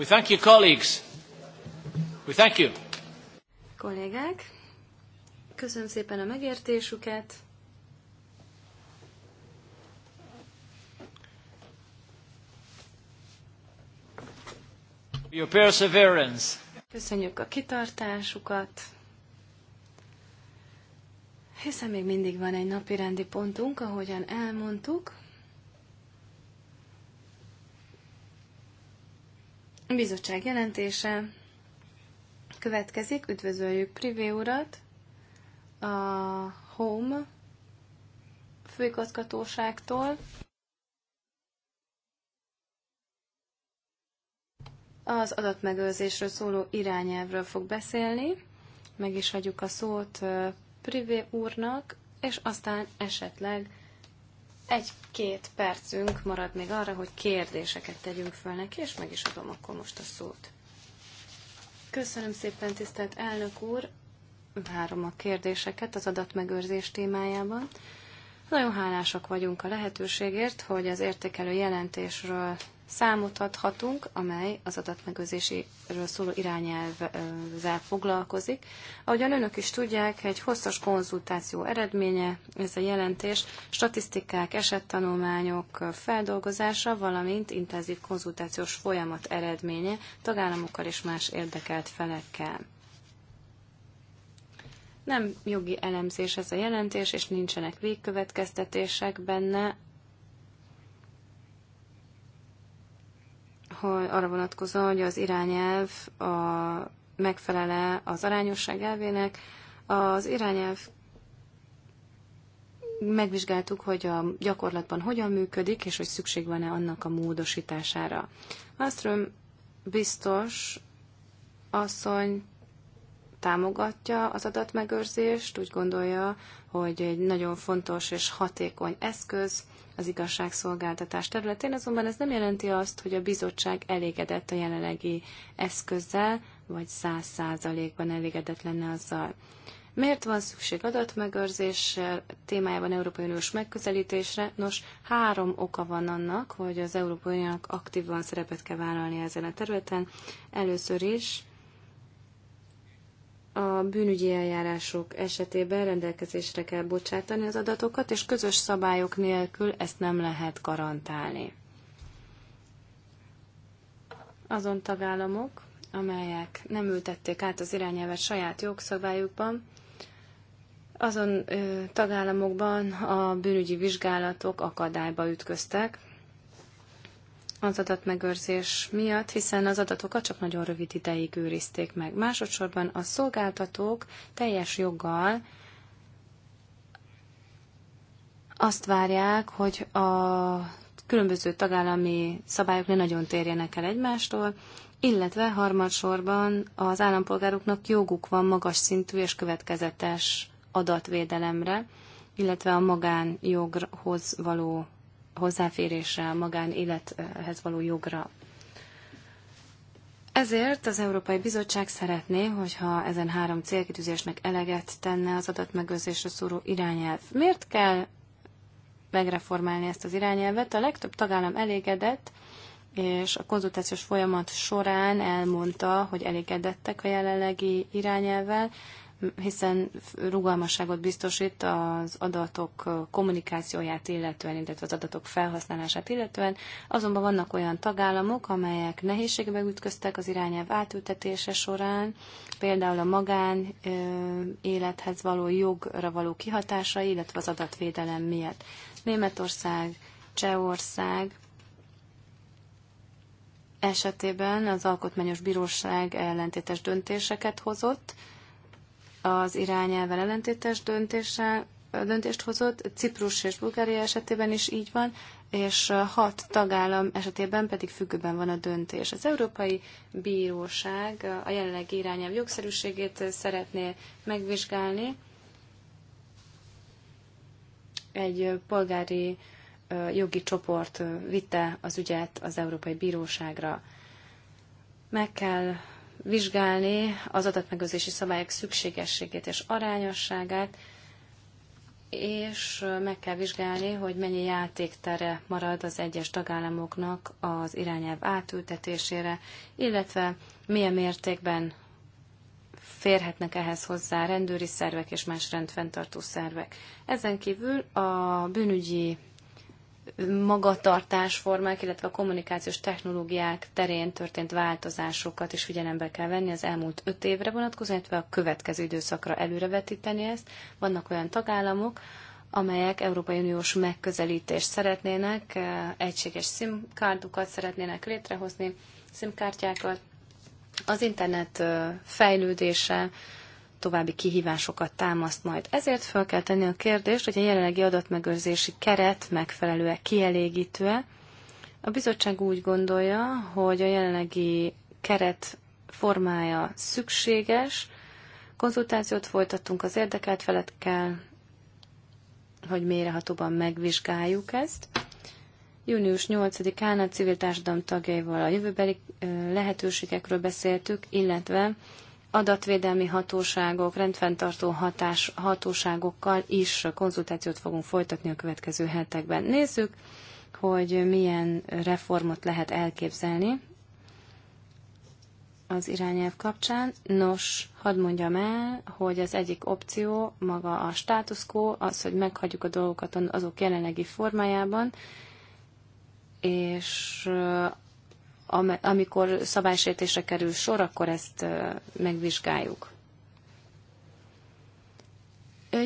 We thank you, colleagues. We thank you. Kollégák, köszönöm szépen a megértésüket. Your perseverance. Köszönjük a kitartásukat. Hiszen még mindig van egy napi rendi pontunk, ahogyan elmondtuk. bizottság jelentése következik. Üdvözöljük Privé urat, a Home főigazgatóságtól. Az adatmegőrzésről szóló irányelvről fog beszélni. Meg is hagyjuk a szót Privé úrnak, és aztán esetleg egy-két percünk marad még arra, hogy kérdéseket tegyünk föl neki, és meg is adom akkor most a szót. Köszönöm szépen, tisztelt elnök úr! Várom a kérdéseket az adatmegőrzés témájában. Nagyon hálásak vagyunk a lehetőségért, hogy az értékelő jelentésről számot adhatunk, amely az adatmegőrzéséről szóló irányelvvel foglalkozik. Ahogyan önök is tudják, egy hosszas konzultáció eredménye ez a jelentés, statisztikák, esettanulmányok feldolgozása, valamint intenzív konzultációs folyamat eredménye tagállamokkal és más érdekelt felekkel. Nem jogi elemzés ez a jelentés, és nincsenek végkövetkeztetések benne, hogy arra vonatkozó, hogy az irányelv a, megfelele az arányosság elvének. Az irányelv megvizsgáltuk, hogy a gyakorlatban hogyan működik, és hogy szükség van-e annak a módosítására. Aztrom biztos asszony támogatja az adatmegőrzést, úgy gondolja, hogy egy nagyon fontos és hatékony eszköz, az igazságszolgáltatás területén, azonban ez nem jelenti azt, hogy a bizottság elégedett a jelenlegi eszközzel, vagy száz százalékban elégedett lenne azzal. Miért van szükség adatmegőrzés témájában Európai Uniós megközelítésre? Nos, három oka van annak, hogy az Európai Uniónak aktívan szerepet kell vállalni ezen a területen. Először is a bűnügyi eljárások esetében rendelkezésre kell bocsátani az adatokat, és közös szabályok nélkül ezt nem lehet garantálni. Azon tagállamok, amelyek nem ültették át az irányelvet saját jogszabályukban, azon ö, tagállamokban a bűnügyi vizsgálatok akadályba ütköztek, az adatmegőrzés miatt, hiszen az adatokat csak nagyon rövid ideig őrizték meg. Másodszorban a szolgáltatók teljes joggal azt várják, hogy a különböző tagállami szabályok ne nagyon térjenek el egymástól, illetve harmadsorban az állampolgároknak joguk van magas szintű és következetes adatvédelemre, illetve a magánjoghoz való hozzáférésre, a magánélethez való jogra. Ezért az Európai Bizottság szeretné, hogyha ezen három célkitűzésnek eleget tenne az adatmegőrzésre szóró irányelv. Miért kell megreformálni ezt az irányelvet? A legtöbb tagállam elégedett, és a konzultációs folyamat során elmondta, hogy elégedettek a jelenlegi irányelvvel, hiszen rugalmasságot biztosít az adatok kommunikációját illetően, illetve az adatok felhasználását illetően. Azonban vannak olyan tagállamok, amelyek nehézségbe ütköztek az irányelv átültetése során, például a magán élethez való jogra való kihatásai, illetve az adatvédelem miatt. Németország, Csehország, esetében az Alkotmányos Bíróság ellentétes döntéseket hozott, az irányelvel ellentétes döntéssel, döntést hozott, Ciprus és Bulgária esetében is így van, és hat tagállam esetében pedig függőben van a döntés. Az Európai Bíróság a jelenlegi irányelv jogszerűségét szeretné megvizsgálni egy polgári jogi csoport vitte az ügyet az Európai Bíróságra. Meg kell vizsgálni az adatmegőrzési szabályok szükségességét és arányosságát, és meg kell vizsgálni, hogy mennyi játéktere marad az egyes tagállamoknak az irányelv átültetésére, illetve milyen mértékben férhetnek ehhez hozzá rendőri szervek és más rendfenntartó szervek. Ezen kívül a bűnügyi magatartásformák, illetve a kommunikációs technológiák terén történt változásokat is figyelembe kell venni az elmúlt öt évre vonatkozóan, illetve a következő időszakra előrevetíteni ezt. Vannak olyan tagállamok, amelyek Európai Uniós megközelítést szeretnének, eh, egységes SIM-kárdukat szeretnének létrehozni, SIM-kártyákat. Az internet eh, fejlődése, további kihívásokat támaszt majd. Ezért fel kell tenni a kérdést, hogy a jelenlegi adatmegőrzési keret megfelelő-e, kielégítő-e. A bizottság úgy gondolja, hogy a jelenlegi keret formája szükséges. Konzultációt folytattunk az érdekelt felekkel, hogy mérehatóban megvizsgáljuk ezt. Június 8-án a civil társadalom tagjaival a jövőbeli lehetőségekről beszéltük, illetve adatvédelmi hatóságok, rendfenntartó hatás, hatóságokkal is konzultációt fogunk folytatni a következő hetekben. Nézzük, hogy milyen reformot lehet elképzelni az irányelv kapcsán. Nos, hadd mondjam el, hogy az egyik opció maga a status quo, az, hogy meghagyjuk a dolgokat azok jelenlegi formájában, és amikor szabálysértésre kerül sor, akkor ezt megvizsgáljuk.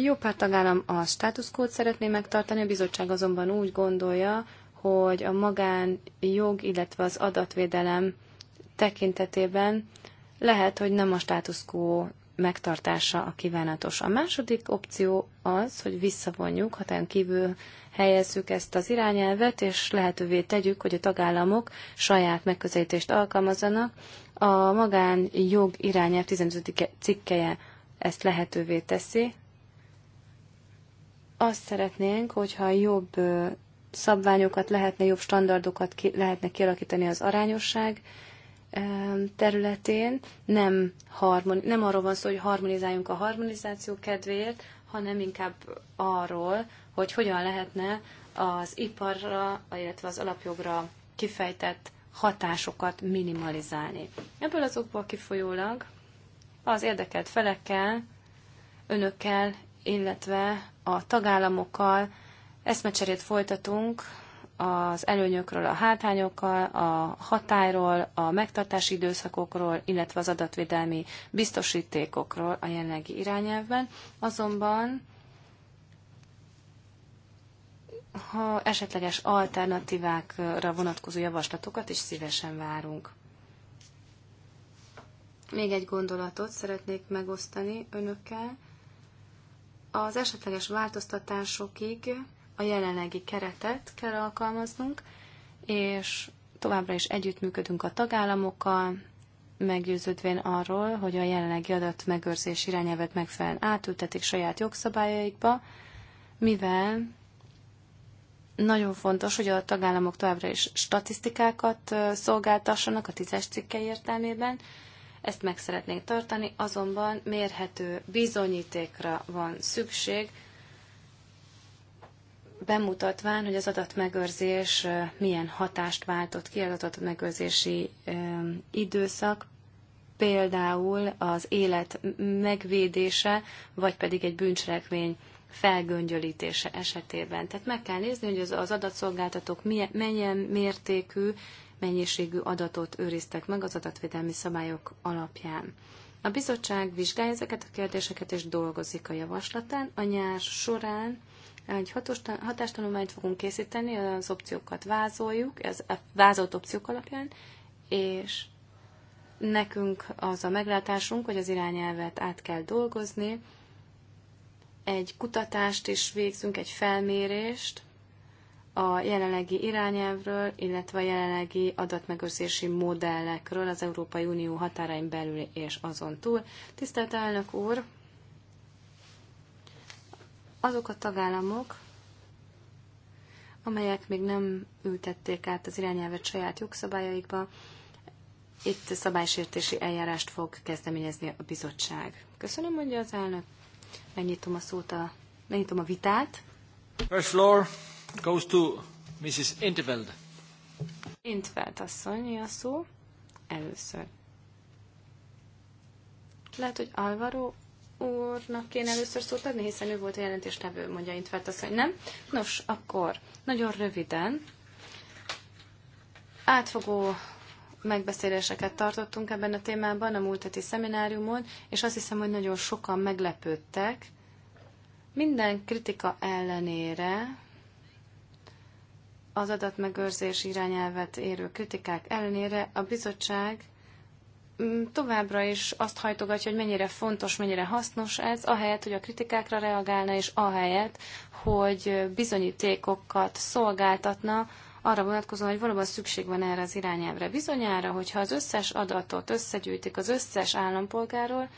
Jó pár tagállam a státuszkód szeretné megtartani, a bizottság azonban úgy gondolja, hogy a magán jog, illetve az adatvédelem tekintetében lehet, hogy nem a státuszkó megtartása a kívánatos. A második opció az, hogy visszavonjuk, hatán kívül helyezzük ezt az irányelvet, és lehetővé tegyük, hogy a tagállamok saját megközelítést alkalmazzanak. A magán jog irányelv 15. cikkeje ezt lehetővé teszi. Azt szeretnénk, hogyha jobb szabványokat lehetne, jobb standardokat ki, lehetne kialakítani az arányosság, területén nem, harmoni- nem arról van szó, hogy harmonizáljunk a harmonizáció kedvéért, hanem inkább arról, hogy hogyan lehetne az iparra, illetve az alapjogra kifejtett hatásokat minimalizálni. Ebből az okból kifolyólag az érdekelt felekkel, önökkel, illetve a tagállamokkal eszmecserét folytatunk az előnyökről, a hátrányokkal, a hatályról, a megtartási időszakokról, illetve az adatvédelmi biztosítékokról a jelenlegi irányelvben. Azonban ha esetleges alternatívákra vonatkozó javaslatokat is szívesen várunk. Még egy gondolatot szeretnék megosztani önökkel. Az esetleges változtatásokig a jelenlegi keretet kell alkalmaznunk, és továbbra is együttműködünk a tagállamokkal, meggyőződvén arról, hogy a jelenlegi adatmegőrzés irányelvet megfelelően átültetik saját jogszabályaikba, mivel nagyon fontos, hogy a tagállamok továbbra is statisztikákat szolgáltassanak a tízes cikke értelmében, ezt meg szeretnénk tartani, azonban mérhető bizonyítékra van szükség, bemutatván, hogy az adatmegőrzés milyen hatást váltott ki az adatmegőrzési időszak, például az élet megvédése, vagy pedig egy bűncselekmény felgöngyölítése esetében. Tehát meg kell nézni, hogy az, adatszolgáltatók milyen, milyen mértékű, mennyiségű adatot őriztek meg az adatvédelmi szabályok alapján. A bizottság vizsgálja ezeket a kérdéseket és dolgozik a javaslatán. A nyár során egy hatos, hatástanulmányt fogunk készíteni, az opciókat vázoljuk, ez a vázolt opciók alapján, és nekünk az a meglátásunk, hogy az irányelvet át kell dolgozni, egy kutatást is végzünk, egy felmérést a jelenlegi irányelvről, illetve a jelenlegi adatmegőrzési modellekről az Európai Unió határain belül és azon túl. Tisztelt elnök úr! azok a tagállamok, amelyek még nem ültették át az irányelvet saját jogszabályaikba, itt szabálysértési eljárást fog kezdeményezni a bizottság. Köszönöm, mondja az elnök. Megnyitom a szót a, megnyitom a vitát. First floor goes to Mrs. Intveld. Intveld asszony, a szó? Először. Lehet, hogy Alvaro úrnak kéne először szót adni, hiszen ő volt a jelentéstevő, mondja Intvert azt, hogy nem. Nos, akkor nagyon röviden átfogó megbeszéléseket tartottunk ebben a témában a múlt heti szemináriumon, és azt hiszem, hogy nagyon sokan meglepődtek. Minden kritika ellenére az adatmegőrzés irányelvet érő kritikák ellenére a bizottság Mm, továbbra is azt hajtogatja, hogy mennyire fontos, mennyire hasznos ez, ahelyett, hogy a kritikákra reagálna, és ahelyett, hogy bizonyítékokat szolgáltatna arra vonatkozóan, hogy valóban szükség van erre az irányelvre. Bizonyára, hogyha az összes adatot összegyűjtik az összes állampolgáról,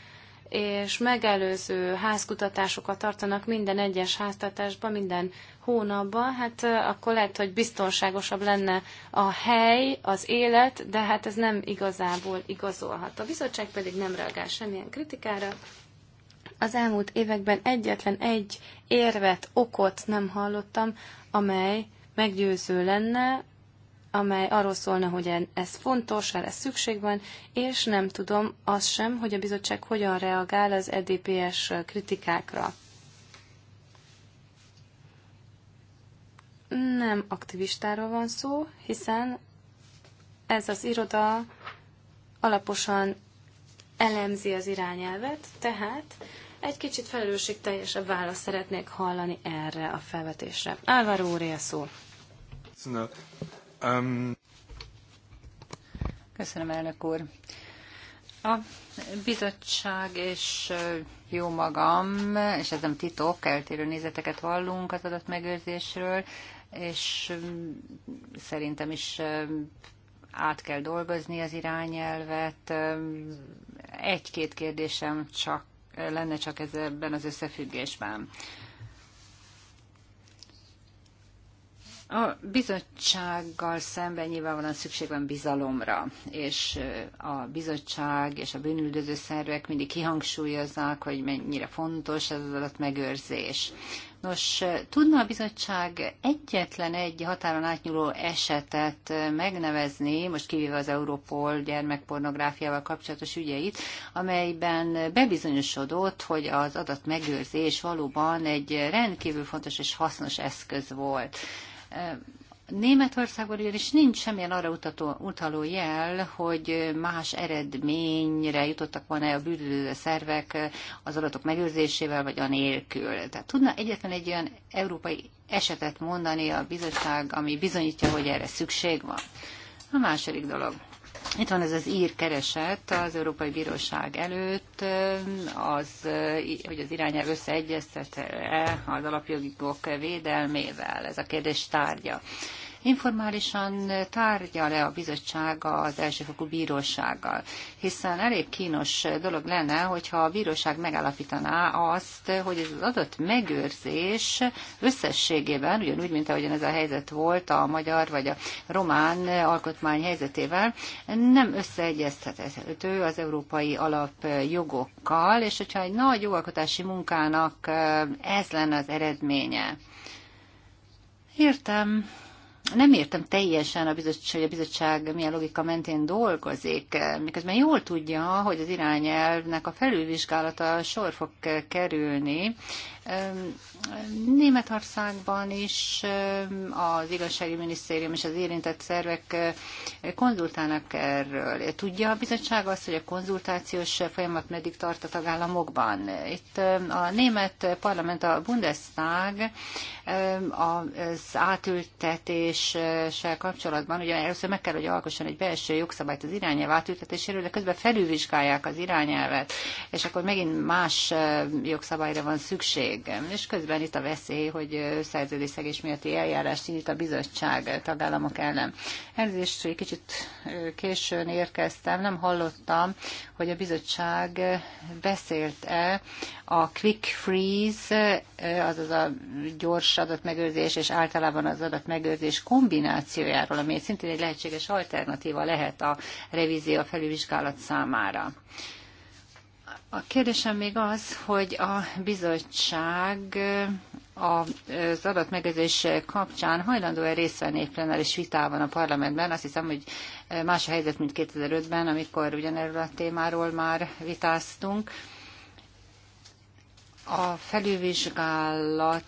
és megelőző házkutatásokat tartanak minden egyes háztartásban, minden hónapban, hát akkor lehet, hogy biztonságosabb lenne a hely, az élet, de hát ez nem igazából igazolhat. A bizottság pedig nem reagál semmilyen kritikára. Az elmúlt években egyetlen egy érvet, okot nem hallottam, amely meggyőző lenne amely arról szólna, hogy ez fontos, erre szükség van, és nem tudom azt sem, hogy a bizottság hogyan reagál az EDPS kritikákra. Nem aktivistáról van szó, hiszen ez az iroda alaposan elemzi az irányelvet, tehát egy kicsit felelősségteljesebb választ szeretnék hallani erre a felvetésre. Álvaro úr, szó. Um, Köszönöm, elnök úr. A bizottság és jó magam, és ez nem titok, eltérő nézeteket vallunk az adatmegőrzésről, és szerintem is át kell dolgozni az irányelvet. Egy-két kérdésem csak lenne csak ez ebben az összefüggésben. A bizottsággal szemben nyilvánvalóan szükség van bizalomra, és a bizottság és a bűnüldöző szervek mindig kihangsúlyozzák, hogy mennyire fontos ez az adatmegőrzés. Nos, tudna a bizottság egyetlen egy határon átnyúló esetet megnevezni, most kivéve az Europol gyermekpornográfiával kapcsolatos ügyeit, amelyben bebizonyosodott, hogy az adatmegőrzés valóban egy rendkívül fontos és hasznos eszköz volt. Németországban ugyanis nincs semmilyen arra utató, utaló jel, hogy más eredményre jutottak volna a bűnöző szervek az adatok megőrzésével, vagy anélkül. Tehát tudna egyetlen egy olyan európai esetet mondani a bizottság, ami bizonyítja, hogy erre szükség van? A második dolog. Itt van ez az ír kereset az Európai Bíróság előtt, az, hogy az irányelv összeegyeztet-e az alapjogok védelmével, ez a kérdés tárgya informálisan tárgya le a bizottság az elsőfokú bírósággal, hiszen elég kínos dolog lenne, hogyha a bíróság megállapítaná azt, hogy ez az adott megőrzés összességében, ugyanúgy, mint ahogyan ez a helyzet volt a magyar vagy a román alkotmány helyzetével, nem összeegyeztethető az európai alapjogokkal, és hogyha egy nagy jogalkotási munkának eh, ez lenne az eredménye. Értem, nem értem teljesen, a bizottság, hogy a bizottság milyen logika mentén dolgozik, miközben jól tudja, hogy az irányelvnek a felülvizsgálata sor fog kerülni, Németországban is az igazsági minisztérium és az érintett szervek konzultálnak erről. Tudja a bizottság azt, hogy a konzultációs folyamat meddig tart a tagállamokban? Itt a német parlament, a Bundestag az átültetéssel kapcsolatban, ugye először meg kell, hogy alkosson egy belső jogszabályt az irányelv átültetéséről, de közben felülvizsgálják az irányelvet, és akkor megint más jogszabályra van szükség szükség. És közben itt a veszély, hogy szerződésszegés miatti eljárást indít a bizottság tagállamok ellen. Elnézést, hogy kicsit későn érkeztem, nem hallottam, hogy a bizottság beszélt-e a quick freeze, azaz a gyors adatmegőrzés és általában az adatmegőrzés kombinációjáról, ami szintén egy lehetséges alternatíva lehet a revízió felülvizsgálat számára. A kérdésem még az, hogy a bizottság az adatmegezés kapcsán hajlandó-e részt venni plenáris vitában a parlamentben? Azt hiszem, hogy más a helyzet, mint 2005-ben, amikor ugyanerről a témáról már vitáztunk. A felülvizsgálat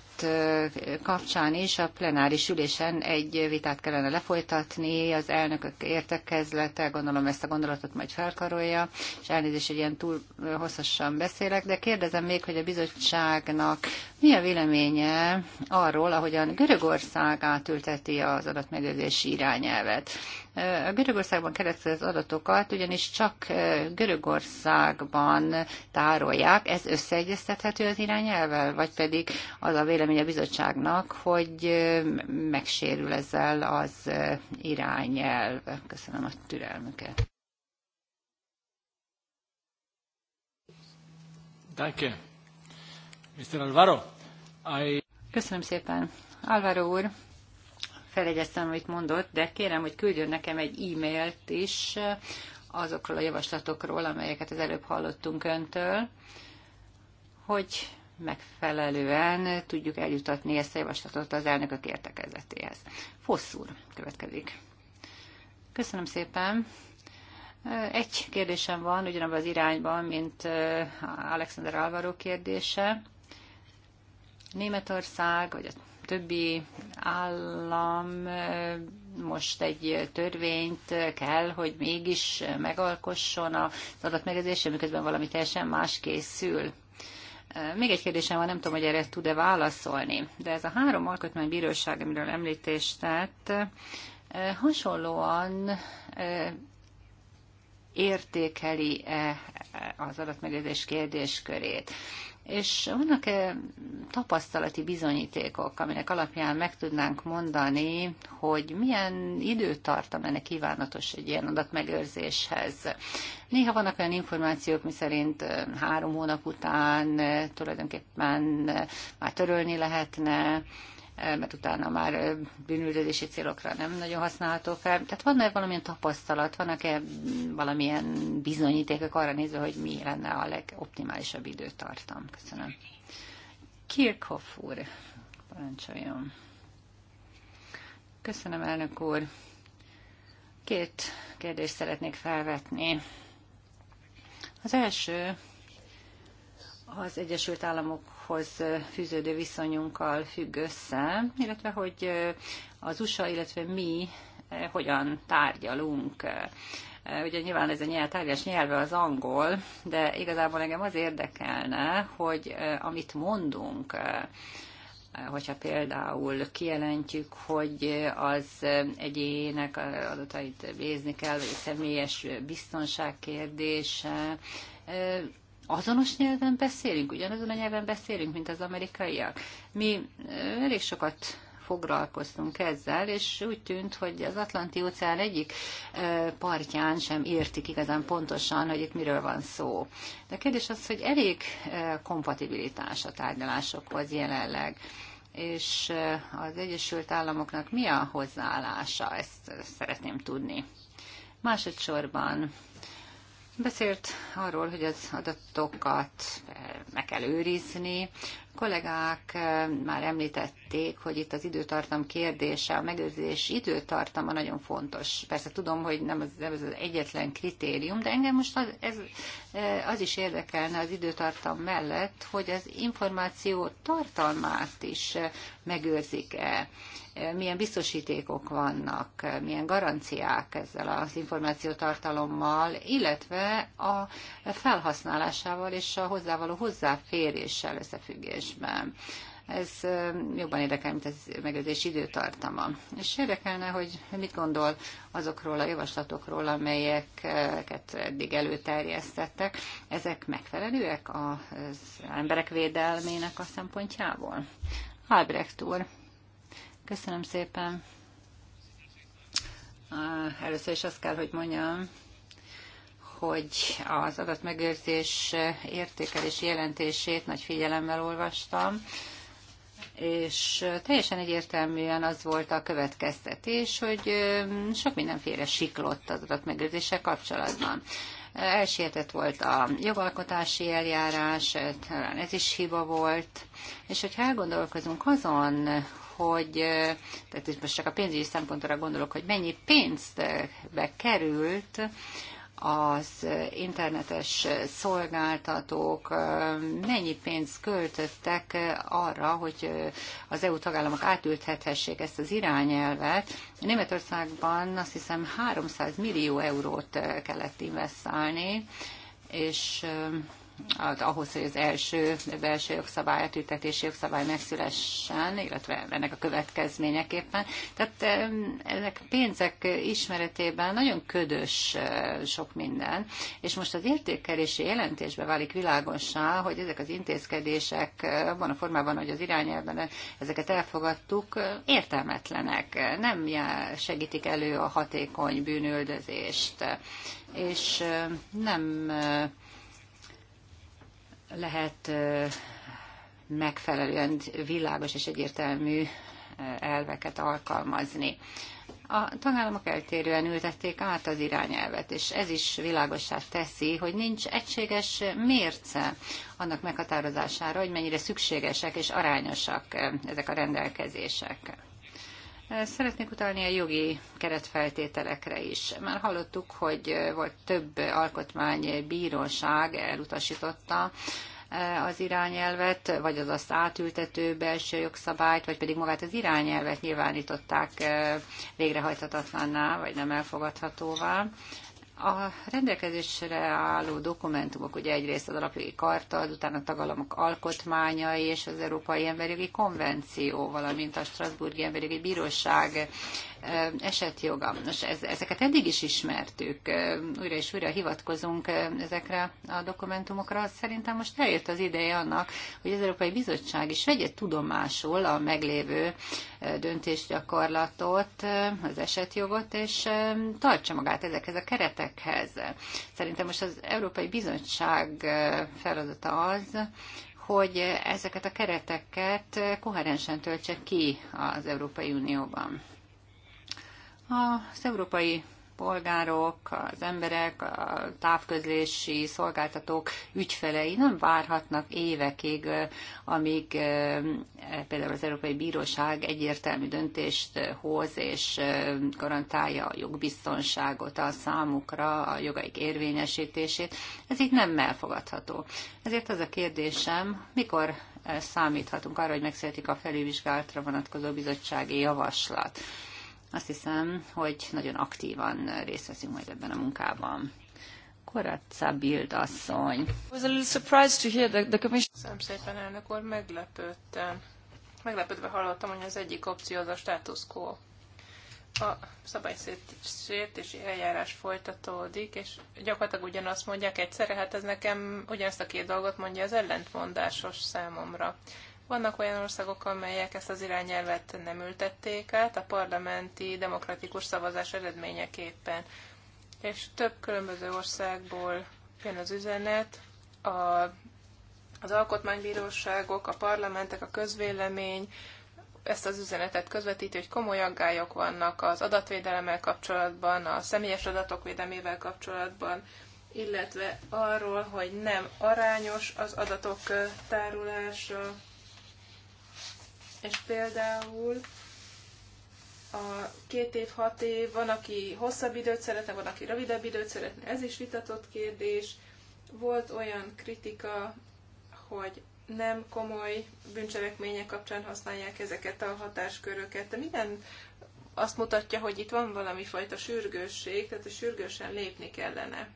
kapcsán is a plenáris ülésen egy vitát kellene lefolytatni, az elnökök értekezlete, gondolom ezt a gondolatot majd felkarolja, és elnézést, hogy ilyen túl hosszasan beszélek, de kérdezem még, hogy a bizottságnak mi a véleménye arról, ahogyan Görögország átülteti az adatmegőrzési irányelvet? A Görögországban az adatokat ugyanis csak Görögországban tárolják, ez összeegyeztethető az irányelvel, vagy pedig az a vélemény a bizottságnak, hogy megsérül ezzel az irányelv. Köszönöm a türelmüket. Danke. Köszönöm szépen. Álvaro úr, felegyeztem, amit mondott, de kérem, hogy küldjön nekem egy e-mailt is eh, azokról a javaslatokról, amelyeket az előbb hallottunk öntől, hogy megfelelően tudjuk eljutatni ezt a javaslatot az elnökök értekezletéhez. Fossz úr, következik. Köszönöm szépen. Eh, egy kérdésem van ugyanabban az irányban, mint eh, Alexander Alvaro kérdése. Németország, vagy a többi állam most egy törvényt kell, hogy mégis megalkosson az adatmegezésre, miközben valami teljesen más készül. Még egy kérdésem van, nem tudom, hogy erre tud-e válaszolni, de ez a három alkotmánybíróság, amiről említést tett, hasonlóan értékeli -e az adatmegőrzés kérdéskörét. És vannak -e tapasztalati bizonyítékok, aminek alapján meg tudnánk mondani, hogy milyen időtartam ennek kívánatos egy ilyen adatmegőrzéshez. Néha vannak olyan információk, miszerint három hónap után tulajdonképpen már törölni lehetne, mert utána már bűnüldözési célokra nem nagyon használható fel. Tehát van-e valamilyen tapasztalat, vannak-e valamilyen bizonyítékok arra nézve, hogy mi lenne a legoptimálisabb időtartam? Köszönöm. Kirchhoff úr, parancsoljon. Köszönöm, elnök úr. Két kérdést szeretnék felvetni. Az első az Egyesült Államokhoz fűződő viszonyunkkal függ össze, illetve hogy az USA, illetve mi hogyan tárgyalunk. Ugye nyilván ez a nyelv, tárgyas nyelve az angol, de igazából engem az érdekelne, hogy amit mondunk, hogyha például kijelentjük, hogy az egyének adatait nézni kell, vagy személyes biztonság kérdése, azonos nyelven beszélünk, ugyanazon a nyelven beszélünk, mint az amerikaiak. Mi eh, elég sokat foglalkoztunk ezzel, és úgy tűnt, hogy az Atlanti óceán egyik eh, partján sem értik igazán pontosan, hogy itt miről van szó. De a kérdés az, hogy elég eh, kompatibilitás a tárgyalásokhoz jelenleg és az Egyesült Államoknak mi a hozzáállása, ezt szeretném tudni. Másodszorban Beszélt arról, hogy az adatokat meg kell őrizni. A kollégák eh, már említették, hogy itt az időtartam kérdése, a megőrzés időtartama nagyon fontos. Persze tudom, hogy nem az, nem az, az egyetlen kritérium, de engem most az, ez, eh, az is érdekelne az időtartam mellett, hogy az információ tartalmát is eh, megőrzik-e milyen biztosítékok vannak, milyen garanciák ezzel az információtartalommal, illetve a felhasználásával és a hozzávaló hozzáféréssel összefüggésben. Ez jobban érdekel, mint az megőrzés időtartama. És érdekelne, hogy mit gondol azokról a javaslatokról, amelyeket eddig előterjesztettek. Ezek megfelelőek az emberek védelmének a szempontjából? Albrecht úr. Köszönöm szépen. Először is azt kell, hogy mondjam, hogy az adatmegőrzés értékelés jelentését nagy figyelemmel olvastam, és teljesen egyértelműen az volt a következtetés, hogy sok mindenféle siklott az adatmegőrzéssel kapcsolatban. Elsietett volt a jogalkotási eljárás, talán ez is hiba volt, és hogyha elgondolkozunk azon, hogy, tehát itt most csak a pénzügyi szempontra gondolok, hogy mennyi pénzt bekerült az internetes szolgáltatók mennyi pénzt költöttek arra, hogy az EU tagállamok átülthethessék ezt az irányelvet. Németországban azt hiszem 300 millió eurót kellett investálni, és az, hát ahhoz, hogy az első belső jogszabály, tüntetési jogszabály megszülessen, illetve ennek a következményeképpen. Tehát ezek pénzek ismeretében nagyon ködös eh, sok minden, és most az értékelési jelentésbe válik világosá, hogy ezek az intézkedések eh, abban a formában, hogy az irányelben ezeket elfogadtuk, eh, értelmetlenek, nem segítik elő a hatékony bűnöldözést, és nem lehet megfelelően világos és egyértelmű elveket alkalmazni. A tagállamok eltérően ültették át az irányelvet, és ez is világossá teszi, hogy nincs egységes mérce annak meghatározására, hogy mennyire szükségesek és arányosak ezek a rendelkezések. Szeretnék utalni a jogi keretfeltételekre is. Már hallottuk, hogy volt több alkotmánybíróság elutasította eh, az irányelvet, vagy az azt átültető belső jogszabályt, vagy pedig magát az irányelvet nyilvánították eh, végrehajthatatlanná, vagy nem elfogadhatóvá. A rendelkezésre álló dokumentumok, ugye egyrészt az alapjogi karta, azután a tagalamok alkotmányai és az Európai Emberjogi Konvenció, valamint a Strasburgi Emberjogi Bíróság esetjoga. Nos, ez, ezeket eddig is ismertük, újra és újra hivatkozunk ezekre a dokumentumokra. Szerintem most eljött az ideje annak, hogy az Európai Bizottság is vegye tudomásul a meglévő döntésgyakorlatot, az esetjogot, és tartsa magát ezekhez a keretekhez. Szerintem most az Európai Bizottság feladata az, hogy ezeket a kereteket koherensen töltse ki az Európai Unióban. Az európai polgárok, az emberek, a távközlési szolgáltatók ügyfelei nem várhatnak évekig, amíg például az Európai Bíróság egyértelmű döntést hoz és garantálja a jogbiztonságot a számukra, a jogaik érvényesítését. Ez így nem elfogadható. Ezért az a kérdésem, mikor számíthatunk arra, hogy megszületik a felülvizsgálatra vonatkozó bizottsági javaslat. Azt hiszem, hogy nagyon aktívan részt veszünk majd ebben a munkában. Koratza Bild asszony. Was a little surprised to hear the, the Köszönöm szépen, elnök úr, meglepődtem. Meglepődve hallottam, hogy az egyik opció az a status quo. A szabálysértési eljárás folytatódik, és gyakorlatilag ugyanazt mondják egyszerre, hát ez nekem ugyanezt a két dolgot mondja, az ellentmondásos számomra. Vannak olyan országok, amelyek ezt az irányelvet nem ültették át a parlamenti demokratikus szavazás eredményeképpen. És több különböző országból jön az üzenet, a, az alkotmánybíróságok, a parlamentek, a közvélemény, ezt az üzenetet közvetíti, hogy komoly aggályok vannak az adatvédelemmel kapcsolatban, a személyes adatok védelmével kapcsolatban, illetve arról, hogy nem arányos az adatok tárolása, és például a két év, hat év, van, aki hosszabb időt szeretne, van, aki rövidebb időt szeretne, ez is vitatott kérdés. Volt olyan kritika, hogy nem komoly bűncselekmények kapcsán használják ezeket a hatásköröket, de minden azt mutatja, hogy itt van valami fajta sürgősség, tehát a sürgősen lépni kellene.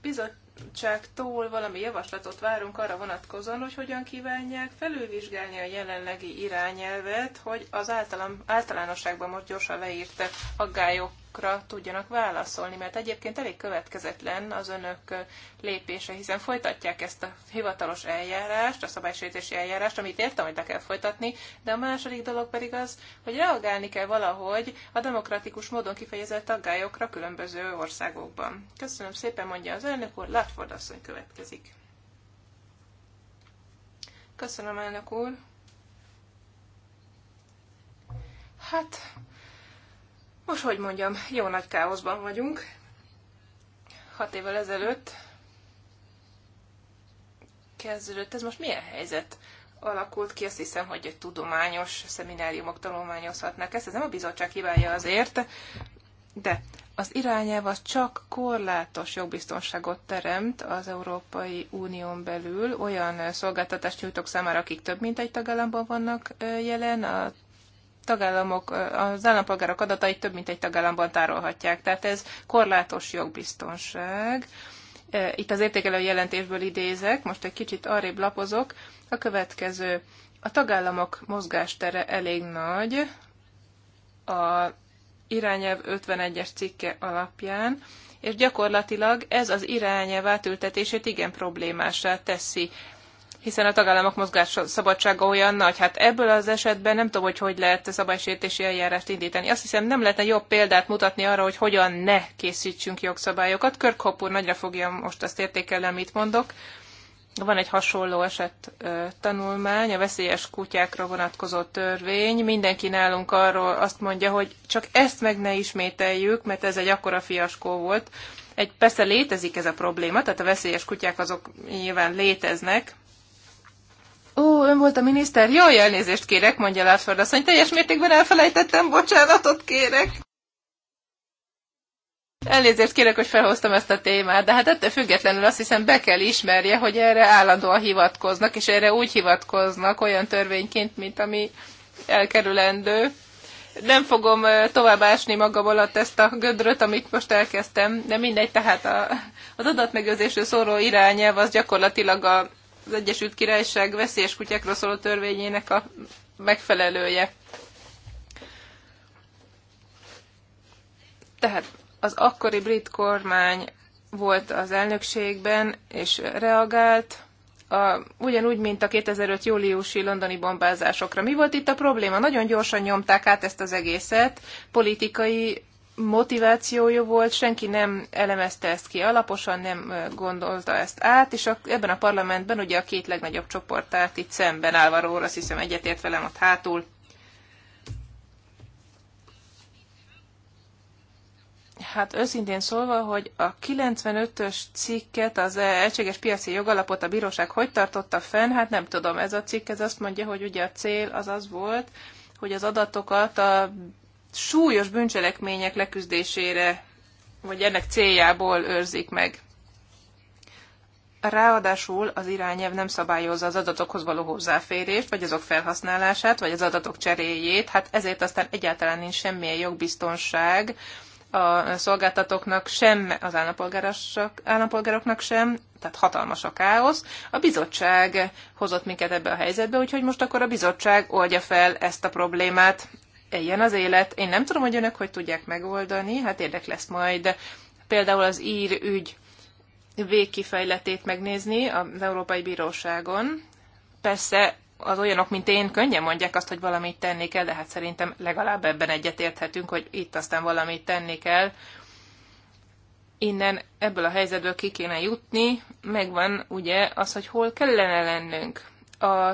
bizony bizottságtól valami javaslatot várunk arra vonatkozóan, hogy hogyan kívánják felülvizsgálni a jelenlegi irányelvet, hogy az általam, általánosságban most gyorsan leírt aggályok kihívásokra tudjanak válaszolni, mert egyébként elég következetlen az önök lépése, hiszen folytatják ezt a hivatalos eljárást, a szabálysértési eljárást, amit értem, hogy le kell folytatni, de a második dolog pedig az, hogy reagálni kell valahogy a demokratikus módon kifejezett aggályokra különböző országokban. Köszönöm szépen, mondja az elnök úr, Latford asszony következik. Köszönöm, elnök úr. Hát, most, hogy mondjam, jó nagy káoszban vagyunk. Hat évvel ezelőtt kezdődött. Ez most milyen helyzet alakult ki? Azt hiszem, hogy tudományos szemináriumok tanulmányozhatnak ezt. Ez nem a bizottság hibája azért, de az irányelv az csak korlátos jogbiztonságot teremt az Európai Unión belül olyan szolgáltatást nyújtok számára, akik több mint egy tagállamban vannak jelen, a tagállamok, az állampolgárok adatait több mint egy tagállamban tárolhatják. Tehát ez korlátos jogbiztonság. Itt az értékelő jelentésből idézek, most egy kicsit arrébb lapozok. A következő. A tagállamok mozgástere elég nagy. A irányelv 51-es cikke alapján, és gyakorlatilag ez az irányelv átültetését igen problémásá teszi hiszen a tagállamok mozgás szabadsága olyan nagy. Hát ebből az esetben nem tudom, hogy hogy lehet szabálysértési eljárást indítani. Azt hiszem, nem lehetne jobb példát mutatni arra, hogy hogyan ne készítsünk jogszabályokat. Körk Hoppur nagyra fogja most azt értékelni, amit mondok. Van egy hasonló eset tanulmány, a veszélyes kutyákra vonatkozó törvény. Mindenki nálunk arról azt mondja, hogy csak ezt meg ne ismételjük, mert ez egy akkora fiaskó volt. Egy, persze létezik ez a probléma, tehát a veszélyes kutyák azok nyilván léteznek, Ó, ön volt a miniszter? jó elnézést kérek, mondja Látford asszony. Teljes mértékben elfelejtettem, bocsánatot kérek. Elnézést kérek, hogy felhoztam ezt a témát, de hát ettől függetlenül azt hiszem be kell ismerje, hogy erre állandóan hivatkoznak, és erre úgy hivatkoznak olyan törvényként, mint ami elkerülendő. Nem fogom ásni magam alatt ezt a gödröt, amit most elkezdtem, de mindegy, tehát a, az adatmegőzésről szóró irányelv az gyakorlatilag a az Egyesült Királyság veszélyes kutyákra szóló törvényének a megfelelője. Tehát az akkori brit kormány volt az elnökségben, és reagált, a, ugyanúgy, mint a 2005. júliusi londoni bombázásokra. Mi volt itt a probléma? Nagyon gyorsan nyomták át ezt az egészet, politikai motivációja volt, senki nem elemezte ezt ki alaposan, nem gondolta ezt át, és a, ebben a parlamentben ugye a két legnagyobb csoport állt itt szemben, Álvaro azt hiszem egyetért velem ott hátul. Hát őszintén szólva, hogy a 95-ös cikket, az e- egységes piaci jogalapot a bíróság hogy tartotta fenn, hát nem tudom, ez a cikk ez azt mondja, hogy ugye a cél az az volt, hogy az adatokat a súlyos bűncselekmények leküzdésére, vagy ennek céljából őrzik meg. Ráadásul az irányelv nem szabályozza az adatokhoz való hozzáférést, vagy azok felhasználását, vagy az adatok cseréjét, hát ezért aztán egyáltalán nincs semmilyen jogbiztonság a szolgáltatóknak sem, az állampolgároknak sem, tehát hatalmas a káosz. A bizottság hozott minket ebbe a helyzetbe, úgyhogy most akkor a bizottság oldja fel ezt a problémát ilyen az élet. Én nem tudom, hogy önök hogy tudják megoldani, hát érdek lesz majd például az ír ügy végkifejletét megnézni az Európai Bíróságon. Persze az olyanok, mint én, könnyen mondják azt, hogy valamit tenni kell, de hát szerintem legalább ebben egyetérthetünk, hogy itt aztán valamit tenni kell. Innen ebből a helyzetből ki kéne jutni, megvan ugye az, hogy hol kellene lennünk. A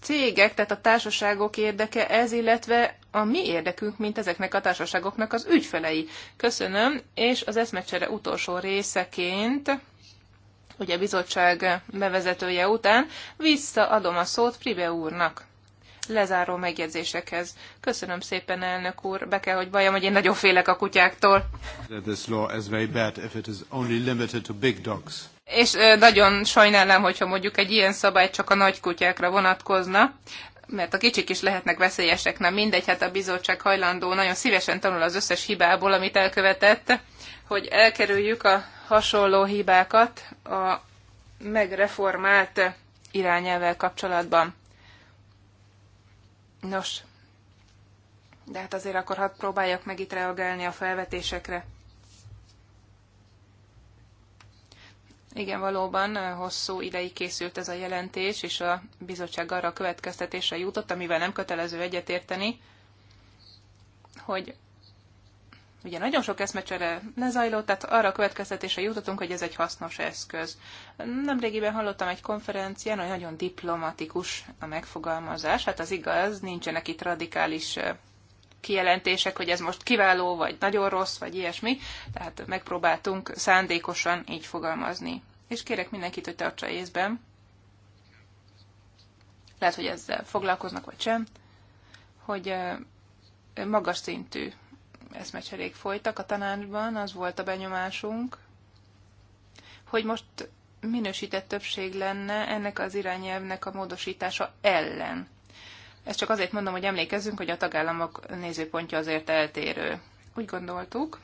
cégek, tehát a társaságok érdeke ez, illetve a mi érdekünk, mint ezeknek a társaságoknak az ügyfelei. Köszönöm, és az eszmecsere utolsó részeként ugye a bizottság bevezetője után, visszaadom a szót Pribe úrnak. Lezáró megjegyzésekhez. Köszönöm szépen, elnök úr. Be kell, hogy bajom, hogy én nagyon félek a kutyáktól. This law is very bad if it is only limited to big dogs. És nagyon sajnálom, hogyha mondjuk egy ilyen szabály csak a nagy kutyákra vonatkozna, mert a kicsik is lehetnek veszélyesek, nem mindegy, hát a bizottság hajlandó nagyon szívesen tanul az összes hibából, amit elkövetett, hogy elkerüljük a hasonló hibákat a megreformált irányelvel kapcsolatban. Nos, de hát azért akkor hadd próbáljak meg itt reagálni a felvetésekre. Igen, valóban hosszú ideig készült ez a jelentés, és a bizottság arra a következtetésre jutott, amivel nem kötelező egyetérteni, hogy ugye nagyon sok eszmecsere zajlott, tehát arra a következtetésre jutottunk, hogy ez egy hasznos eszköz. Nemrégiben hallottam egy konferencián, hogy nagyon diplomatikus a megfogalmazás, hát az igaz, nincsenek itt radikális kijelentések, hogy ez most kiváló, vagy nagyon rossz, vagy ilyesmi, tehát megpróbáltunk szándékosan így fogalmazni. És kérek mindenkit, hogy tartsa észben, lehet, hogy ezzel foglalkoznak, vagy sem, hogy magas szintű eszmecserék folytak a tanácsban, az volt a benyomásunk, hogy most minősített többség lenne ennek az irányelvnek a módosítása ellen. Ezt csak azért mondom, hogy emlékezzünk, hogy a tagállamok nézőpontja azért eltérő. Úgy gondoltuk,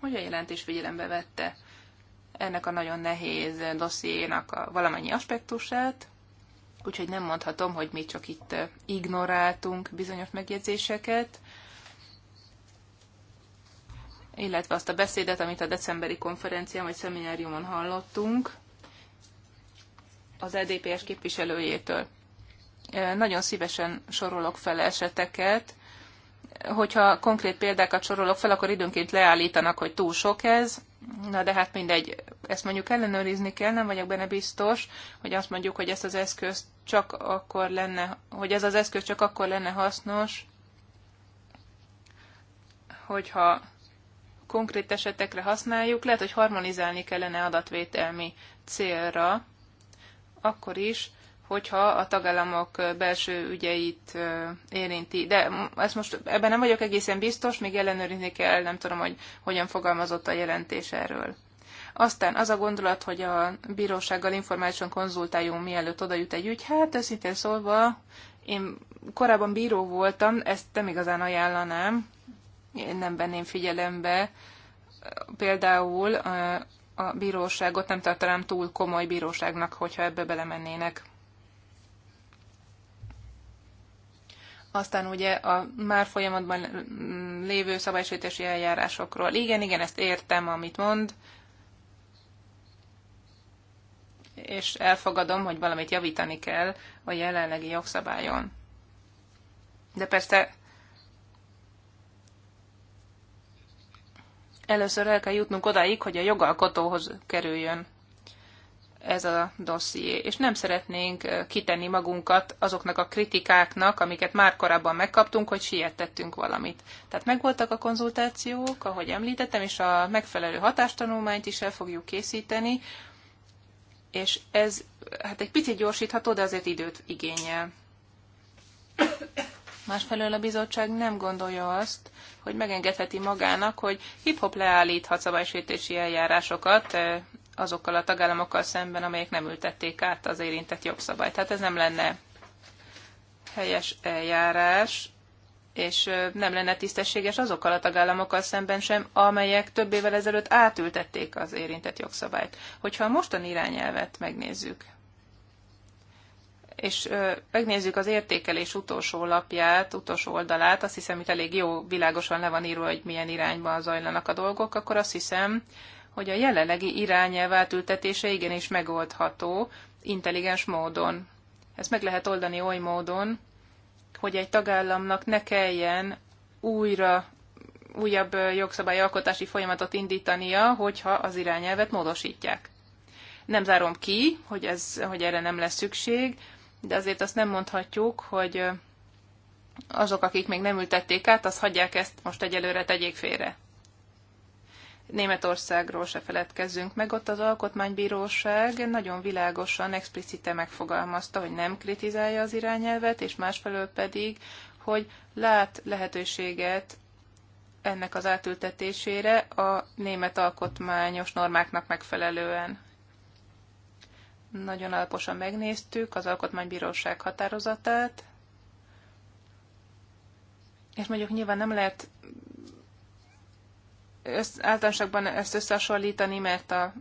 hogy a jelentés figyelembe vette ennek a nagyon nehéz dossziénak a valamennyi aspektusát, úgyhogy nem mondhatom, hogy mi csak itt ignoráltunk bizonyos megjegyzéseket, illetve azt a beszédet, amit a decemberi konferencián vagy szemináriumon hallottunk az EDPS képviselőjétől. Nagyon szívesen sorolok fel eseteket, hogyha konkrét példákat sorolok fel, akkor időnként leállítanak, hogy túl sok ez, na de hát mindegy, ezt mondjuk ellenőrizni kell, nem vagyok benne biztos, hogy azt mondjuk, hogy ez az eszköz csak akkor lenne, hogy ez az eszköz csak akkor lenne hasznos, hogyha konkrét esetekre használjuk, lehet, hogy harmonizálni kellene adatvételmi célra, akkor is, hogyha a tagállamok belső ügyeit érinti. De ezt most ebben nem vagyok egészen biztos, még ellenőrizni kell, nem tudom, hogy hogyan fogalmazott a jelentés erről. Aztán az a gondolat, hogy a bírósággal informálisan konzultáljunk, mielőtt oda jut egy ügy, hát őszintén szólva, én korábban bíró voltam, ezt nem igazán ajánlanám, én nem venném figyelembe. Például a bíróságot nem tartanám túl komoly bíróságnak, hogyha ebbe belemennének. Aztán ugye a már folyamatban lévő szabálysvétési eljárásokról. Igen, igen, ezt értem, amit mond, és elfogadom, hogy valamit javítani kell a jelenlegi jogszabályon. De persze először el kell jutnunk odáig, hogy a jogalkotóhoz kerüljön ez a dosszié, és nem szeretnénk kitenni magunkat azoknak a kritikáknak, amiket már korábban megkaptunk, hogy sietettünk valamit. Tehát megvoltak a konzultációk, ahogy említettem, és a megfelelő hatástanulmányt is el fogjuk készíteni, és ez hát egy picit gyorsítható, de azért időt igényel. Másfelől a bizottság nem gondolja azt, hogy megengedheti magának, hogy hip-hop leállíthat szabálysértési eljárásokat azokkal a tagállamokkal szemben, amelyek nem ültették át az érintett jogszabályt. Tehát ez nem lenne helyes eljárás, és nem lenne tisztességes azokkal a tagállamokkal szemben sem, amelyek több évvel ezelőtt átültették az érintett jogszabályt. Hogyha a mostan irányelvet megnézzük, és megnézzük az értékelés utolsó lapját, utolsó oldalát, azt hiszem itt elég jó, világosan le van írva, hogy milyen irányban zajlanak a dolgok, akkor azt hiszem, hogy a jelenlegi irányelv átültetése igenis megoldható intelligens módon. Ezt meg lehet oldani oly módon, hogy egy tagállamnak ne kelljen újra újabb jogszabályalkotási folyamatot indítania, hogyha az irányelvet módosítják. Nem zárom ki, hogy, ez, hogy erre nem lesz szükség, de azért azt nem mondhatjuk, hogy azok, akik még nem ültették át, azt hagyják ezt most egyelőre tegyék félre. Németországról se feledkezzünk meg, ott az alkotmánybíróság nagyon világosan, explicite megfogalmazta, hogy nem kritizálja az irányelvet, és másfelől pedig, hogy lát lehetőséget ennek az átültetésére a német alkotmányos normáknak megfelelően. Nagyon alaposan megnéztük az Alkotmánybíróság határozatát, és mondjuk nyilván nem lehet össz, általánosakban ezt összehasonlítani, mert a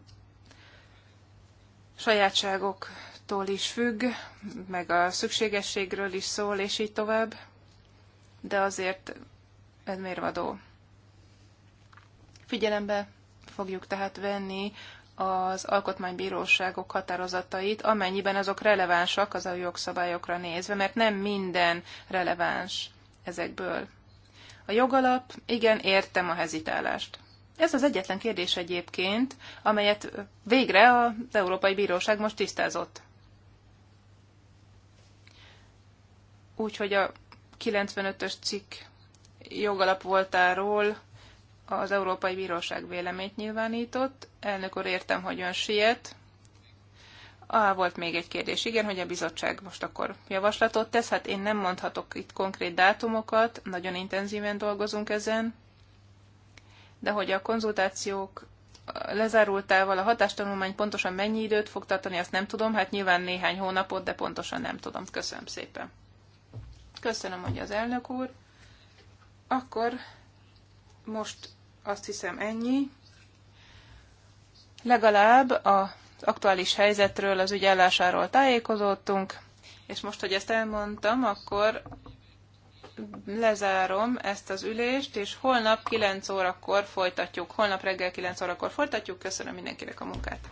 sajátságoktól is függ, meg a szükségességről is szól, és így tovább, de azért ez mérvadó. Figyelembe fogjuk tehát venni az alkotmánybíróságok határozatait, amennyiben azok relevánsak az a jogszabályokra nézve, mert nem minden releváns ezekből. A jogalap, igen, értem a hezitálást. Ez az egyetlen kérdés egyébként, amelyet végre az Európai Bíróság most tisztázott. Úgyhogy a 95-ös cikk jogalap voltáról az Európai Bíróság véleményt nyilvánított. Elnök úr, értem, hogy ön siet, Ah, volt még egy kérdés. Igen, hogy a bizottság most akkor javaslatot tesz. Hát én nem mondhatok itt konkrét dátumokat, nagyon intenzíven dolgozunk ezen, de hogy a konzultációk lezárultával a hatástanulmány pontosan mennyi időt fog tartani, azt nem tudom. Hát nyilván néhány hónapot, de pontosan nem tudom. Köszönöm szépen. Köszönöm, hogy az elnök úr. Akkor most azt hiszem ennyi. Legalább a aktuális helyzetről, az ügyállásáról tájékozódtunk, és most, hogy ezt elmondtam, akkor lezárom ezt az ülést, és holnap 9 órakor folytatjuk. Holnap reggel 9 órakor folytatjuk. Köszönöm mindenkinek a munkát.